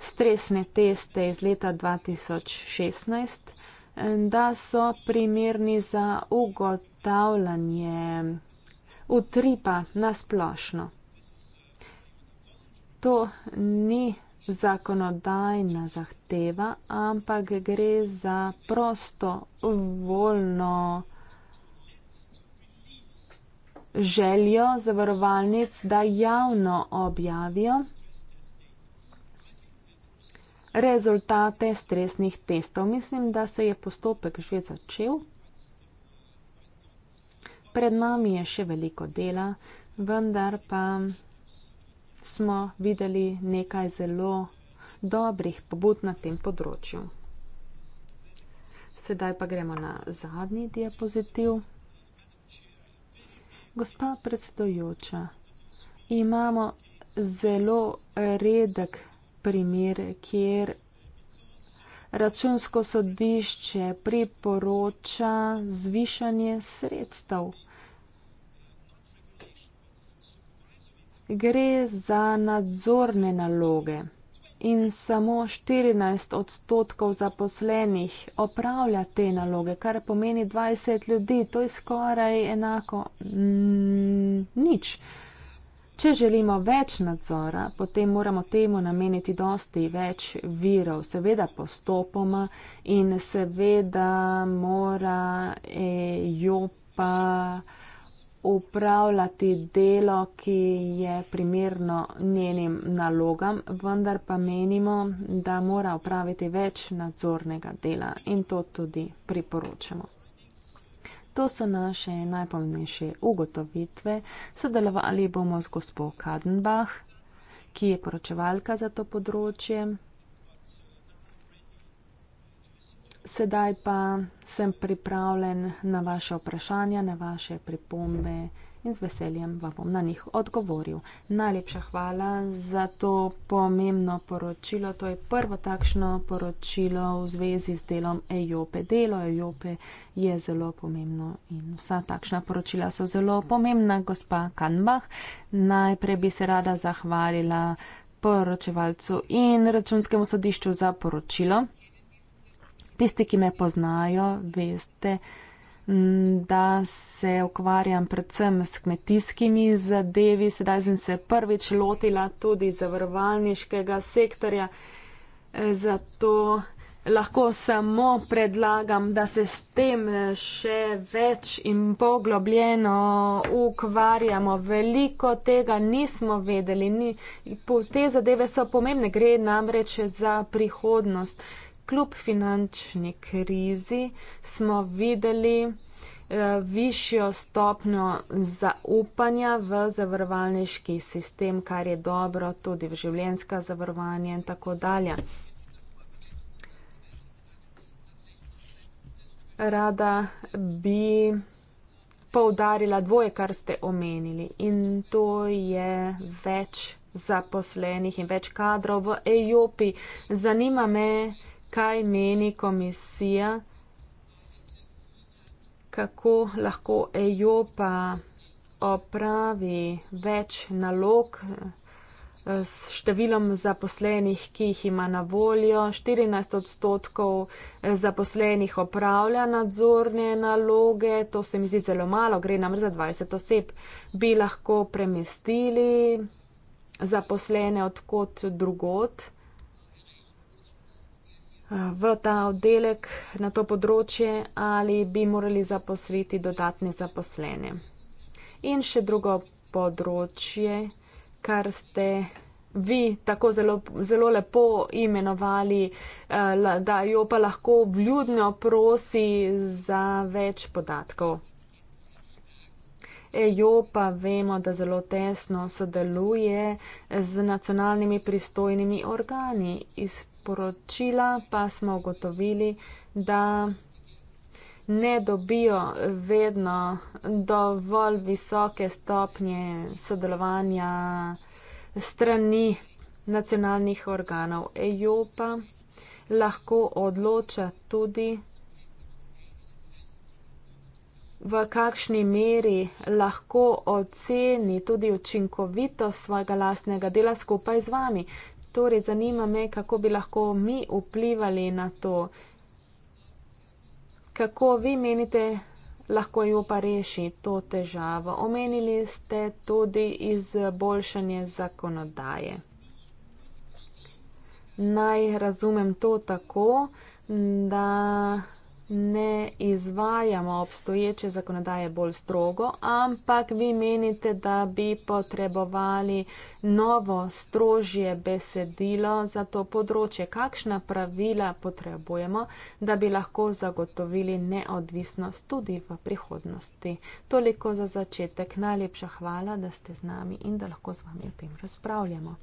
stresne teste iz leta 2016, da so primerni za ugotavljanje utripa na splošno. To ni zakonodajna zahteva, ampak gre za prosto, voljno željo zavarovalnic, da javno objavijo rezultate stresnih testov. Mislim, da se je postopek že začel. Pred nami je še veliko dela, vendar pa smo videli nekaj zelo dobrih pobud na tem področju. Sedaj pa gremo na zadnji diapozitiv. Gospa predsedojoča, imamo zelo redek primer, kjer računsko sodišče priporoča zvišanje sredstev. gre za nadzorne naloge in samo 14 odstotkov zaposlenih opravlja te naloge, kar pomeni 20 ljudi. To je skoraj enako mm, nič. Če želimo več nadzora, potem moramo temu nameniti dosti več virov, seveda postopoma in seveda mora e, eh, jo pa upravljati delo, ki je primerno njenim nalogam, vendar pa menimo, da mora upraviti več nadzornega dela in to tudi priporočamo. To so naše najpomembnejše ugotovitve. Sodelovali bomo z gospod Kadenbach, ki je poročevalka za to področje. Sedaj pa sem pripravljen na vaše vprašanja, na vaše pripombe in z veseljem vam bom na njih odgovoril. Najlepša hvala za to pomembno poročilo. To je prvo takšno poročilo v zvezi z delom EJOPE. Delo EJOPE je zelo pomembno in vsa takšna poročila so zelo pomembna. Gospa Kanbah, najprej bi se rada zahvalila poročevalcu in računskemu sodišču za poročilo. Tisti, ki me poznajo, veste, da se ukvarjam predvsem s kmetijskimi zadevi. Sedaj sem se prvič lotila tudi zavrvalniškega sektorja. E, zato lahko samo predlagam, da se s tem e, še več in poglobljeno ukvarjamo. Veliko tega nismo vedeli. Ni, te zadeve so pomembne, gre namreč za prihodnost kljub finančni krizi smo videli eh, višjo stopnjo zaupanja v zavarovalniški sistem, kar je dobro tudi v življenska zavarovanja in tako dalje. Rada bi poudarila dvoje, kar ste omenili in to je več zaposlenih in več kadrov v EJOPI. Zanima me, kaj meni komisija, kako lahko Ejopa opravi več nalog eh, s številom zaposlenih, ki jih ima na voljo. 14 odstotkov eh, zaposlenih opravlja nadzorne naloge, to se mi zdi zelo malo, gre nam za 20 oseb, bi lahko premestili zaposlene odkot drugot v ta oddelek na to področje ali bi morali zaposliti dodatne zaposlene. In še drugo področje, kar ste vi tako zelo, zelo lepo imenovali, eh, da jo pa lahko vljudno prosi za več podatkov. EJO pa vemo, da zelo tesno sodeluje z nacionalnimi pristojnimi organi. Iz poročila pa smo ugotovili, da ne dobijo vedno dovolj visoke stopnje sodelovanja strani nacionalnih organov. EU pa lahko odloča tudi, v kakšni meri lahko oceni tudi učinkovitost svojega lastnega dela skupaj z vami. Torej, zanima me, kako bi lahko mi vplivali na to, kako vi menite, lahko jo pa reši to težavo. Omenili ste tudi izboljšanje zakonodaje. Naj razumem to tako, da ne izvajamo obstoječe zakonodaje bolj strogo, ampak vi menite, da bi potrebovali novo, strožje besedilo za to področje. Kakšna pravila potrebujemo, da bi lahko zagotovili neodvisnost tudi v prihodnosti? Toliko za začetek. Najlepša hvala, da ste z nami in da lahko z vami o tem razpravljamo.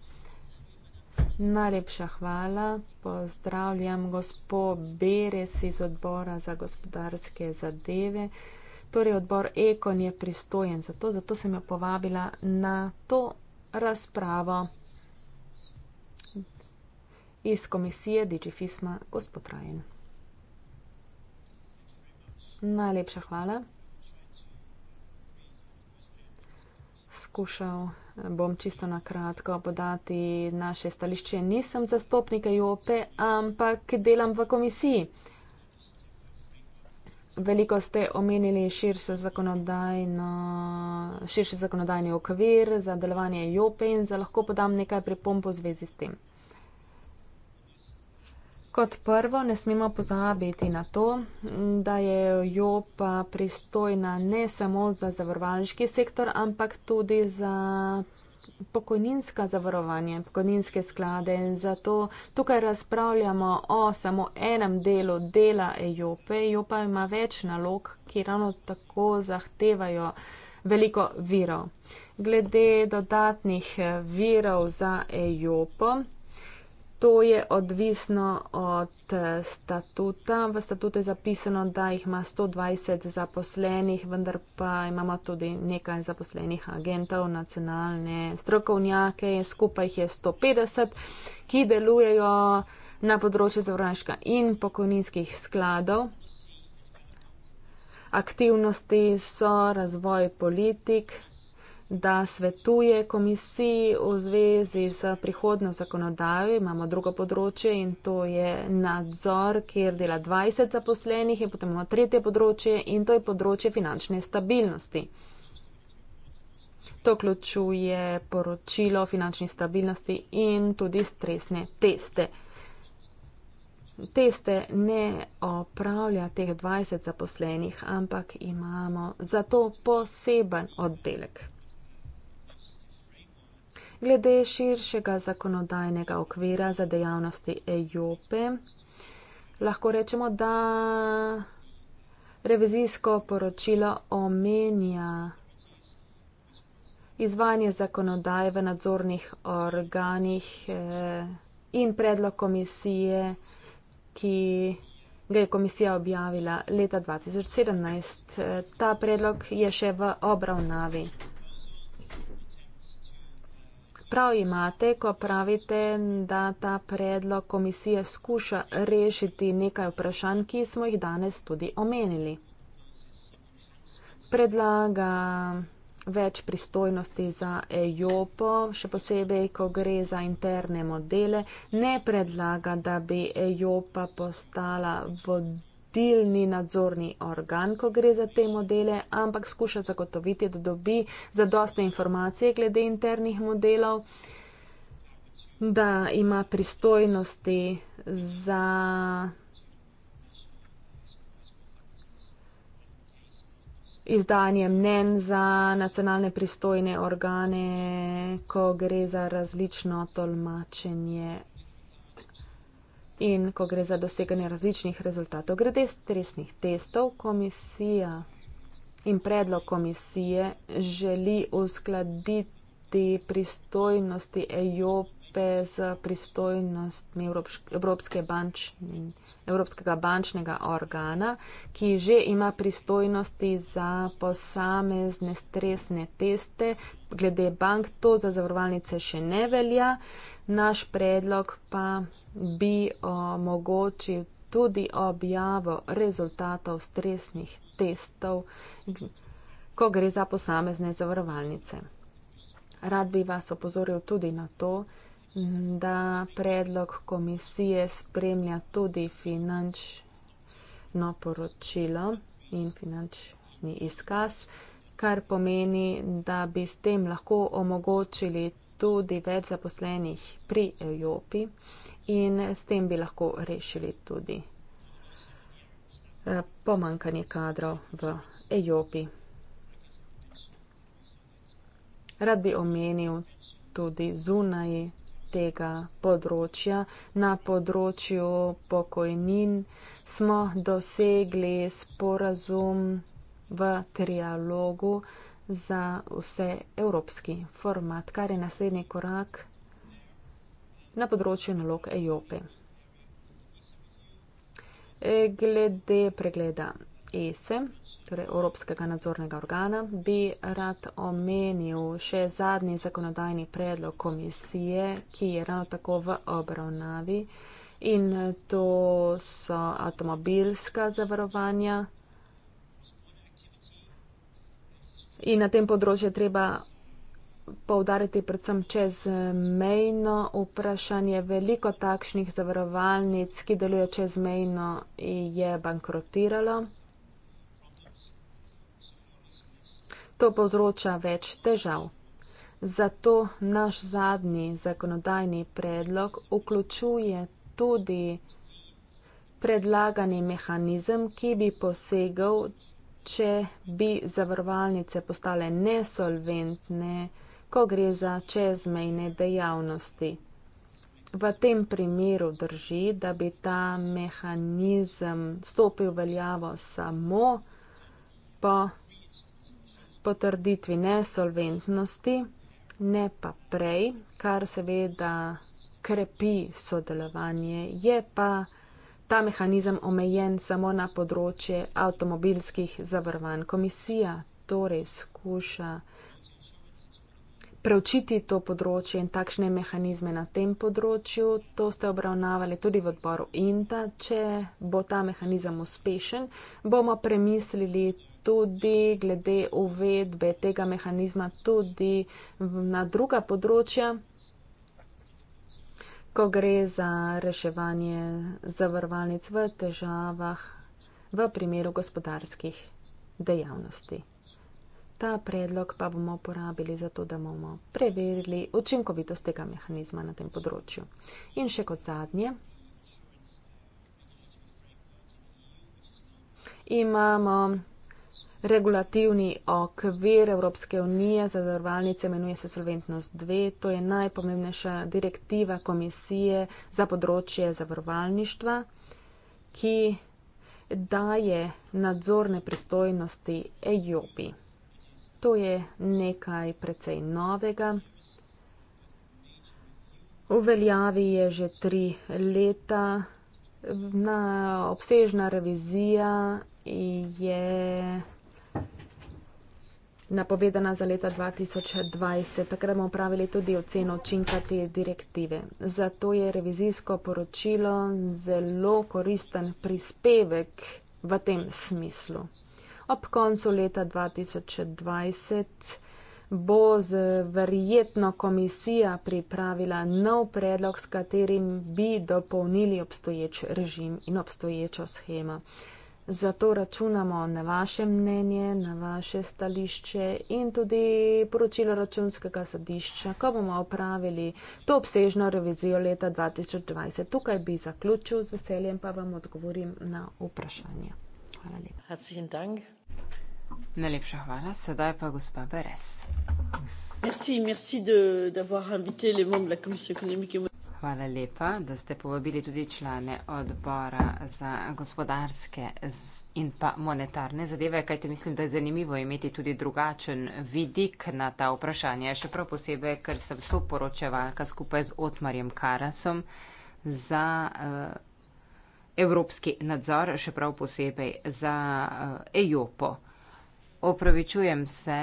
Najlepša hvala. Pozdravljam gospo Beres iz odbora za gospodarske zadeve. Torej, odbor Ekon je pristojen za to, zato sem jo povabila na to razpravo iz komisije Digifisma gospod Rajen. Najlepša hvala. Skušal bom čisto na kratko podati naše stališče. Nisem zastopnik Jope, ampak delam v komisiji. Veliko ste omenili širši zakonodajni okvir za delovanje Jope in za lahko podam nekaj pripombo v zvezi s tem. Kot prvo ne smemo pozabiti na to, da je JOPA pristojna ne samo za zavarovalniški sektor, ampak tudi za pokojninska zavarovanja, pokojninske sklade in zato tukaj razpravljamo o samo enem delu dela JOPE. JOPA ima več nalog, ki ravno tako zahtevajo veliko virov. Glede dodatnih virov za JOPO. To je odvisno od eh, statuta. V statutu je zapisano, da jih ima 120 zaposlenih, vendar pa imamo tudi nekaj zaposlenih agentov, nacionalne strokovnjake, skupaj jih je 150, ki delujejo na področju zavrnaška in pokojninskih skladov. Aktivnosti so razvoj politik, da svetuje komisiji v zvezi s prihodno zakonodajo. Imamo drugo področje in to je nadzor, kjer dela 20 zaposlenih in potem imamo tretje področje in to je področje finančne stabilnosti. To vključuje poročilo o finančni stabilnosti in tudi stresne teste. Teste ne opravlja teh 20 zaposlenih, ampak imamo za to poseben oddelek glede širšega zakonodajnega okvira za dejavnosti EJOPE. Lahko rečemo, da revizijsko poročilo omenja izvajanje zakonodaje v nadzornih organih eh, in predlog komisije, ki ga je komisija objavila leta 2017. Eh, ta predlog je še v obravnavi. Prav imate, ko pravite, da ta predlog komisije skuša rešiti nekaj vprašanj, ki smo jih danes tudi omenili. Predlaga več pristojnosti za EJOPO, še posebej, ko gre za interne modele, ne predlaga, da bi EJOPA postala vodnika Til ni nadzorni organ, ko gre za te modele, ampak skuša zagotoviti, da dobi zadostne informacije glede internih modelov, da ima pristojnosti za. Izdanje mnen za nacionalne pristojne organe, ko gre za različno tolmačenje In ko gre za doseganje različnih rezultatov, glede stresnih testov, komisija in predlog komisije želi uskladiti pristojnosti EJOP skupaj z pristojnostmi Evropske banč, Evropskega bančnega organa, ki že ima pristojnosti za posamezne stresne teste. Glede bank to za zavarovalnice še ne velja. Naš predlog pa bi omogočil tudi objavo rezultatov stresnih testov, ko gre za posamezne zavarovalnice. Rad bi vas opozoril tudi na to, da predlog komisije spremlja tudi finančno poročilo in finančni izkaz, kar pomeni, da bi s tem lahko omogočili tudi več zaposlenih pri Evropi in s tem bi lahko rešili tudi eh, pomankanje kadrov v Evropi. Rad bi omenil tudi zunaj tega področja. Na področju pokojnin smo dosegli sporazum v trialogu za vse evropski format, kar je naslednji korak na področju nalog EJOPE. E, glede pregleda ESE, e torej Evropskega nadzornega organa, bi rad omenil še zadnji zakonodajni predlog komisije, ki je ravno tako v obravnavi in to so avtomobilska zavarovanja. In na tem področju treba povdariti predvsem čezmejno vprašanje. Veliko takšnih zavarovalnic, ki delujejo čezmejno, je bankrotiralo. To povzroča več težav. Zato naš zadnji zakonodajni predlog vključuje tudi predlagani mehanizem, ki bi posegal, če bi zavarovalnice postale nesolventne, ko gre za čezmejne dejavnosti. V tem primeru drži, da bi ta mehanizem stopil veljavo samo po potrditvi nesolventnosti, ne pa prej, kar seveda krepi sodelovanje, je pa ta mehanizem omejen samo na področje avtomobilskih zavarovanj. Komisija torej skuša preučiti to področje in takšne mehanizme na tem področju. To ste obravnavali tudi v odboru INTA. Če bo ta mehanizem uspešen, bomo premislili tudi glede uvedbe tega mehanizma tudi na druga področja, ko gre za reševanje zavarovalnic v težavah v primeru gospodarskih dejavnosti. Ta predlog pa bomo uporabili zato, da bomo preverili učinkovitost tega mehanizma na tem področju. In še kot zadnje, imamo Regulativni okvir Evropske unije za zavarovalnice imenuje se Solventnost 2. To je najpomembnejša direktiva komisije za področje zavarovalništva, ki daje nadzorne pristojnosti EIOPI. To je nekaj precej novega. V veljavi je že tri leta. Na obsežna revizija je napovedana za leta 2020. Takrat bomo pravili tudi oceno učinka te direktive. Zato je revizijsko poročilo zelo koristen prispevek v tem smislu. Ob koncu leta 2020 bo z verjetno komisija pripravila nov predlog, s katerim bi dopolnili obstoječ režim in obstoječo schema. Zato računamo na vaše mnenje, na vaše stališče in tudi poročilo računskega sodišča, ko bomo opravili to obsežno revizijo leta 2020. Tukaj bi zaključil z veseljem, pa vam odgovorim na vprašanje. Hvala lepa. Dank. Najlepša hvala. Sedaj pa gospa Beres. Merci, merci de, de avoir invité les membres de la Commission économique et monétaire. Hvala lepa, da ste povabili tudi člane odbora za gospodarske in pa monetarne zadeve, kajte mislim, da je zanimivo imeti tudi drugačen vidik na ta vprašanja. Še prav posebej, ker sem soporočevalka skupaj z Otmarjem Karasom za uh, evropski nadzor, še prav posebej za uh, eh, EJOPO. Opravičujem se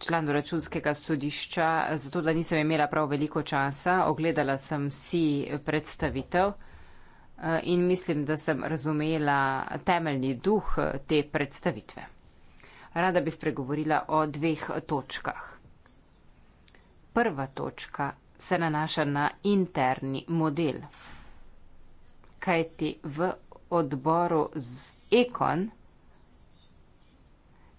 član računskega sodišča, zato da nisem imela prav veliko časa. Ogledala sem si predstavitev eh, in mislim, da sem razumela temeljni duh te predstavitve. Rada bi spregovorila o dveh točkah. Prva točka se nanaša na interni model, kajti v odboru z ekon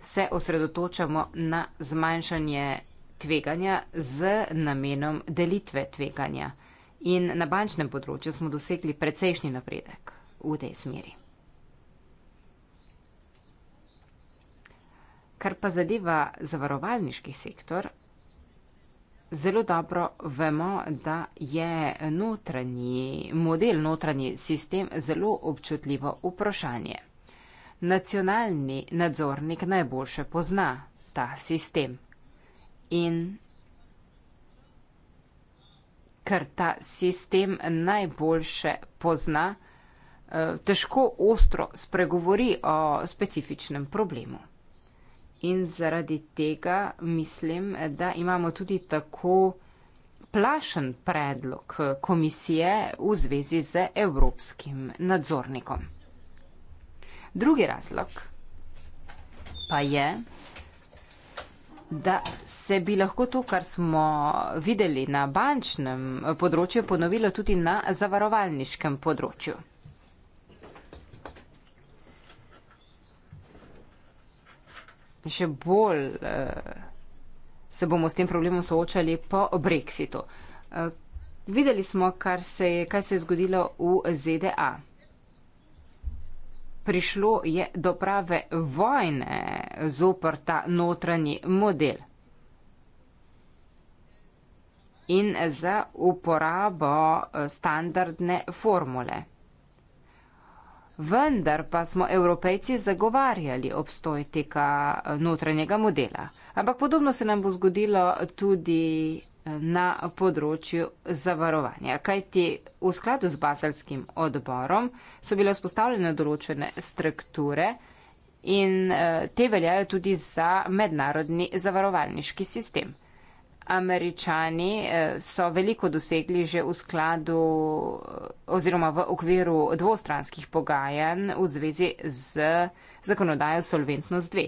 se osredotočamo na zmanjšanje tveganja z namenom delitve tveganja. In na bančnem področju smo dosegli precejšnji napredek v tej smeri. Kar pa zadeva zavarovalniški sektor, zelo dobro vemo, da je notranji model, notranji sistem zelo občutljivo vprašanje nacionalni nadzornik najboljše pozna ta sistem. In ker ta sistem najboljše pozna, eh, težko ostro spregovori o specifičnem problemu. In zaradi tega mislim, da imamo tudi tako plašen predlog eh, komisije v zvezi z evropskim nadzornikom. Drugi razlog pa je, da se bi lahko to, kar smo videli na bančnem področju, ponovilo tudi na zavarovalniškem področju. Še bolj eh, se bomo s tem problemom soočali po Brexitu. Eh, videli smo, kar se je, kaj se je zgodilo v ZDA prišlo je do prave vojne zopr ta notranji model. In za uporabo eh, standardne formule. Vendar pa smo evropejci zagovarjali obstoj tega eh, notranjega modela. Ampak podobno se nam bo zgodilo tudi na področju zavarovanja. Kajti v skladu z bazalskim odborom so bile vzpostavljene določene strukture in eh, te veljajo tudi za mednarodni zavarovalniški sistem. Američani eh, so veliko dosegli že v skladu eh, oziroma v okviru dvostranskih pogajanj v zvezi z zakonodajo Solventnost 2.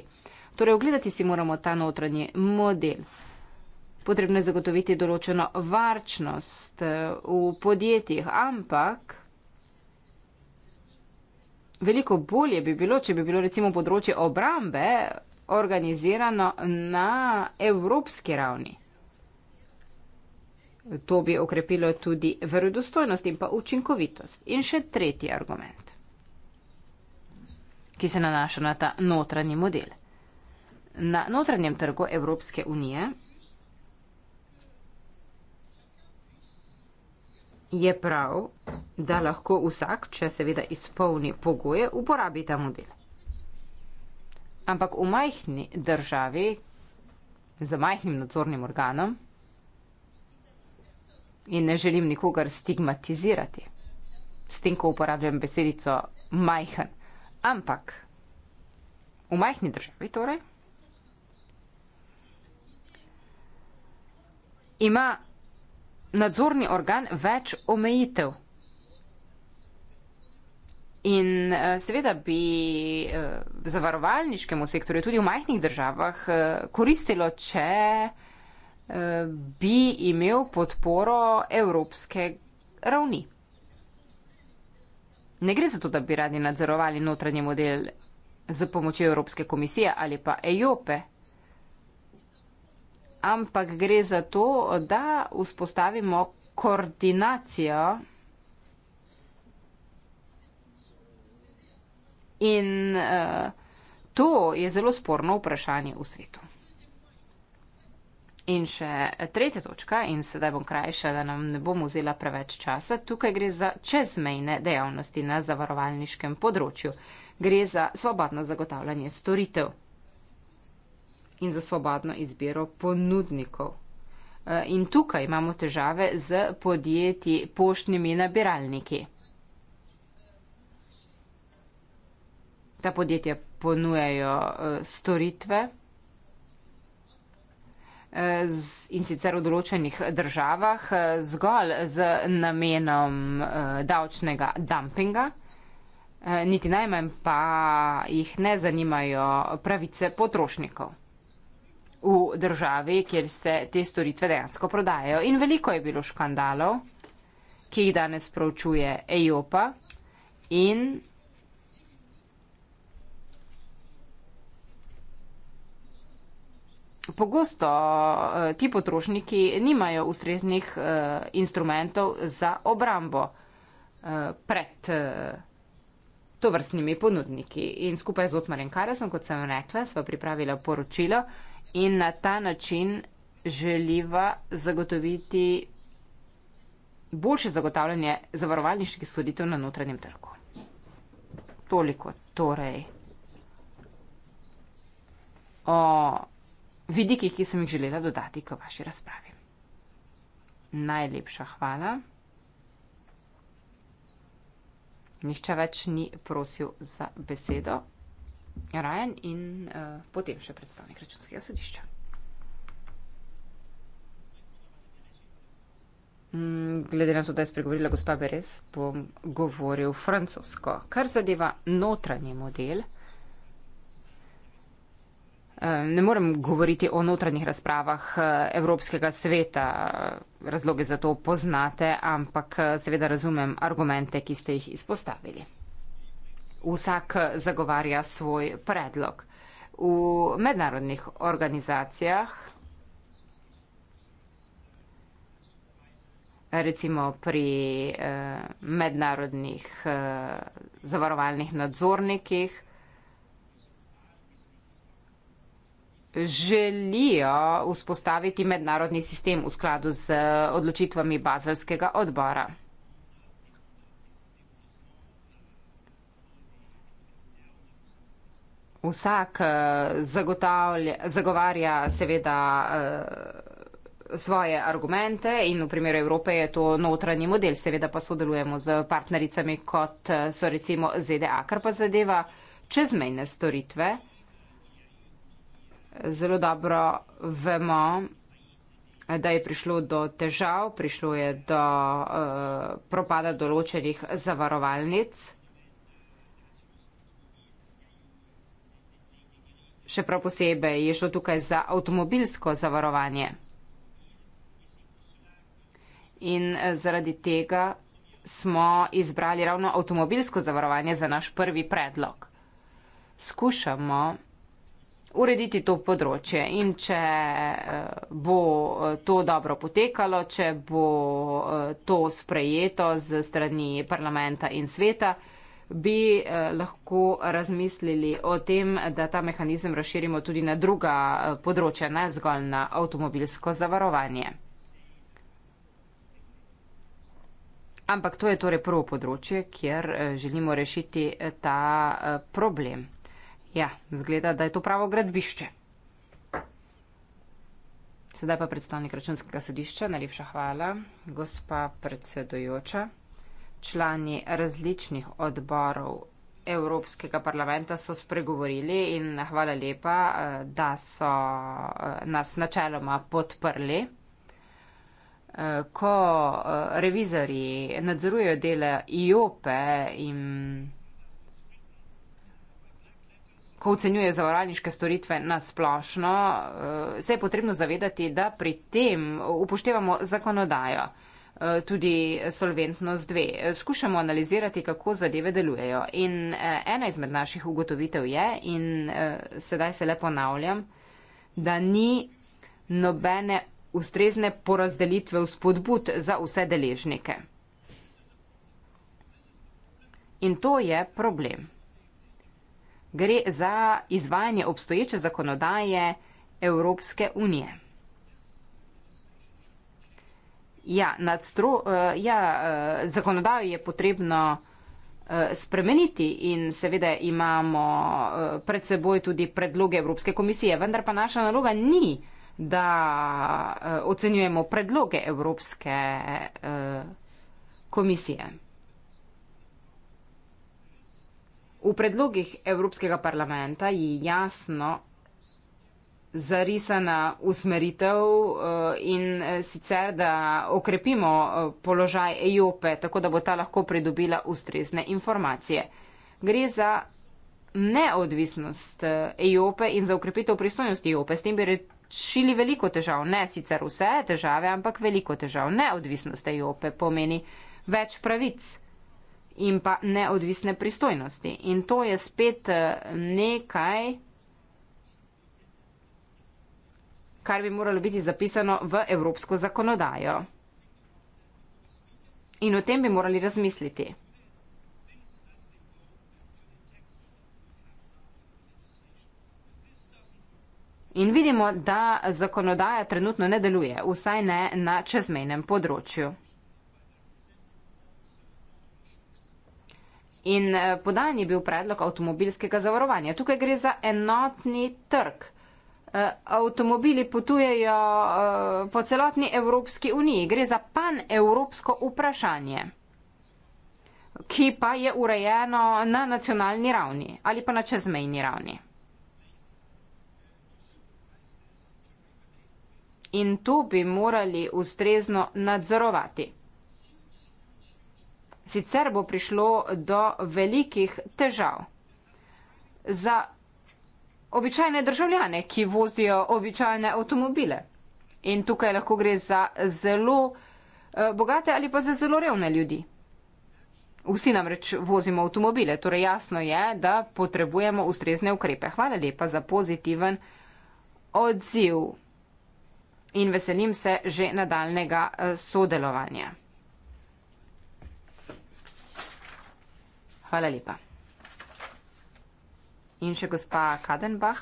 Torej, ogledati si moramo ta notranji model potrebno je zagotoviti določeno varčnost eh, v podjetjih, ampak veliko bolje bi bilo, če bi bilo recimo področje obrambe organizirano na evropski ravni. To bi okrepilo tudi verodostojnost in pa učinkovitost. In še tretji argument, ki se nanaša na ta notranji model. Na notranjem trgu Evropske unije je prav, da lahko vsak, če seveda izpolni pogoje, uporabi ta model. Ampak v majhni državi, z majhnim nadzornim organom, in ne želim nikogar stigmatizirati s tem, ko uporabljam besedico majhen, ampak v majhni državi torej ima nadzorni organ več omejitev. In eh, seveda bi eh, zavarovalniškemu sektorju tudi v majhnih državah eh, koristilo, če bi imel podporo evropske ravni. Ne gre za to, da bi radi nadzorovali notranji model z pomočjo Evropske komisije ali pa EJOPE, ampak gre za to, da vzpostavimo koordinacijo in uh, to je zelo sporno vprašanje v svetu. In še tretja točka, in sedaj bom krajša, da nam ne bom vzela preveč časa. Tukaj gre za čezmejne dejavnosti na zavarovalniškem področju. Gre za svobodno zagotavljanje storitev in za svobodno izbiro ponudnikov. E, in tukaj imamo težave z podjetji poštnimi nabiralniki. Ta podjetja ponujajo e, storitve e, in sicer v določenih državah zgolj z namenom davčnega dumpinga, niti najmanj pa jih ne zanimajo pravice potrošnikov v državi, kjer se te storitve dejansko prodajajo. In veliko je bilo škandalov, ki jih danes proučuje EIOPA in Pogosto eh, ti potrošniki nimajo ustreznih uh, instrumentov za obrambo uh, pred uh, to vrstnimi ponudniki. In skupaj z Otmarjem Karasom, kot sem rekla, sva pripravila poročilo in na ta način želiva zagotoviti boljše zagotavljanje zavarovalniških storitev na notranjem trgu. Toliko torej o vidikih, ki sem jih želela dodati k vaši razpravi. Najlepša hvala. Nihče več ni prosil za besedo. Rajan in uh, potem še predstavnik računskega sodišča. Mm, glede na to, da je spregovorila gospa Beres, bom govoril francosko. Kar zadeva notranji model, eh, Ne morem govoriti o notranjih razpravah eh, Evropskega sveta, razloge za to poznate, ampak seveda razumem argumente, ki ste jih izpostavili vsak zagovarja svoj predlog. V mednarodnih organizacijah, recimo pri eh, mednarodnih eh, zavarovalnih nadzornikih, želijo vzpostaviti mednarodni sistem v skladu z odločitvami bazalskega odbora. vsak eh, zagovarja seveda eh, svoje argumente in v primeru Evrope je to notranji model. Seveda pa sodelujemo z partnericami, kot eh, so recimo ZDA, kar pa zadeva čezmejne storitve. Zelo dobro vemo, da je prišlo do težav, prišlo je do uh, propada določenih zavarovalnic. še prav posebej je šlo tukaj za avtomobilsko zavarovanje. In eh, zaradi tega smo izbrali ravno avtomobilsko zavarovanje za naš prvi predlog. Skušamo urediti to področje in če eh, bo eh, to dobro potekalo, če bo to sprejeto z strani parlamenta in sveta, bi eh, lahko razmislili o tem, da ta mehanizem razširimo tudi na druga eh, področja, ne zgolj na avtomobilsko zavarovanje. Ampak to je torej prvo področje, kjer eh, želimo rešiti ta problem. Ja, zgleda, da je to pravo gradbišče. Sedaj pa predstavnik računskega sodišča, najlepša hvala, gospa predsedujoča člani različnih odborov Evropskega parlamenta so spregovorili in hvala lepa, eh, da so eh, nas načeloma podprli. Eh, ko revizori nadzorujejo dele IOPE in ko ocenjuje zavarovalniške storitve na splošno, se je potrebno zavedati, da pri tem upoštevamo zakonodajo. Eh, tudi solventnost 2. Skušamo analizirati, kako zadeve delujejo. In eh, ena izmed naših ugotovitev je, in eh, sedaj se le ponavljam, da ni nobene ustrezne porazdelitve v spodbud za vse deležnike. In to je problem. Gre za izvajanje obstoječe zakonodaje Evropske unije. Ja, nadstro, uh, eh, ja uh, zakonodajo je potrebno uh, spremeniti in seveda imamo uh, pred seboj tudi predloge Evropske komisije, vendar pa naša naloga ni, da uh, ocenjujemo predloge Evropske uh, komisije. V predlogih Evropskega parlamenta je jasno zarisana usmeritev eh, in eh, sicer, da okrepimo eh, položaj Ejope, tako da bo ta lahko pridobila ustrezne informacije. Gre za neodvisnost Ejope in za okrepitev pristojnosti Ejope. S tem bi rešili veliko težav. Ne sicer vse težave, ampak veliko težav. Neodvisnost Ejope pomeni več pravic in pa neodvisne pristojnosti. In to je spet nekaj, kar bi moralo biti zapisano v evropsko zakonodajo. In o tem bi morali razmisliti. In vidimo, da zakonodaja trenutno ne deluje, vsaj ne na čezmejnem področju. In eh, podan je bil predlog avtomobilskega zavarovanja. Tukaj gre za enotni trg. Eh, avtomobili potujejo eh, po celotni Evropski uniji. Gre za panevropsko vprašanje, ki pa je urejeno na nacionalni ravni ali pa na čezmejni ravni. In to bi morali ustrezno nadzorovati. Sicer bo prišlo do velikih težav. Za običajne državljane, ki vozijo običajne avtomobile. In tukaj lahko gre za zelo eh, bogate ali pa za zelo revne ljudi. Vsi nam reč vozimo avtomobile, torej jasno je, da potrebujemo ustrezne ukrepe. Hvala lepa za pozitiven odziv in veselim se že nadaljnega eh, sodelovanja. Hvala lepa. In še gospa Kadenbach.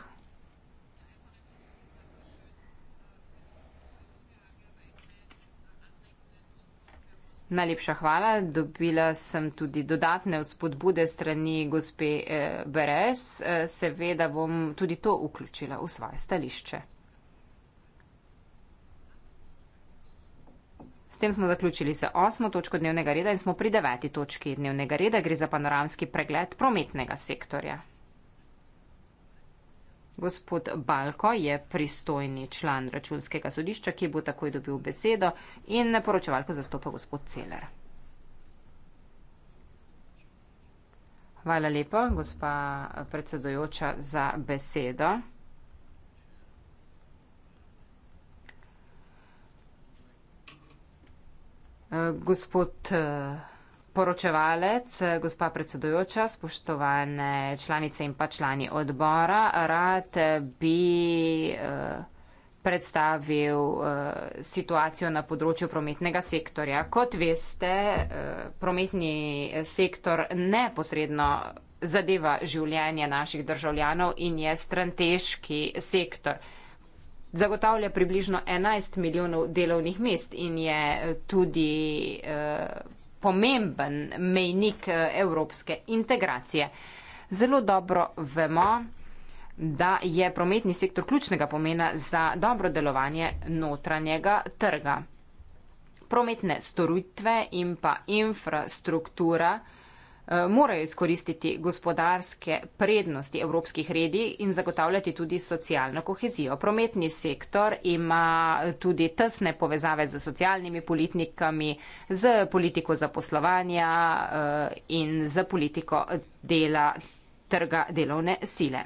Najlepša hvala. Dobila sem tudi dodatne vzpodbude strani gospe eh, Beres. Eh, seveda bom tudi to vključila v svoje stališče. S tem smo zaključili se osmo točko dnevnega reda in smo pri deveti točki dnevnega reda. Gre za panoramski pregled prometnega sektorja. Gospod Balko je pristojni član računskega sodišča, ki bo takoj dobil besedo in poročevalko zastopa gospod Celer. Hvala lepa, gospa predsedojoča, za besedo. Gospod poročevalec, gospa predsedujoča, spoštovane članice in pa člani odbora. Rad bi eh, predstavil eh, situacijo na področju prometnega sektorja. Kot veste, eh, prometni sektor neposredno zadeva življenje naših državljanov in je strateški sektor. Zagotavlja približno 11 milijonov delovnih mest in je tudi pomemben mejnik eh, evropske integracije. Zelo dobro vemo, da je prometni sektor ključnega pomena za dobro delovanje notranjega trga. Prometne storitve in pa infrastruktura Eh, morajo izkoristiti gospodarske prednosti evropskih redij in zagotavljati tudi socialno kohezijo. Prometni sektor ima tudi tesne povezave z socialnimi politikami, z politiko zaposlovanja eh, in z politiko dela trga delovne sile.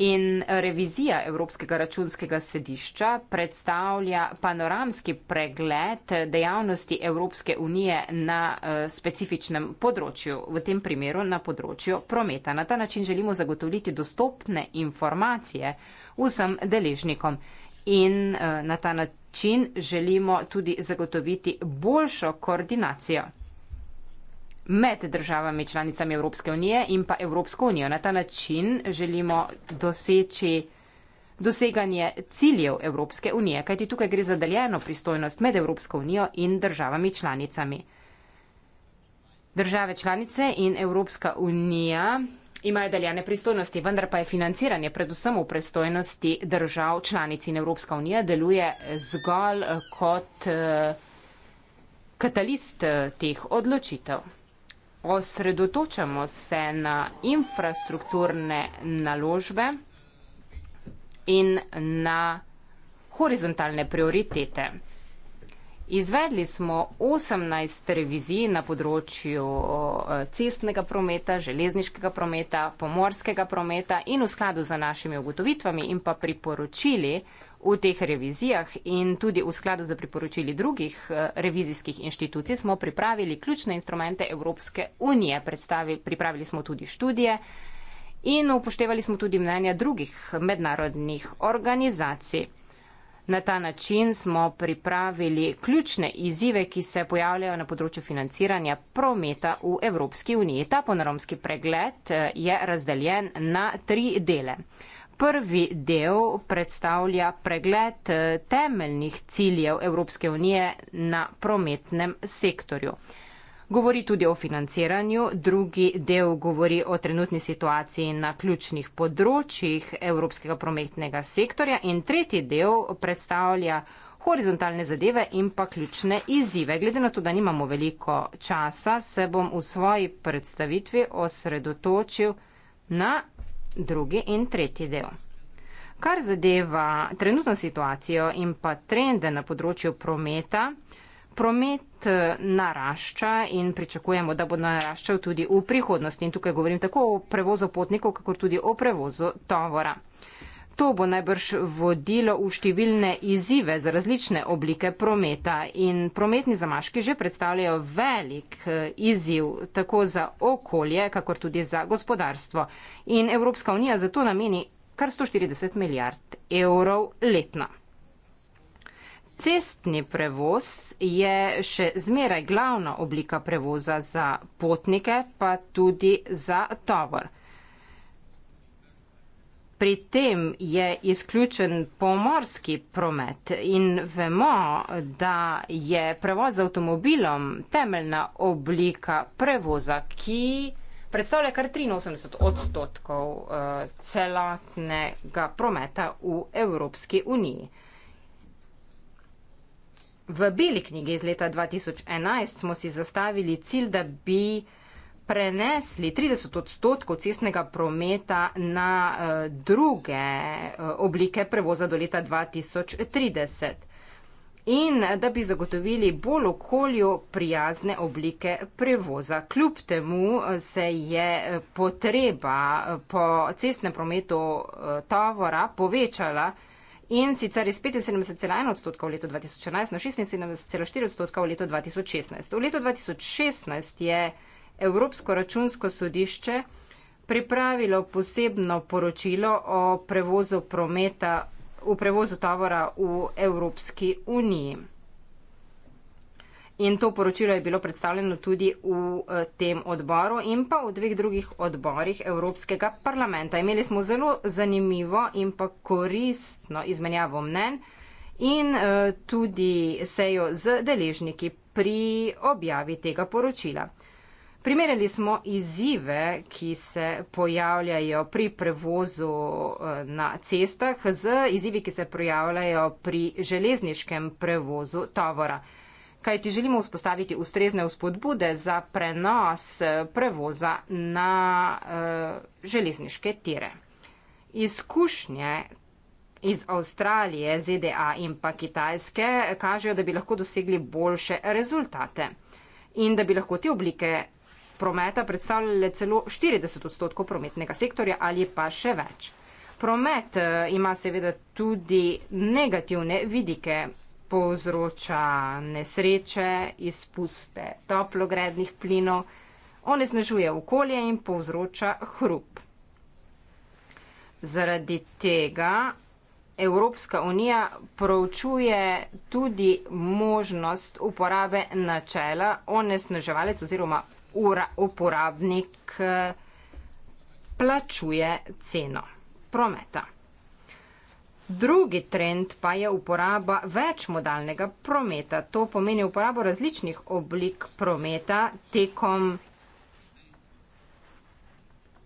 In revizija Evropskega računskega sedišča predstavlja panoramski pregled dejavnosti Evropske unije na eh, specifičnem področju, v tem primeru na področju prometa. Na ta način želimo zagotoviti dostopne informacije vsem deležnikom in eh, na ta način želimo tudi zagotoviti boljšo koordinacijo med državami članicami Evropske unije in pa Evropsko unijo. Na ta način želimo doseči doseganje ciljev Evropske unije, kajti tukaj gre za deljeno pristojnost med Evropsko unijo in državami članicami. Države članice in Evropska unija imajo deljene pristojnosti, vendar pa je financiranje predvsem v pristojnosti držav članic in Evropska unija deluje zgolj kot eh, katalist eh, teh odločitev osredotočamo se na infrastrukturne naložbe in na horizontalne prioritete. Izvedli smo 18 revizij na področju eh, cestnega prometa, železniškega prometa, pomorskega prometa in v skladu z našimi ugotovitvami in pa priporočili V teh revizijah in tudi v skladu z priporočili drugih eh, revizijskih inštitucij smo pripravili ključne instrumente Evropske unije. Pripravili smo tudi študije in upoštevali smo tudi mnenja drugih mednarodnih organizacij. Na ta način smo pripravili ključne izzive, ki se pojavljajo na področju financiranja prometa v Evropski uniji. Ta panoramski pregled eh, je razdeljen na tri dele. Prvi del predstavlja pregled eh, temeljnih ciljev Evropske unije na prometnem sektorju. Govori tudi o financiranju, drugi del govori o trenutni situaciji na ključnih področjih Evropskega prometnega sektorja in tretji del predstavlja horizontalne zadeve in pa ključne izzive. Glede na to, da nimamo veliko časa, se bom v svoji predstavitvi osredotočil na drugi in tretji del. Kar zadeva trenutno situacijo in pa trende na področju prometa, promet eh, narašča in pričakujemo, da bo naraščal tudi v prihodnosti. In tukaj govorim tako o prevozu potnikov, kakor tudi o prevozu tovora. To bo najbrž vodilo v številne izzive za različne oblike prometa in prometni zamaški že predstavljajo velik eh, izziv tako za okolje, kakor tudi za gospodarstvo. In Evropska unija zato nameni kar 140 milijard evrov letno. Cestni prevoz je še zmeraj glavna oblika prevoza za potnike, pa tudi za tovor. Pri tem je izključen pomorski promet in vemo, da je prevoz z avtomobilom temeljna oblika prevoza, ki predstavlja kar 83 odstotkov eh, celotnega prometa v Evropski uniji. V beli knjigi iz leta 2011 smo si zastavili cilj, da bi prenesli 30 odstotkov cestnega prometa na eh, druge eh, oblike prevoza do leta 2030. In da bi zagotovili bolj okolju prijazne oblike prevoza. Kljub temu eh, se je potreba po cestnem prometu tovora povečala in sicer iz 75,1 odstotka v letu 2011 na 76,4 odstotka v letu 2016. V letu 2016 je Evropsko računsko sodišče pripravilo posebno poročilo o prevozu prometa v prevozu tovora v Evropski uniji. In to poročilo je bilo predstavljeno tudi v eh, tem odboru in pa v dveh drugih odborih Evropskega parlamenta. Imeli smo zelo zanimivo in pa koristno izmenjavo mnen in eh, tudi sejo z deležniki pri objavi tega poročila. Primerjali smo izzive, ki se pojavljajo pri prevozu eh, na cestah z izzivi, ki se pojavljajo pri železniškem prevozu tovora. Kaj ti želimo vzpostaviti ustrezne vzpodbude za prenos eh, prevoza na eh, železniške tire? Izkušnje iz Avstralije, ZDA in pa Kitajske kažejo, da bi lahko dosegli boljše rezultate in da bi lahko te oblike prometa predstavljale celo 40 odstotkov prometnega sektorja ali pa še več. Promet eh, ima seveda tudi negativne vidike, povzroča nesreče, izpuste toplogrednih plinov, onesnažuje okolje in povzroča hrup. Zaradi tega Evropska unija proučuje tudi možnost uporabe načela onesnaževalec oziroma ura, uporabnik eh, plačuje ceno prometa. Drugi trend pa je uporaba večmodalnega prometa. To pomeni uporabo različnih oblik prometa tekom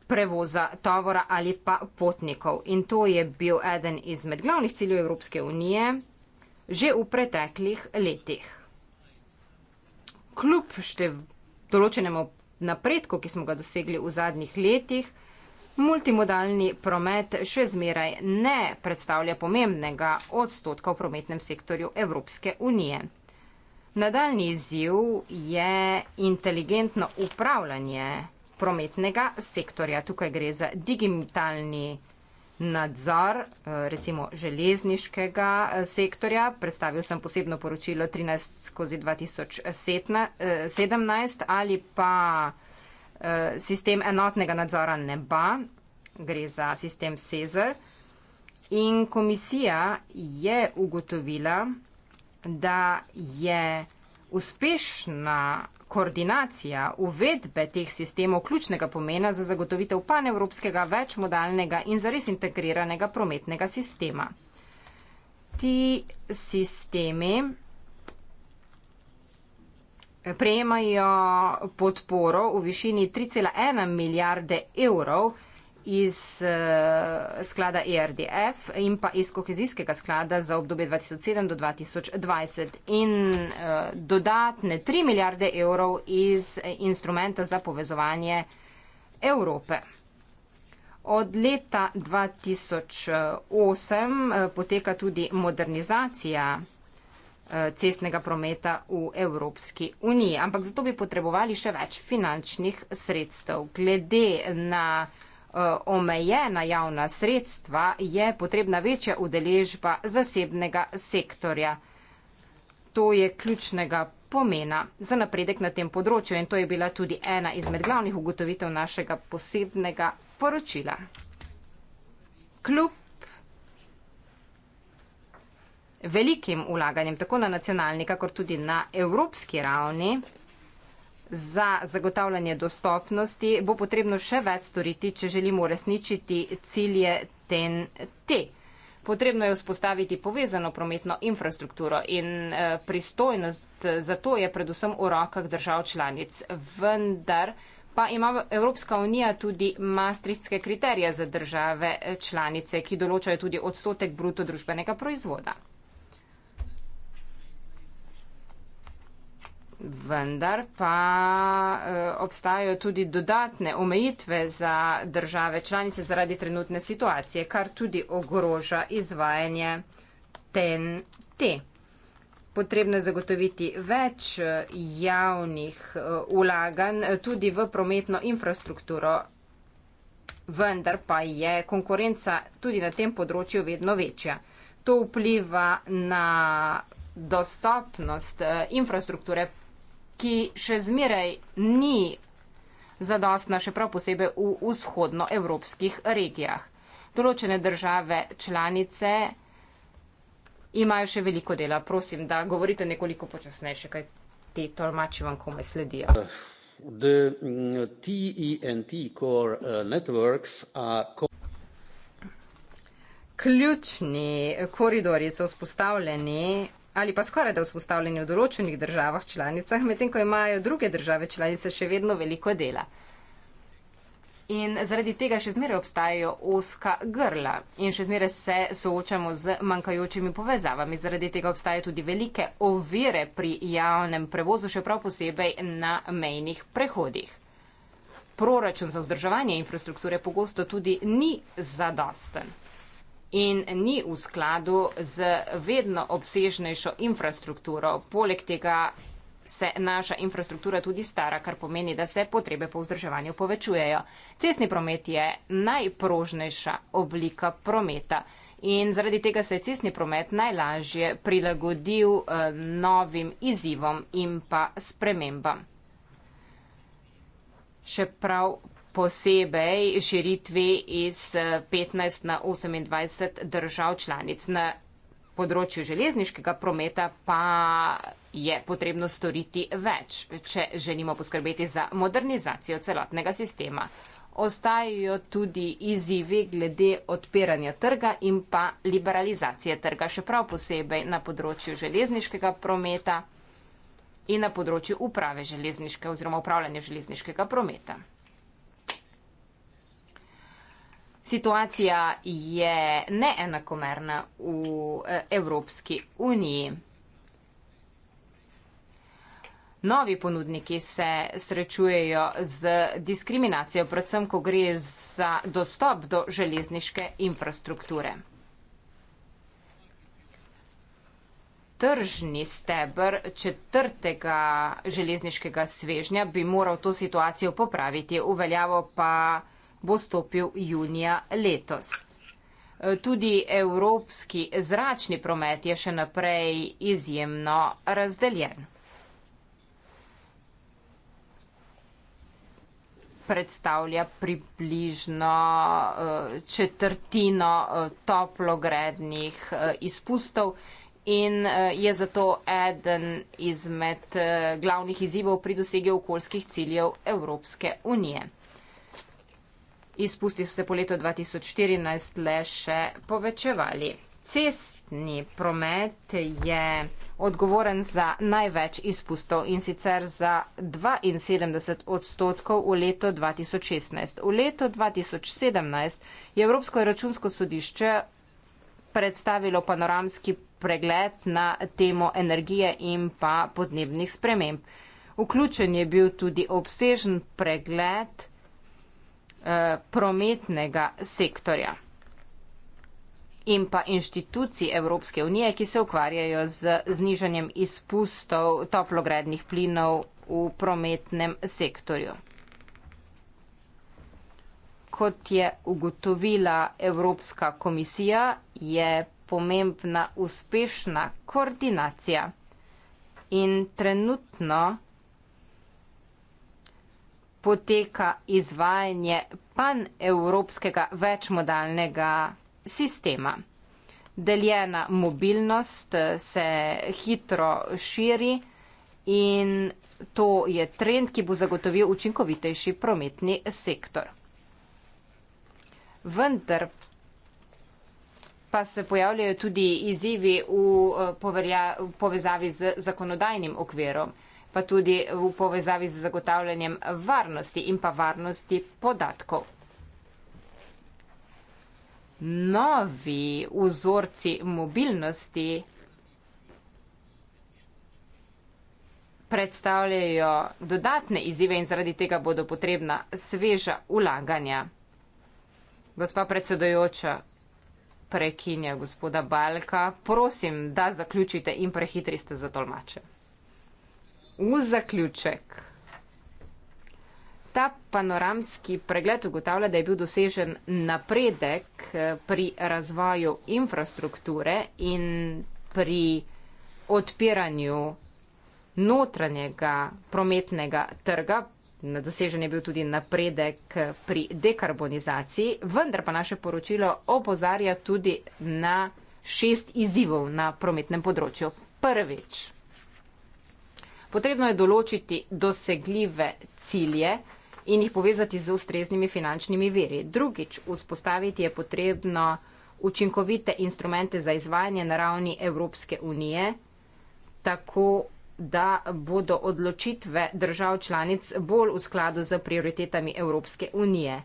prevoza tovora ali pa potnikov. In to je bil eden izmed glavnih ciljev Evropske unije že v preteklih letih. Kljub določenemu napredku, ki smo ga dosegli v zadnjih letih, multimodalni promet še zmeraj ne predstavlja pomembnega odstotka v prometnem sektorju Evropske unije. Nadaljni izziv je inteligentno upravljanje prometnega sektorja. Tukaj gre za digitalni nadzor, eh, recimo železniškega eh, sektorja. Predstavil sem posebno poročilo 13 skozi 2017 eh, ali pa sistem enotnega nadzora neba, gre za sistem Cezar. In komisija je ugotovila, da je uspešna koordinacija uvedbe teh sistemov ključnega pomena za zagotovitev panevropskega večmodalnega in zares integriranega prometnega sistema. Ti sistemi prejemajo podporo v višini 3,1 milijarde evrov iz uh, sklada ERDF in pa iz kohezijskega sklada za obdobje 2007 do 2020 in uh, dodatne 3 milijarde evrov iz eh, instrumenta za povezovanje Evrope. Od leta 2008 poteka tudi modernizacija cestnega prometa v Evropski uniji, ampak zato bi potrebovali še več finančnih sredstev. Glede na uh, Eh, omejena javna sredstva, je potrebna večja udeležba zasebnega sektorja. To je ključnega pomena za napredek na tem področju in to je bila tudi ena izmed glavnih ugotovitev našega posebnega poročila. Kljub velikim ulaganjem tako na nacionalni, kakor tudi na evropski ravni, za zagotavljanje dostopnosti bo potrebno še več storiti, če želimo uresničiti cilje TNT. Potrebno je vzpostaviti povezano prometno infrastrukturo in eh, pristojnost eh, za to je predvsem v rokah držav članic. Vendar pa ima Evropska unija tudi maastrichtske kriterije za države eh, članice, ki določajo tudi odstotek bruto družbenega proizvoda. vendar pa eh, obstajajo tudi dodatne omejitve za države članice zaradi trenutne situacije, kar tudi ogroža izvajanje TNT. Potrebno je zagotoviti več eh, javnih eh, ulaganj tudi v prometno infrastrukturo, vendar pa je konkurenca tudi na tem področju vedno večja. To vpliva na dostopnost infrastrukture ki še zmeraj ni zadostna, še prav posebej v vzhodnoevropskih regijah. Določene države članice imajo še veliko dela. Prosim, da govorite nekoliko počasnejše, kaj te tolmači vam kome sledijo. The TENT mm, e core uh, networks are. Co Ključni koridori so vzpostavljeni ali pa skoraj da vzpostavljeni v določenih državah članicah, medtem ko imajo druge države članice še vedno veliko dela. In zaradi tega še zmeraj obstajajo oska grla in še zmeraj se soočamo z manjkajočimi povezavami. Zaradi tega obstajajo tudi velike ovire pri javnem prevozu, še prav posebej na mejnih prehodih. Proračun za vzdrževanje infrastrukture pogosto tudi ni zadosten in ni v skladu z vedno obsežnejšo infrastrukturo. Poleg tega se naša infrastruktura tudi stara, kar pomeni, da se potrebe po vzdrževanju povečujejo. Cestni promet je najprožnejša oblika prometa. In zaradi tega se je cestni promet najlažje prilagodil eh, novim izzivom in pa spremembam. Še prav posebej širitvi iz 15 na 28 držav članic. Na področju železniškega prometa pa je potrebno storiti več, če želimo poskrbeti za modernizacijo celotnega sistema. Ostajajo tudi izzivi glede odpiranja trga in pa liberalizacije trga, še prav posebej na področju železniškega prometa in na področju uprave železniške oziroma upravljanja železniškega prometa. situacija je neenakomerna v eh, Evropski uniji. Novi ponudniki se srečujejo z diskriminacijo, predvsem, ko gre za dostop do železniške infrastrukture. Tržni stebr četrtega železniškega svežnja bi moral to situacijo popraviti, uveljavo pa bo stopil junija letos. E, tudi evropski zračni promet je še naprej izjemno razdeljen. predstavlja približno e, četrtino e, toplogrednih izpustov in je zato eden izmed glavnih izzivov pri dosegi okoljskih ciljev Evropske unije. Izpusti so se po letu 2014 le še povečevali. Cestni promet je odgovoren za največ izpustov in sicer za 72 odstotkov v letu 2016. V letu 2017 je Evropsko računsko sodišče predstavilo panoramski pregled na temo energije in pa podnebnih sprememb. Vključen je bil tudi obsežen pregled Eh, prometnega sektorja in pa inštitucij Evropske unije, ki se ukvarjajo z znižanjem izpustov toplogrednih plinov v prometnem sektorju. Kot je ugotovila Evropska komisija, je pomembna uspešna koordinacija in trenutno poteka izvajanje panevropskega večmodalnega sistema. Deljena mobilnost eh, se hitro širi in to je trend, ki bo zagotovil učinkovitejši prometni sektor. Vendar pa se pojavljajo tudi izzivi v, eh, poverja, v povezavi z zakonodajnim okvirom pa tudi v povezavi z zagotavljanjem varnosti in pa varnosti podatkov. Novi vzorci mobilnosti predstavljajo dodatne izzive in zaradi tega bodo potrebna sveža ulaganja. Gospa predsedojoča, prekinja gospoda Balka, prosim, da zaključite in prehitri ste za tolmače. V zaključek. Ta panoramski pregled ugotavlja, da je bil dosežen napredek eh, pri razvoju infrastrukture in pri odpiranju notranjega prometnega trga. Dosežen je bil tudi napredek eh, pri dekarbonizaciji, vendar pa naše poročilo opozarja tudi na šest izzivov na prometnem področju. Prvič. Potrebno je določiti dosegljive cilje in jih povezati z ustreznimi finančnimi veri. Drugič, vzpostaviti je potrebno učinkovite instrumente za izvajanje na ravni Evropske unije, tako da bodo odločitve držav članic bolj v skladu z prioritetami Evropske unije.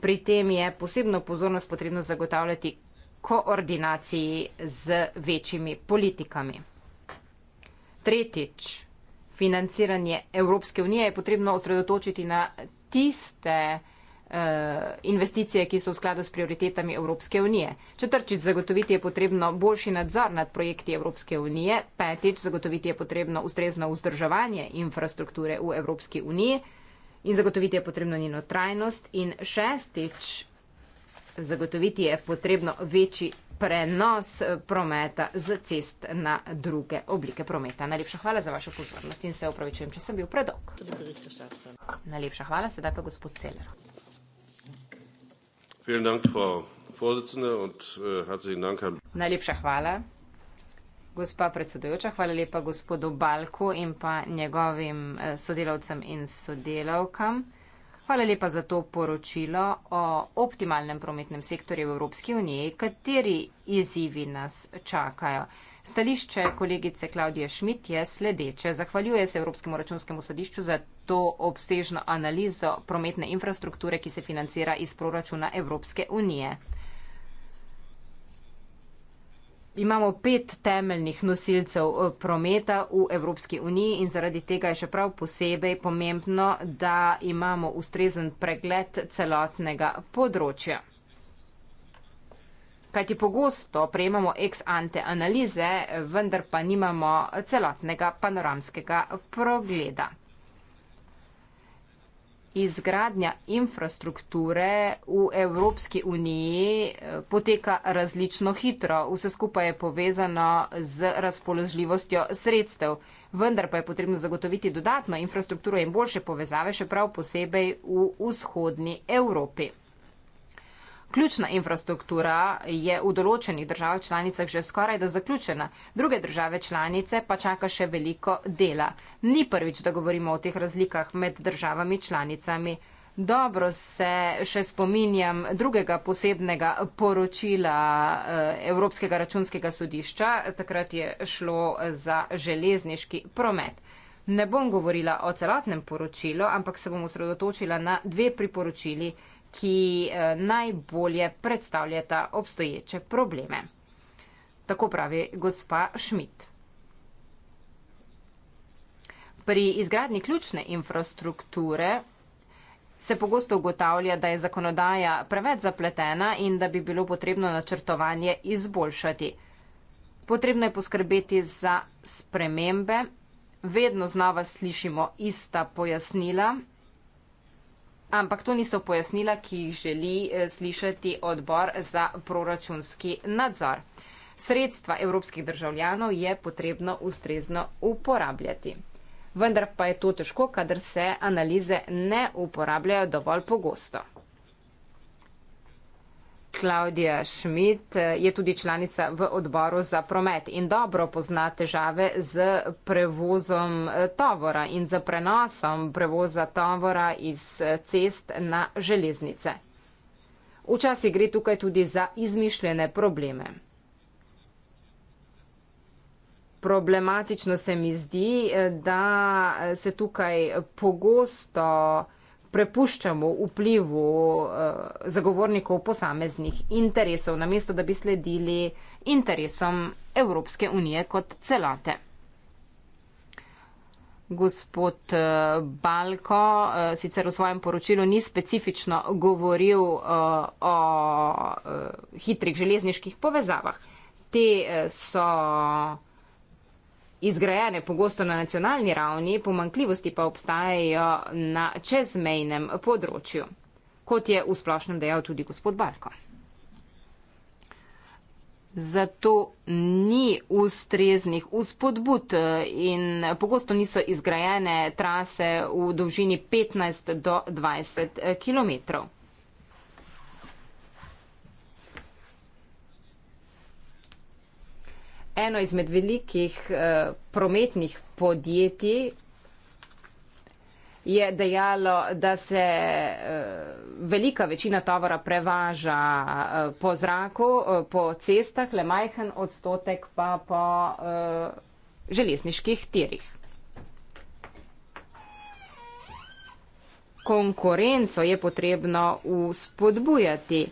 Pri tem je posebno pozornost potrebno zagotavljati koordinaciji z večjimi politikami. Tretjič financiranje Evropske unije je potrebno osredotočiti na tiste eh, investicije, ki so v skladu s prioritetami Evropske unije. Četrčič, zagotoviti je potrebno boljši nadzor nad projekti Evropske unije. Petič, zagotoviti je potrebno ustrezno vzdrževanje infrastrukture v Evropski uniji in zagotoviti je potrebno njeno trajnost. In šestič, zagotoviti je potrebno večji prenos eh, prometa z cest na druge oblike prometa. Najlepša hvala za vašo pozornost in se upravičujem, če sem bil predolg. Najlepša hvala, sedaj pa gospod Celer. Äh, Najlepša hvala, gospa predsedujoča. Hvala lepa gospodu Balku in pa njegovim eh, sodelavcem in sodelavkam. Hvala lepa za to poročilo o optimalnem prometnem sektorju v Evropski uniji. Kateri izzivi nas čakajo? Stališče kolegice Klaudije Šmit je sledeče. Zahvaljuje se Evropskemu računskemu sodišču za to obsežno analizo prometne infrastrukture, ki se financira iz proračuna Evropske unije imamo pet temeljnih nosilcev eh, prometa v Evropski uniji in zaradi tega je še prav posebej pomembno, da imamo ustrezen pregled celotnega področja. Kajti pogosto prejemamo ex ante analize, vendar pa nimamo celotnega panoramskega progleda izgradnja infrastrukture v Evropski uniji eh, poteka različno hitro. Vse skupaj je povezano z razpoložljivostjo sredstev, vendar pa je potrebno zagotoviti dodatno infrastrukturo in boljše povezave, še prav posebej v vzhodni Evropi. Ključna infrastruktura je v določenih državah članicah že skoraj da zaključena, druge države članice pa čaka še veliko dela. Ni prvič, da govorimo o teh razlikah med državami članicami. Dobro se še spominjam drugega posebnega poročila eh, Evropskega računskega sodišča, takrat je šlo za železniški promet. Ne bom govorila o celotnem poročilu, ampak se bom osredotočila na dve priporočili ki eh, najbolje predstavljata obstoječe probleme. Tako pravi gospa Schmidt. Pri izgradni ključne infrastrukture se pogosto ugotavlja, da je zakonodaja preveč zapletena in da bi bilo potrebno načrtovanje izboljšati. Potrebno je poskrbeti za spremembe. Vedno znova slišimo ista pojasnila, Ampak to niso pojasnila, ki jih želi eh, slišati odbor za proračunski nadzor. Sredstva evropskih državljanov je potrebno ustrezno uporabljati. Vendar pa je to težko, kadar se analize ne uporabljajo dovolj pogosto. Klaudija Schmidt eh, je tudi članica v odboru za promet in dobro pozna težave z prevozom eh, tovora in z prenosom prevoza tovora iz eh, cest na železnice. Včasih gre tukaj tudi za izmišljene probleme. Problematično se mi zdi, da se tukaj pogosto prepuščamo vplivu eh, zagovornikov posameznih interesov, namesto da bi sledili interesom Evropske unije kot celote. Gospod eh, Balko eh, sicer v svojem poročilu ni specifično govoril o hitrih železniških povezavah. Te so izgrajene pogosto na nacionalni ravni, pomankljivosti pa obstajajo na čezmejnem področju, kot je v splošnem dejal tudi gospod Balko. Zato ni ustreznih uspodbud eh, in pogosto niso izgrajene trase v dolžini 15 do 20 eh, km. eno izmed velikih eh, prometnih podjetij je dejalo, da se eh, velika večina tovora prevaža eh, po zraku, eh, po cestah, le majhen odstotek pa po eh, železniških tirih. Konkurenco je potrebno uspodbujati.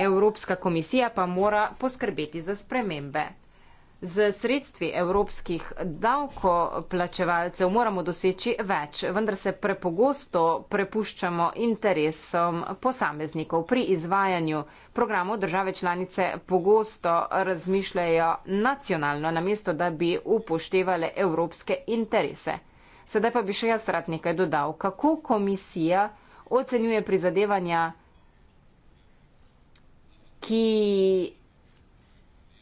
Evropska komisija pa mora poskrbeti za spremembe z sredstvi evropskih davkoplačevalcev moramo doseči več, vendar se prepogosto prepuščamo interesom posameznikov pri izvajanju programov. Države članice pogosto razmišljajo nacionalno, namesto da bi upoštevale evropske interese. Sedaj pa bi še jaz rad nekaj dodal. Kako komisija ocenjuje prizadevanja, ki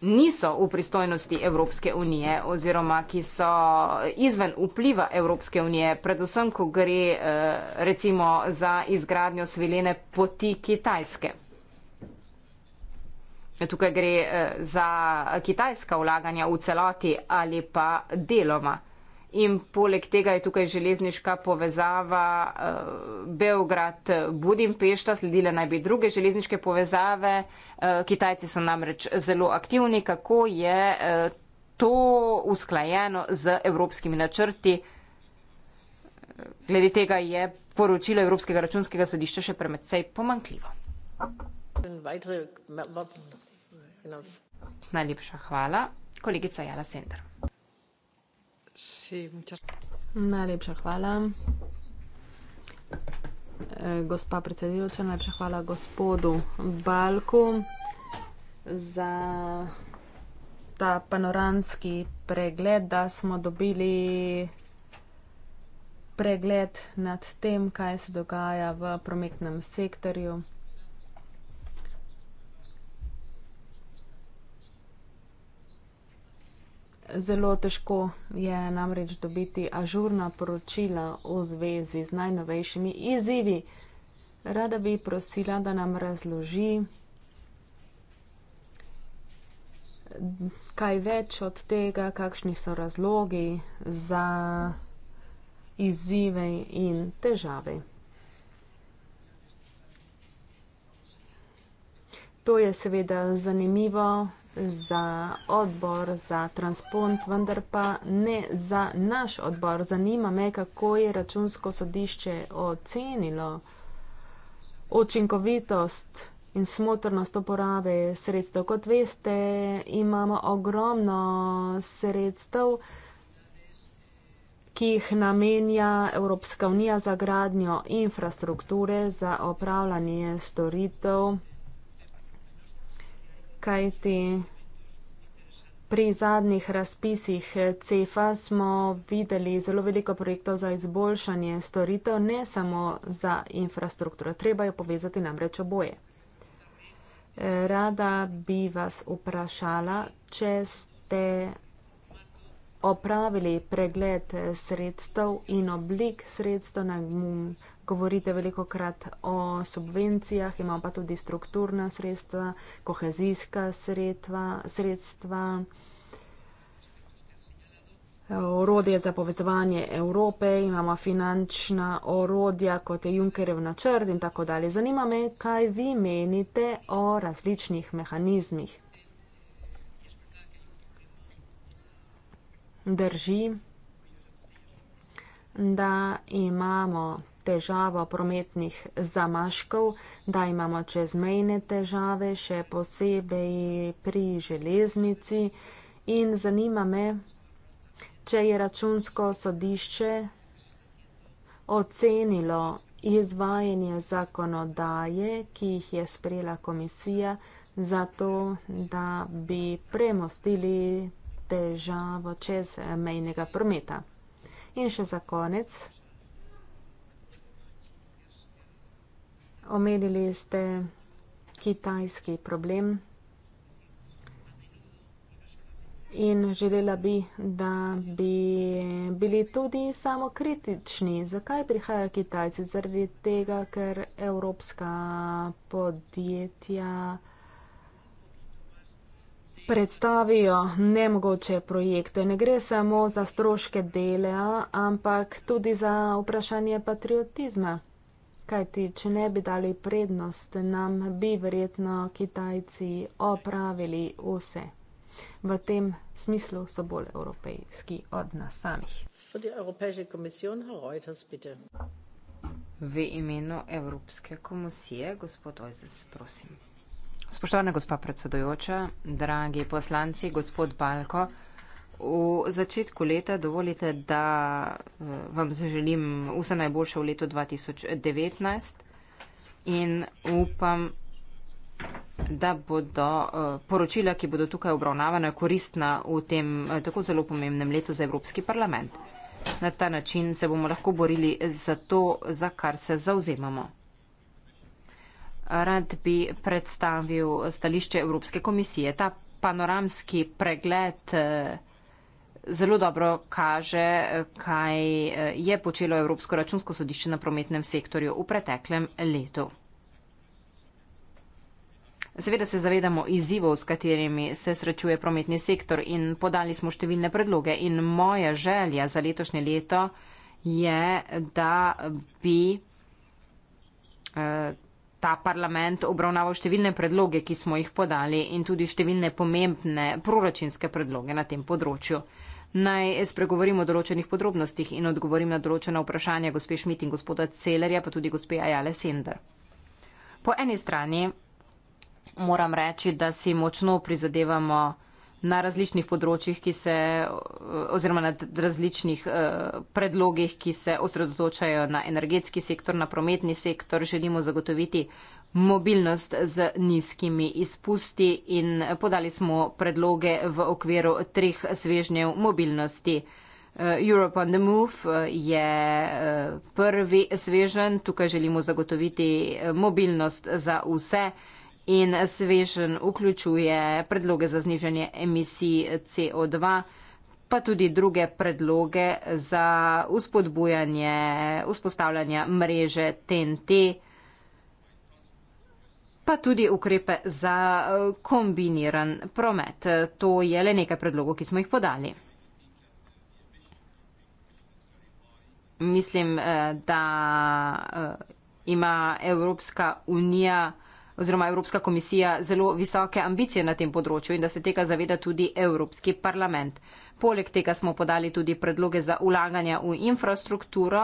niso v pristojnosti Evropske unije oziroma ki so izven vpliva Evropske unije, predvsem, ko gre eh, recimo za izgradnjo svilene poti Kitajske. Tukaj gre eh, za kitajska vlaganja v celoti ali pa deloma in poleg tega je tukaj železniška povezava eh, Beograd-Budimpešta, sledile naj bi druge železniške povezave. Eh, Kitajci so namreč zelo aktivni, kako je eh, to usklajeno z evropskimi načrti. Glede tega je poročilo Evropskega računskega sodišča še premedsej pomankljivo. Najlepša hvala, kolegica Jala Sender. Najlepša hvala. Eh, gospa predsedujoča, najlepša hvala gospodu Balku za ta panoramski pregled, da smo dobili pregled nad tem, kaj se dogaja v prometnem sektorju. Zelo težko je namreč dobiti ažurna poročila v zvezi z najnovejšimi izzivi. Rada bi prosila, da nam razloži kaj več od tega, kakšni so razlogi za izzive in težave. To je seveda zanimivo za odbor za transport, vendar pa ne za naš odbor. Zanima me, kako je računsko sodišče ocenilo učinkovitost in smotrnost uporabe sredstev. Kot veste, imamo ogromno sredstev, ki jih namenja Evropska unija za gradnjo infrastrukture, za opravljanje storitev kajti pri zadnjih razpisih CEFA smo videli zelo veliko projektov za izboljšanje storitev, ne samo za infrastrukturo. Treba jo povezati namreč oboje. Rada bi vas vprašala, če ste opravili pregled eh, sredstev in oblik sredstev. Govorite veliko krat o subvencijah, imamo pa tudi strukturna sredstva, kohezijska sredstva, sredstva eh, orodje za povezovanje Evrope, imamo finančna orodja, kot je Junckerjev načrt in tako dalje. Zanima me, kaj vi menite o različnih mehanizmih. drži, da imamo težavo prometnih zamaškov, da imamo čezmejne težave, še posebej pri železnici. In zanima me, če je računsko sodišče ocenilo izvajanje zakonodaje, ki jih je sprejela komisija, zato da bi premostili težavo čez eh, mejnega prometa. In še za konec. Omenili ste kitajski problem in želela bi, da bi bili tudi samokritični, zakaj prihajajo Kitajci, zaradi tega, ker evropska podjetja predstavijo nemogoče projekte. Ne gre samo za stroške dela, ampak tudi za vprašanje patriotizma. Kajti, če ne bi dali prednost, nam bi verjetno Kitajci opravili vse. V tem smislu so bolj evropejski od nas samih. V imenu Evropske komisije, gospod Ojzes, prosim. Spoštovana gospa predsedujoča, dragi poslanci, gospod Balko, v začetku leta dovolite, da eh, vam zaželim vse najboljše v letu 2019 in upam, da bodo eh, poročila, ki bodo tukaj obravnavana, koristna v tem eh, tako zelo pomembnem letu za Evropski parlament. Na ta način se bomo lahko borili za to, za kar se zauzemamo rad bi predstavil stališče Evropske komisije. Ta panoramski pregled eh, zelo dobro kaže, eh, kaj eh, je počelo Evropsko računsko sodišče na prometnem sektorju v preteklem letu. Seveda se zavedamo izzivov, s katerimi se srečuje prometni sektor in podali smo številne predloge in moja želja za letošnje leto je, da bi eh, ta parlament obravnaval številne predloge, ki smo jih podali in tudi številne pomembne proračinske predloge na tem področju. Naj spregovorim o določenih podrobnostih in odgovorim na določena vprašanja gospe Šmit in gospoda Celerja, pa tudi gospe Ajale Sender. Po eni strani moram reči, da si močno prizadevamo na različnih področjih, ki se oziroma na različnih eh, predlogih, ki se osredotočajo na energetski sektor, na prometni sektor, želimo zagotoviti mobilnost z nizkimi izpusti in podali smo predloge v okviru treh svežnjev mobilnosti. Eh, Europe on the Move eh, je prvi svežen, tukaj želimo zagotoviti mobilnost za vse. In svežen vključuje predloge za znižanje emisij CO2, pa tudi druge predloge za uspodbujanje, uspostavljanje mreže TNT, pa tudi ukrepe za eh, kombiniran promet. To je le nekaj predlogov, ki smo jih podali. Mislim, eh, da eh, ima Evropska unija oziroma Evropska komisija zelo visoke ambicije na tem področju in da se tega zaveda tudi Evropski parlament. Poleg tega smo podali tudi predloge za ulaganja v infrastrukturo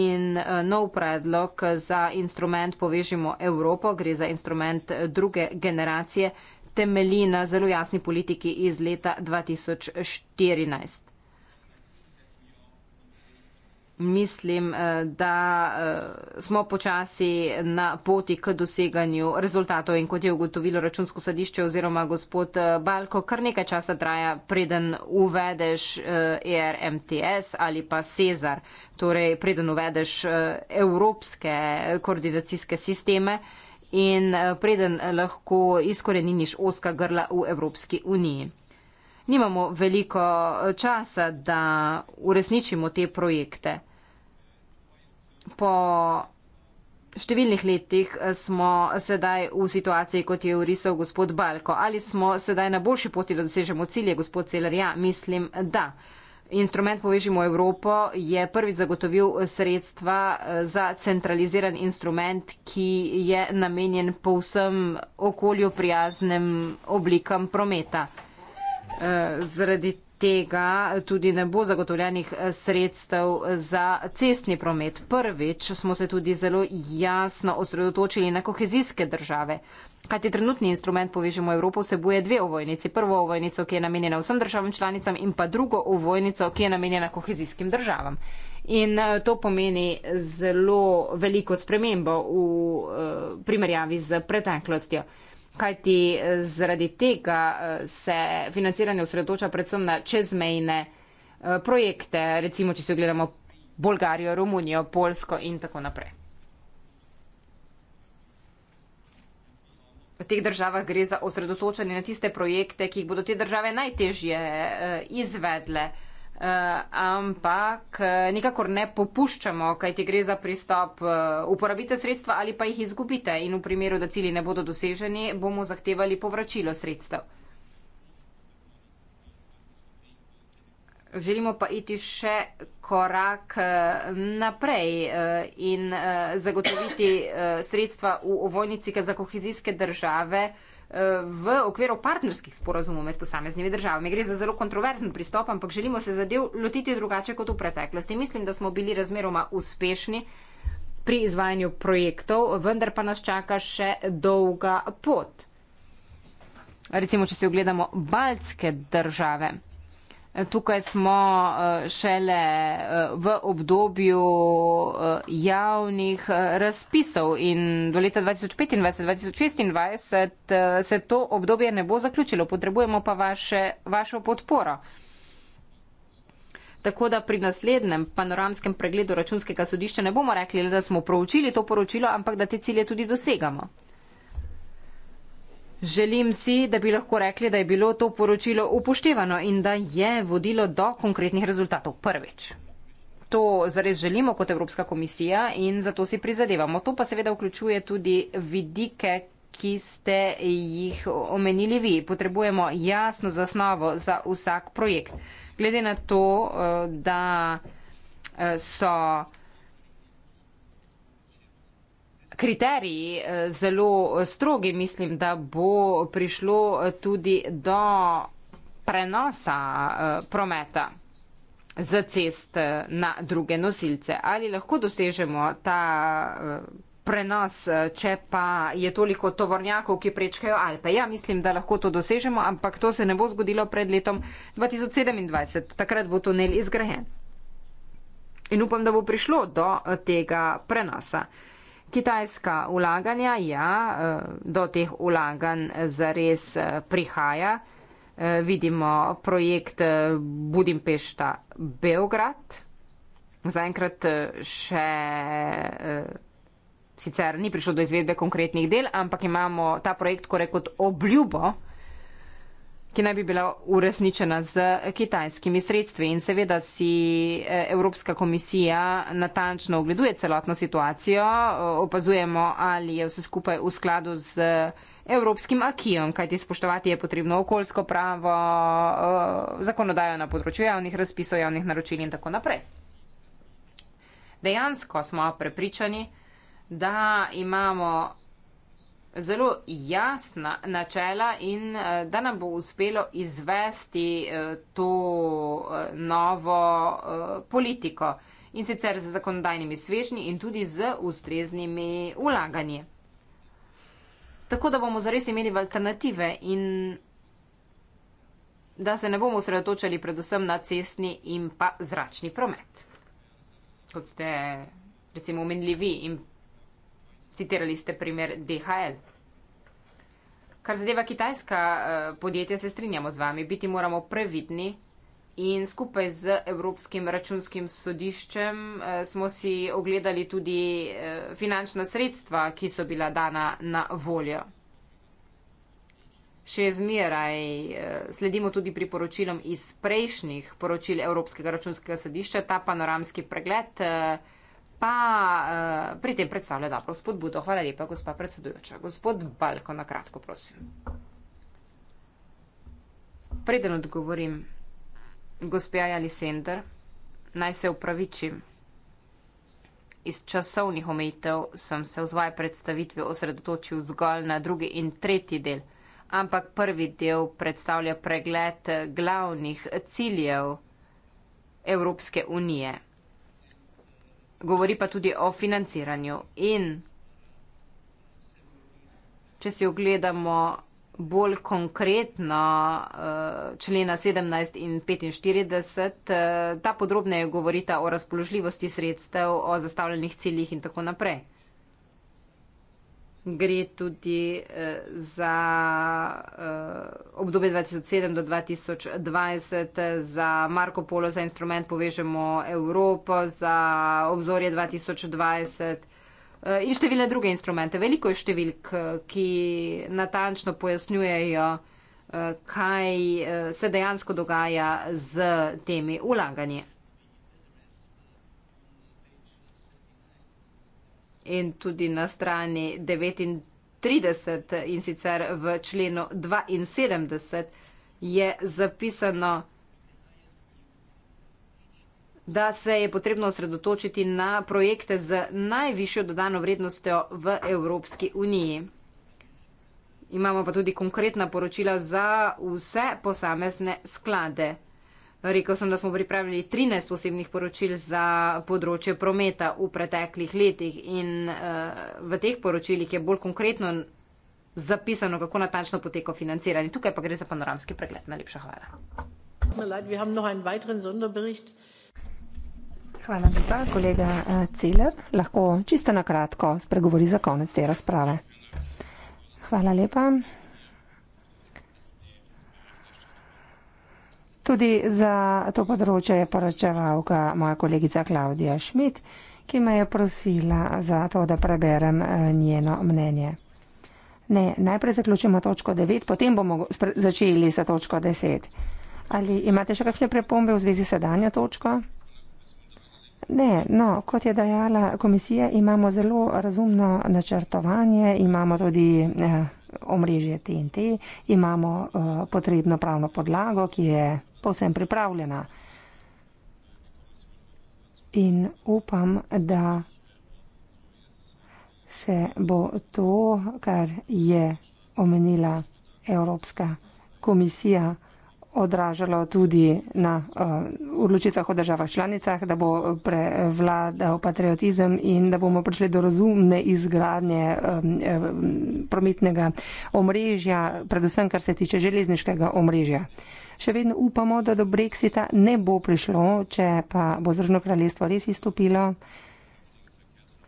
in eh, nov predlog za instrument Povežimo Evropo, gre za instrument eh, druge generacije, temelji na zelo jasni politiki iz leta 2014 mislim, eh, da eh, smo počasi na poti k doseganju rezultatov in kot je ugotovilo računsko sodišče oziroma gospod eh, Balko, kar nekaj časa traja, preden uvedeš ERMTS e ali pa Cezar, torej preden uvedeš evropske koordinacijske sisteme in preden lahko izkoreniniš oska grla v Evropski uniji nimamo veliko eh, časa, da uresničimo te projekte. Po številnih letih eh, smo sedaj v situaciji, kot je urisal gospod Balko. Ali smo sedaj na boljši poti, da dosežemo cilje, gospod Celer? Ja, mislim, da. Instrument Povežimo Evropo je prvi zagotovil eh, sredstva za centraliziran instrument, ki je namenjen povsem okolju prijaznem oblikam prometa. Eh, zaradi tega tudi ne bo zagotovljenih eh, sredstev za cestni promet. Prvič smo se tudi zelo jasno osredotočili na kohezijske države. Kajti trenutni instrument Povežimo Evropo vsebuje dve ovojnici. Prvo ovojnico, ki je namenjena vsem državam članicam in pa drugo ovojnico, ki je namenjena kohezijskim državam. In eh, to pomeni zelo veliko spremembo v primerjavi z preteklostjo. Kajti eh, zaradi tega eh, se financiranje osredotoča predvsem na čezmejne eh, projekte, recimo, če se ogledamo Bolgarijo, Romunijo, Polsko in tako naprej. V teh državah gre za osredotočanje na tiste projekte, ki jih bodo te države najtežje izvedle. Uh, ampak eh, nikakor ne popuščamo, kaj ti gre za pristop, uh, uporabite sredstva ali pa jih izgubite in v primeru, da cilji ne bodo doseženi, bomo zahtevali povračilo sredstev. Želimo pa iti še korak naprej in zagotoviti sredstva v ovojnici za kohezijske države, Eh, v okviru partnerskih sporazumov med posameznimi državami. Gre za zelo kontroverzen pristop, ampak želimo se zadev lotiti drugače kot v preteklosti. Mislim, da smo bili razmeroma uspešni pri izvajanju projektov, vendar pa nas čaka še dolga pot. Recimo, če si ogledamo baltske države. Tukaj smo eh, šele eh, v obdobju eh, javnih razpisov in do leta 2025-2026 se to obdobje ne bo zaključilo, potrebujemo pa vaše, vašo podporo. Tako da pri naslednjem panoramskem pregledu računskega sodišča ne bomo rekli, da smo proučili to poročilo, ampak da te cilje tudi dosegamo. Želim si, da bi lahko rekli, da je bilo to poročilo upoštevano in da je vodilo do konkretnih rezultatov prvič. To zares želimo kot Evropska komisija in zato si prizadevamo. To pa seveda vključuje tudi vidike, ki ste jih omenili vi. Potrebujemo jasno zasnovo za vsak projekt. Glede na to, eh, da eh, so kriteriji eh, zelo eh, strogi, mislim, da bo prišlo eh, tudi do prenosa prometa z cest na druge nosilce. Ali lahko dosežemo ta prenos, če pa je toliko tovornjakov, ki prečkajo Alpe? Ja, mislim, da lahko to dosežemo, ampak to se ne bo zgodilo pred letom 2027. Takrat bo tunel izgrajen. In upam, da bo prišlo do tega prenosa. Kitajska vlaganja, ja, eh, do teh vlaganj zares eh, prihaja. Eh, vidimo projekt Budimpešta-Belgrad. Zaenkrat še sicer ni prišlo do izvedbe konkretnih del, ampak imamo ta projekt, ko rekot obljubo, ki naj bi bila uresničena z kitajskimi sredstvi. In seveda si eh, Evropska komisija natančno ogleduje celotno situacijo, eh, opazujemo, ali je vse skupaj v skladu z eh, Evropskim akijom, kajti spoštovati je potrebno okoljsko pravo, zakonodajo na področju javnih razpisov, javnih naročil in tako naprej. Dejansko smo prepričani, da imamo zelo jasna načela in eh, da nam bo uspelo izvesti eh, to eh, novo politiko in sicer z zakonodajnimi svežnji in tudi z ustreznimi ulaganji. Tako da bomo zares imeli alternative in da se ne bomo sredotočali predvsem na cestni in pa zračni promet, kot ste recimo omenili vi in Citirali ste primer DHL. Kar zadeva kitajska eh, podjetja, se strinjamo z vami. Biti moramo previdni in skupaj z Evropskim računskim sodiščem eh, smo si ogledali tudi eh, finančna sredstva, ki so bila dana na voljo. Še zmeraj sledimo tudi priporočilom iz prejšnjih poročil Evropskega računskega sodišča, ta panoramski pregled pa uh, pri tem predstavlja dobro spodbudo. Hvala lepa, gospa predsedujoča. Gospod Balko, na kratko, prosim. Preden odgovorim, gospe Ajali Sender, naj se upravičim. Iz časovnih omejitev sem se v svoje predstavitve osredotočil zgolj na drugi in tretji del, ampak prvi del predstavlja pregled eh, glavnih ciljev Evropske unije – govori pa tudi o financiranju. In če si ogledamo bolj konkretno eh, člena 17 in 45, eh, ta podrobneje govorita o razpoložljivosti sredstev, o zastavljenih ciljih in tako naprej gre tudi eh, za eh, obdobje 2007 do 2020, eh, za Marko Polo, za instrument Povežemo Evropo, za obzorje 2020 eh, in številne druge instrumente. Veliko je številk, eh, ki natančno pojasnjujejo, eh, kaj eh, se dejansko dogaja z temi ulaganji. in tudi na strani 39 in sicer v členu 72 je zapisano, da se je potrebno osredotočiti na projekte z najvišjo dodano vrednostjo v Evropski uniji. Imamo pa tudi konkretna poročila za vse posamezne sklade. Rekl sem, da smo pripravili 13 posebnih poročil za področje prometa v preteklih letih in uh, v teh poročilih je bolj konkretno zapisano, kako natančno poteka financiranje. Tukaj pa gre za panoramski pregled. Najlepša hvala. Hvala lepa, kolega eh, Celer. Lahko čisto na kratko spregovori za konec te razprave. Hvala lepa. Tudi za to področje je poročevalka moja kolegica Klaudija Šmit, ki me je prosila za to, da preberem eh, njeno mnenje. Ne, najprej zaključimo točko 9, potem bomo začeli sa točko 10. Ali imate še kakšne prepombe v zvezi s sedanjo točko? Ne, no, kot je dejala komisija, imamo zelo razumno načrtovanje, imamo tudi eh, omrežje TNT, imamo eh, potrebno pravno podlago, ki je povsem pripravljena. In upam, da se bo to, kar je omenila Evropska komisija, odražalo tudi na eh, odločitvah o državah članicah, da bo prevladal patriotizem in da bomo prišli do razumne izgradnje eh, eh, prometnega omrežja, predvsem kar se tiče železniškega omrežja. Še vedno upamo, da do Brexita ne bo prišlo, če pa bo Združeno kraljestvo res izstopilo.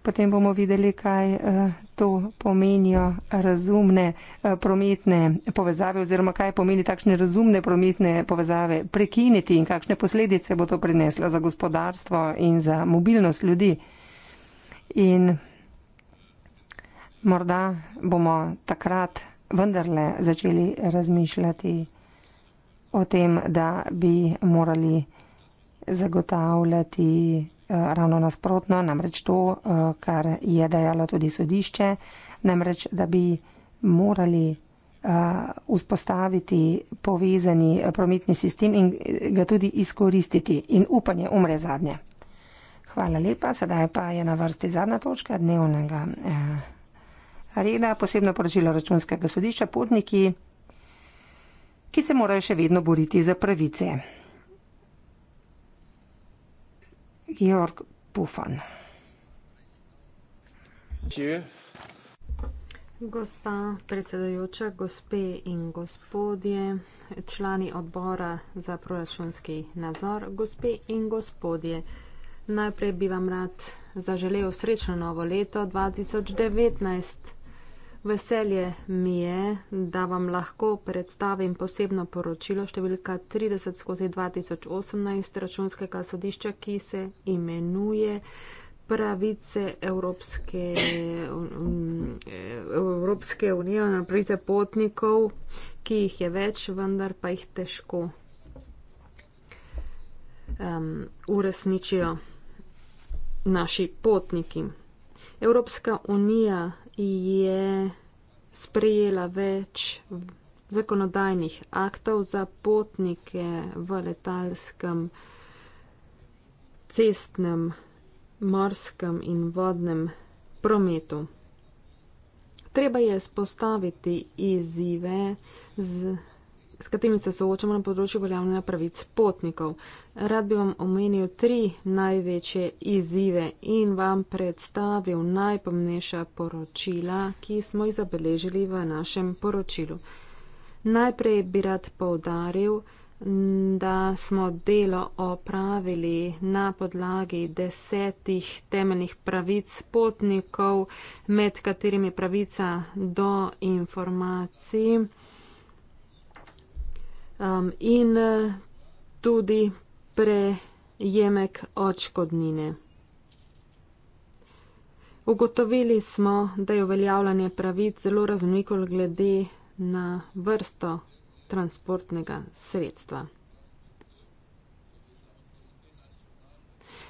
Potem bomo videli, kaj eh, to pomenijo razumne eh, prometne povezave oziroma kaj pomeni takšne razumne prometne povezave prekiniti in kakšne posledice bo to prineslo za gospodarstvo in za mobilnost ljudi. In morda bomo takrat vendarle začeli razmišljati o tem, da bi morali zagotavljati eh, ravno nasprotno, namreč to, eh, kar je dejalo tudi sodišče, namreč da bi morali eh, vzpostaviti povezani prometni sistem in ga tudi izkoristiti in upanje umre zadnje. Hvala lepa, sedaj pa je na vrsti zadnja točka dnevnega reda, posebno poročilo računskega sodišča, potniki ki se morajo še vedno boriti za pravice. Georg Pufan. Gospa predsedajoča, gospe in gospodje, člani odbora za proračunski nadzor, gospe in gospodje, najprej bi vam rad zaželel srečno novo leto 2019. Veselje mi je, da vam lahko predstavim posebno poročilo številka 30 skozi 2018 računskega sodišča, ki se imenuje pravice Evropske, mm, Evropske unije, pravice potnikov, ki jih je več, vendar pa jih težko um, uresničijo naši potniki. Evropska unija je sprejela več zakonodajnih aktov za potnike v letalskem, cestnem, morskem in vodnem prometu. Treba je spostaviti izzive z s katerimi se soočamo na področju uveljavljanja pravic potnikov. Rad bi vam omenil tri največje izzive in vam predstavil najpomnejša poročila, ki smo jih zabeležili v našem poročilu. Najprej bi rad povdaril, da smo delo opravili na podlagi desetih temeljnih pravic potnikov, med katerimi pravica do informacij um, in uh, tudi prejemek očkodnine. Ugotovili smo, da je uveljavljanje pravic zelo razumljiko glede na vrsto transportnega sredstva.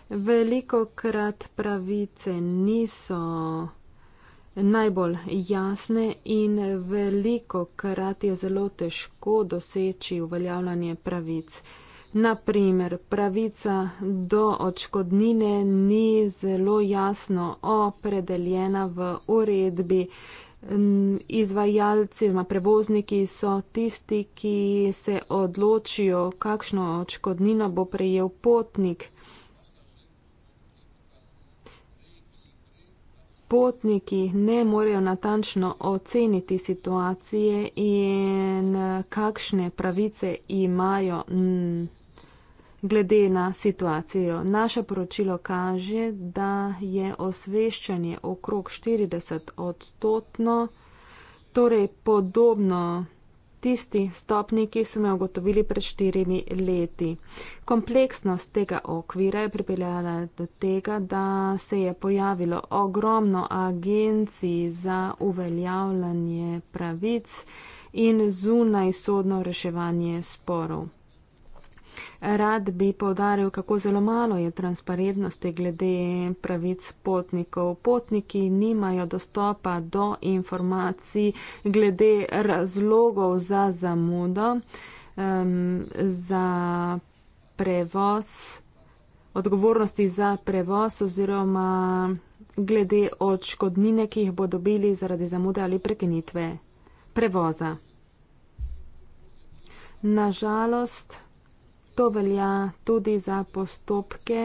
Veliko krat pravice niso najbolj jasne in veliko krat je zelo težko doseči uveljavljanje pravic. Naprimer, pravica do odškodnine ni zelo jasno opredeljena v uredbi. Izvajalci, prevozniki so tisti, ki se odločijo, kakšno odškodnino bo prejel potnik. potniki ne morejo natančno oceniti situacije in kakšne pravice imajo mm, glede na situacijo. Naše poročilo kaže, da je osveščanje okrog 40 odstotno, torej podobno tisti stopni, ki so me ugotovili pred štirimi leti. Kompleksnost tega okvira je pripeljala do tega, da se je pojavilo ogromno agencij za uveljavljanje pravic in zunaj sodno reševanje sporov. Rad bi povdaril, kako zelo malo je transparentnosti glede pravic potnikov. Potniki nimajo dostopa do informacij glede razlogov za zamudo, um, za prevoz, odgovornosti za prevoz oziroma glede odškodnine, ki jih bodo dobili zaradi zamude ali prekinitve prevoza. Nažalost, To velja tudi za postopke,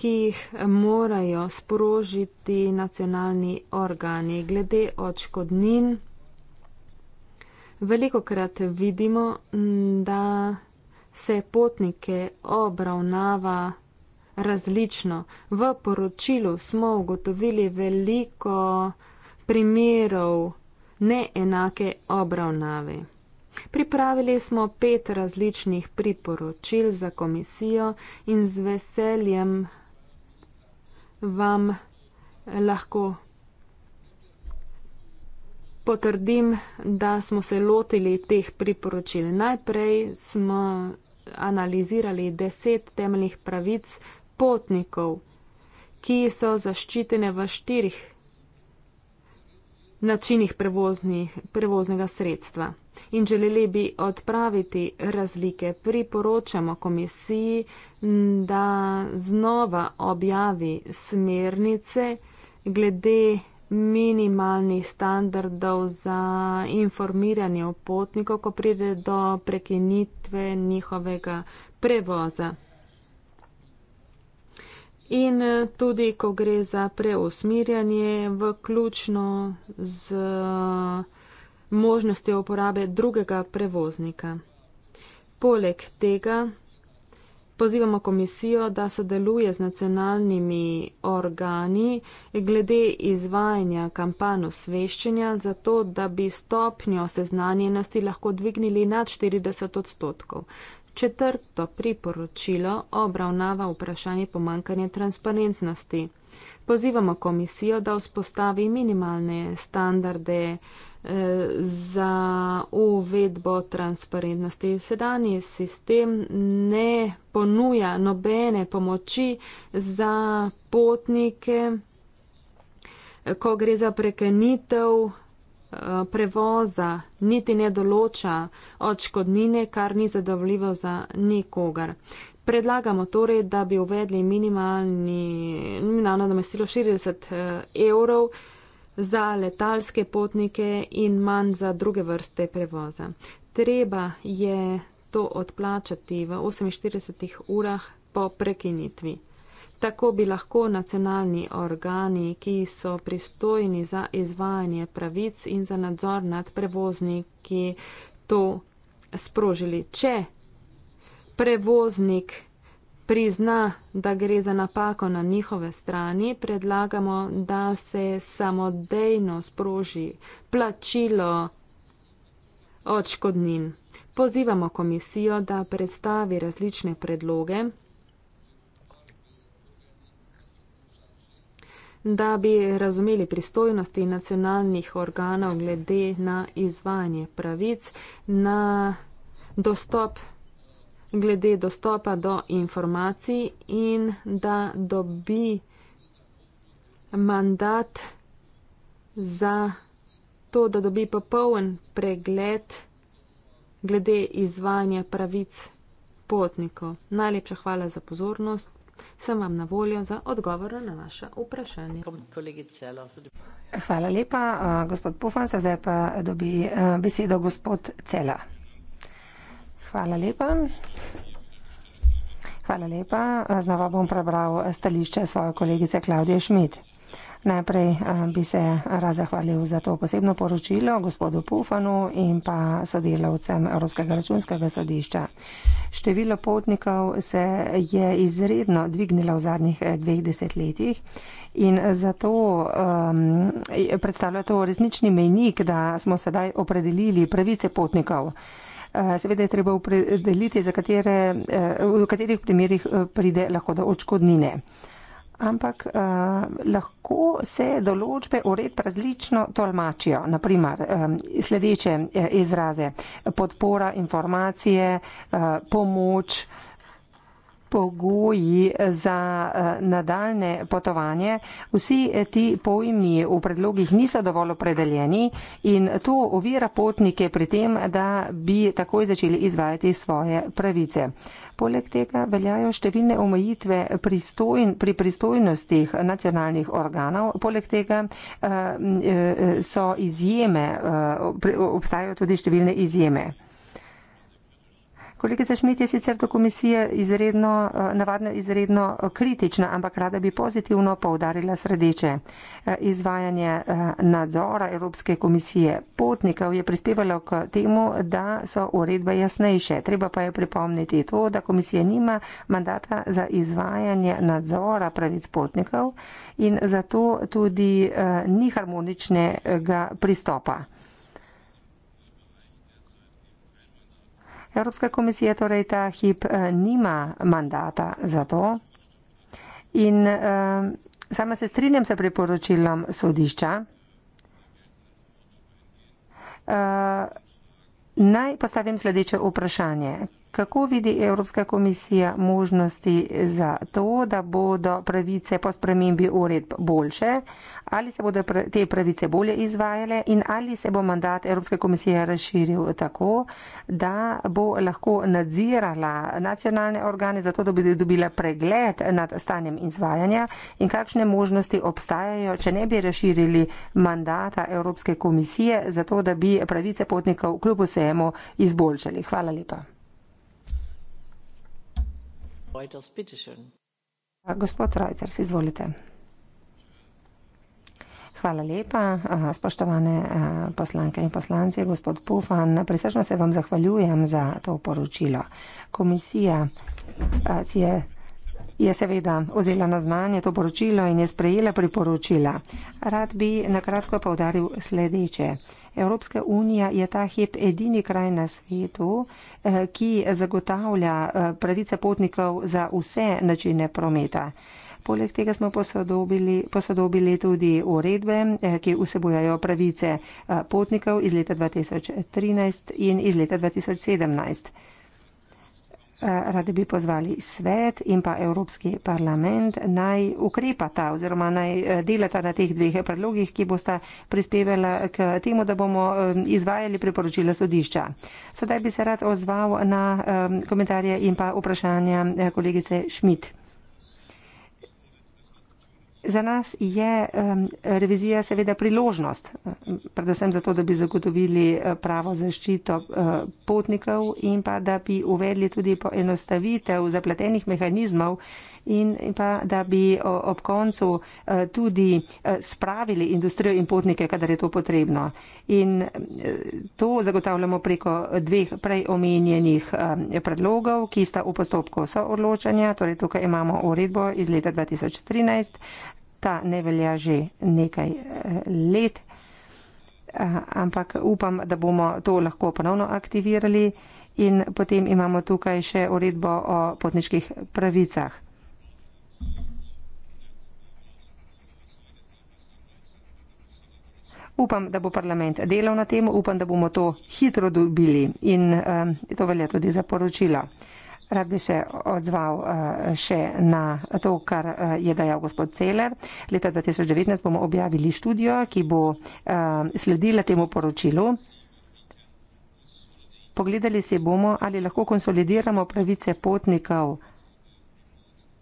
ki jih morajo sprožiti nacionalni organi. Glede očkodnin, veliko krat vidimo, da se potnike obravnava različno. V poročilu smo ugotovili veliko primerov neenake obravnave. Pripravili smo pet različnih priporočil za komisijo in z veseljem vam lahko potrdim, da smo se lotili teh priporočil. Najprej smo analizirali deset temeljnih pravic potnikov, ki so zaščitene v štirih načinih prevoznih, prevoznega sredstva in želeli bi odpraviti razlike, priporočamo komisiji, da znova objavi smernice glede minimalnih standardov za informiranje potnikov, ko pride do prekinitve njihovega prevoza. In eh, tudi, ko gre za preusmirjanje v ključno z možnostjo uporabe drugega prevoznika. Poleg tega pozivamo komisijo, da sodeluje z nacionalnimi organi glede izvajanja kampanj osveščenja, zato da bi stopnjo seznanjenosti lahko dvignili nad 40 odstotkov. Četrto priporočilo obravnava vprašanje pomankanja transparentnosti. Pozivamo komisijo, da vzpostavi minimalne standarde za uvedbo transparentnosti. Sedanji sistem ne ponuja nobene pomoči za potnike, ko gre za prekenitev eh, prevoza, niti ne določa očkodnine, kar ni zadovoljivo za nikogar. Predlagamo torej, da bi uvedli minimalno namestilo 40 eh, evrov za letalske potnike in manj za druge vrste prevoza. Treba je to odplačati v 48 urah po prekinitvi. Tako bi lahko nacionalni organi, ki so pristojni za izvajanje pravic in za nadzor nad prevozniki, to sprožili. Če prevoznik prizna, da gre za napako na njihove strani, predlagamo, da se samodejno sproži plačilo odškodnin. Pozivamo komisijo, da predstavi različne predloge, da bi razumeli pristojnosti nacionalnih organov glede na izvajanje pravic, na dostop glede dostopa do informacij in da dobi mandat za to, da dobi popoln pregled glede izvanja pravic potnikov. Najlepša hvala za pozornost. Sem vam na voljo za odgovore na vaše vprašanje. Hvala lepa, eh, gospod Pufan, se zdaj pa dobi eh, besedo gospod Cela. Hvala lepa. Hvala lepa. Znova bom prebral stališče svoje kolegice Klaudije Šmit. Najprej eh, bi se rad zahvalil za to posebno poročilo gospodu Pufanu in pa sodelavcem Evropskega računskega sodišča. Število potnikov se je izredno dvignilo v zadnjih eh, dveh desetletjih in zato um, predstavlja to resnični menik, da smo sedaj opredelili pravice potnikov. Eh, seveda je treba opredeliti, katere, eh, v katerih primerjih eh, pride lahko do očkodnine. Ampak eh, lahko se določbe uredb različno tolmačijo. Naprimer, eh, sledeče eh, izraze podpora, informacije, eh, pomoč pogoji za eh, nadaljne potovanje. Vsi eh, ti pojmi v predlogih niso dovolj opredeljeni in to ovira potnike pri tem, da bi takoj začeli izvajati svoje pravice. Poleg tega veljajo številne omejitve pristojn, pri pristojnostih nacionalnih organov. Poleg tega eh, so izjeme, obstajajo tudi številne izjeme. Kolegica Šmit je sicer do komisije izredno, eh, navadno izredno eh, kritična, ampak rada bi pozitivno povdarila sredeče. Eh, izvajanje nadzora Evropske komisije potnikov je prispevalo k temu, da so uredbe jasnejše. Treba pa je pripomniti to, da komisija nima mandata za izvajanje nadzora pravic potnikov in zato tudi ni harmoničnega pristopa. Evropska komisija torej ta hip eh, nima mandata za to. In uh, sama se strinjam sa priporočilom sodišča. Uh, naj postavim sledeče vprašanje. Kako vidi Evropska komisija možnosti za to, da bodo pravice po spremembi uredb boljše, ali se bodo te pravice bolje izvajale in ali se bo mandat Evropske komisije razširil tako, da bo lahko nadzirala nacionalne organe za to, da bodo dobila pregled nad stanjem izvajanja in kakšne možnosti obstajajo, če ne bi razširili mandata Evropske komisije za to, da bi pravice potnikov kljub vsemu izboljšali. Hvala lepa. Gospod Reuters, izvolite. Hvala lepa, spoštovane poslanke in poslanci, gospod Pufan. Prisežno se vam zahvaljujem za to poročilo. Komisija si je je seveda ozela na znanje to poročilo in je sprejela priporočila. Rad bi nakratko povdaril sledeče. Evropska unija je ta hip edini kraj na svetu, eh, ki zagotavlja eh, pravice potnikov za vse načine prometa. Poleg tega smo posodobili, posodobili tudi uredbe, eh, ki vsebojajo pravice potnikov iz leta 2013 in iz leta 2017. Eh, radi bi pozvali svet in pa Evropski parlament naj ukrepata oziroma naj eh, delata na teh dveh predlogih, ki bosta prispevala k temu, da bomo eh, izvajali priporočila sodišča. Sedaj bi se rad ozval na komentarje in pa vprašanja kolegice Schmidt. Za nas je revizija seveda priložnost, predvsem zato, da bi zagotovili eh, pravo zaščito eh, potnikov in pa da bi uvedli tudi poenostavitev zapletenih mehanizmov, in pa da bi ob koncu eh, tudi eh, spravili industrijo in potnike, kadar je to potrebno. In eh, to zagotavljamo preko dveh prej omenjenih predlogov, ki sta v postopku soodločanja. Torej tukaj imamo uredbo iz leta 2013. Ta ne velja že nekaj let, ampak upam, da bomo to lahko ponovno aktivirali. In potem imamo tukaj še uredbo o potniških pravicah. Upam, da bo parlament delal na tem, upam, da bomo to hitro dobili in um, to velja tudi za poročilo. Rad bi se odzval uh, še na to, kar uh, je dejal gospod Celer. Leta 2019 bomo objavili študijo, ki bo uh, sledila temu poročilu. Pogledali se bomo, ali lahko konsolidiramo pravice potnikov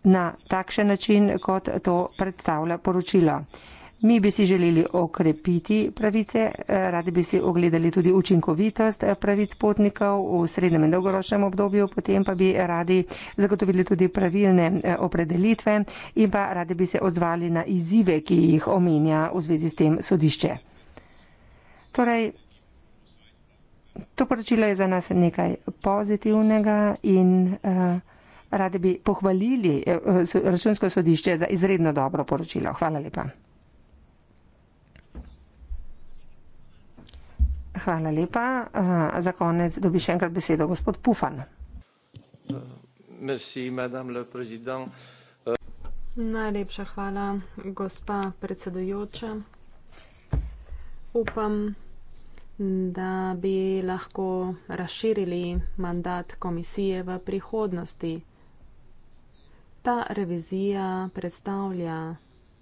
na takšen način, kot to predstavlja poročilo. Mi bi si želeli okrepiti pravice, radi bi si ogledali tudi učinkovitost pravic potnikov v srednjem in dolgoročnem obdobju, potem pa bi radi zagotovili tudi pravilne eh, opredelitve in pa radi bi se odzvali na izzive, ki jih omenja v zvezi s tem sodišče. Torej, to poročilo je za nas nekaj pozitivnega in. Uh, radi bi pohvalili eh, eh, računsko sodišče za izredno dobro poročilo. Hvala lepa. Hvala lepa. Eh, za konec dobi še enkrat besedo gospod Pufan. Najlepša hvala, gospa predsedujoča. Upam, da bi lahko razširili mandat komisije v prihodnosti ta revizija predstavlja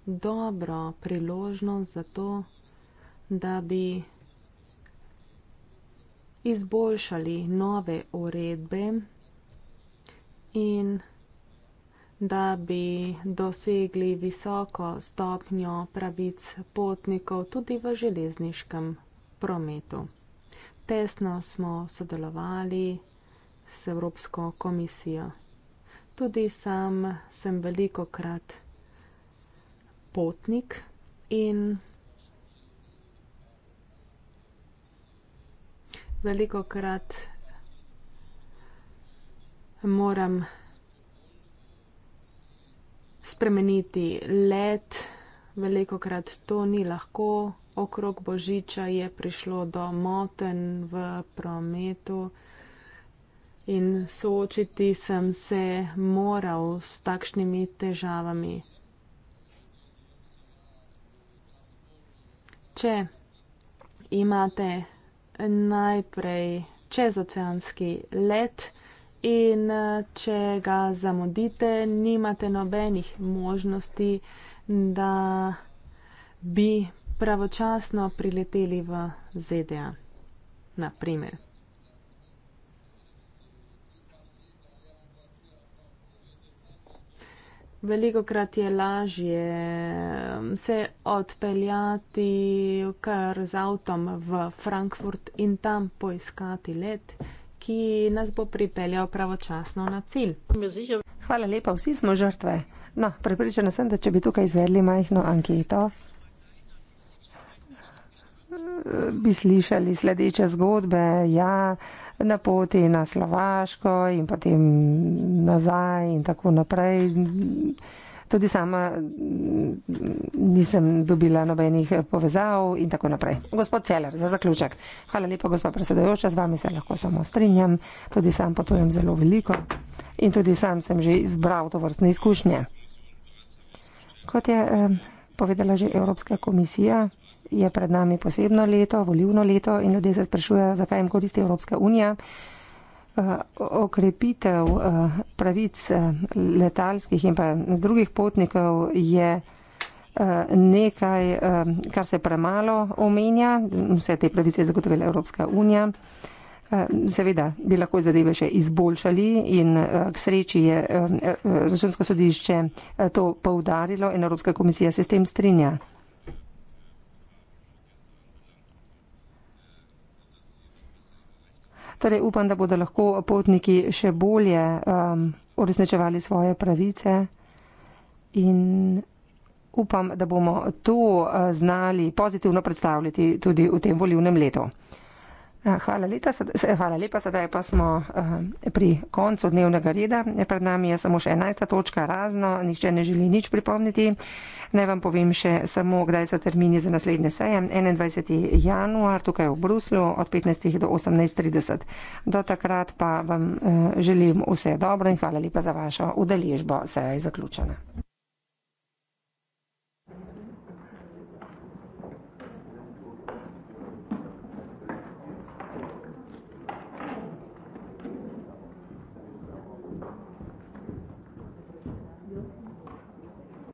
dobro priložnost za to, da bi izboljšali nove uredbe in da bi dosegli visoko stopnjo pravic potnikov tudi v železniškem prometu. Tesno smo sodelovali s Evropsko komisijo tudi sam sem veliko krat potnik in veliko krat moram spremeniti let, veliko krat to ni lahko. Okrog božiča je prišlo do motenj v prometu in soočiti sem se moral s takšnimi težavami. Če imate najprej čezoceanski let in če ga zamudite, nimate nobenih možnosti, da bi pravočasno prileteli v ZDA, naprimer. velikokrat je lažje um, se odpeljati kar z avtom v Frankfurt in tam poiskati let, ki nas bo pripeljal pravočasno na cilj. Hvala lepa, vsi smo žrtve. No, prepričana sem, da če bi tukaj izvedli majhno anketo, bi slišali sledeče zgodbe, ja, na poti na Slovaško in potem nazaj in tako naprej. Tudi sama nisem dobila nobenih povezav in tako naprej. Gospod Celer, za zaključek. Hvala lepa, gospod predsedojoča, z vami se lahko samo strinjam. Tudi sam potujem zelo veliko in tudi sam sem že izbral to vrstne izkušnje. Kot je eh, povedala že Evropska komisija, je pred nami posebno leto, volivno leto in ljudje se sprašujejo, zakaj jim koristi Evropska unija. Eh, okrepitev eh, pravic eh, letalskih in pa drugih potnikov je nekaj, kar se premalo omenja. Vse te pravice je zagotovila Evropska unija. Seveda bi lahko zadeve še izboljšali in k sreči je Računsko sodišče to poudarilo in Evropska komisija se s tem strinja. Torej upam, da bodo lahko potniki še bolje um, uresničevali svoje pravice in upam, da bomo to uh, znali pozitivno predstavljati tudi v tem volivnem letu. Eh, hvala, leta, hvala lepa, sedaj pa smo eh, pri koncu dnevnega reda. Pred nami je samo še 11. točka razno, nihče ne želi nič pripomniti. Naj vam povem še samo, kdaj so termini za naslednje seje. 21. januar tukaj v Bruslju od 15. do 18.30. Do takrat pa vam eh, želim vse dobro in hvala lepa za vašo udeležbo. Seja je zaključena.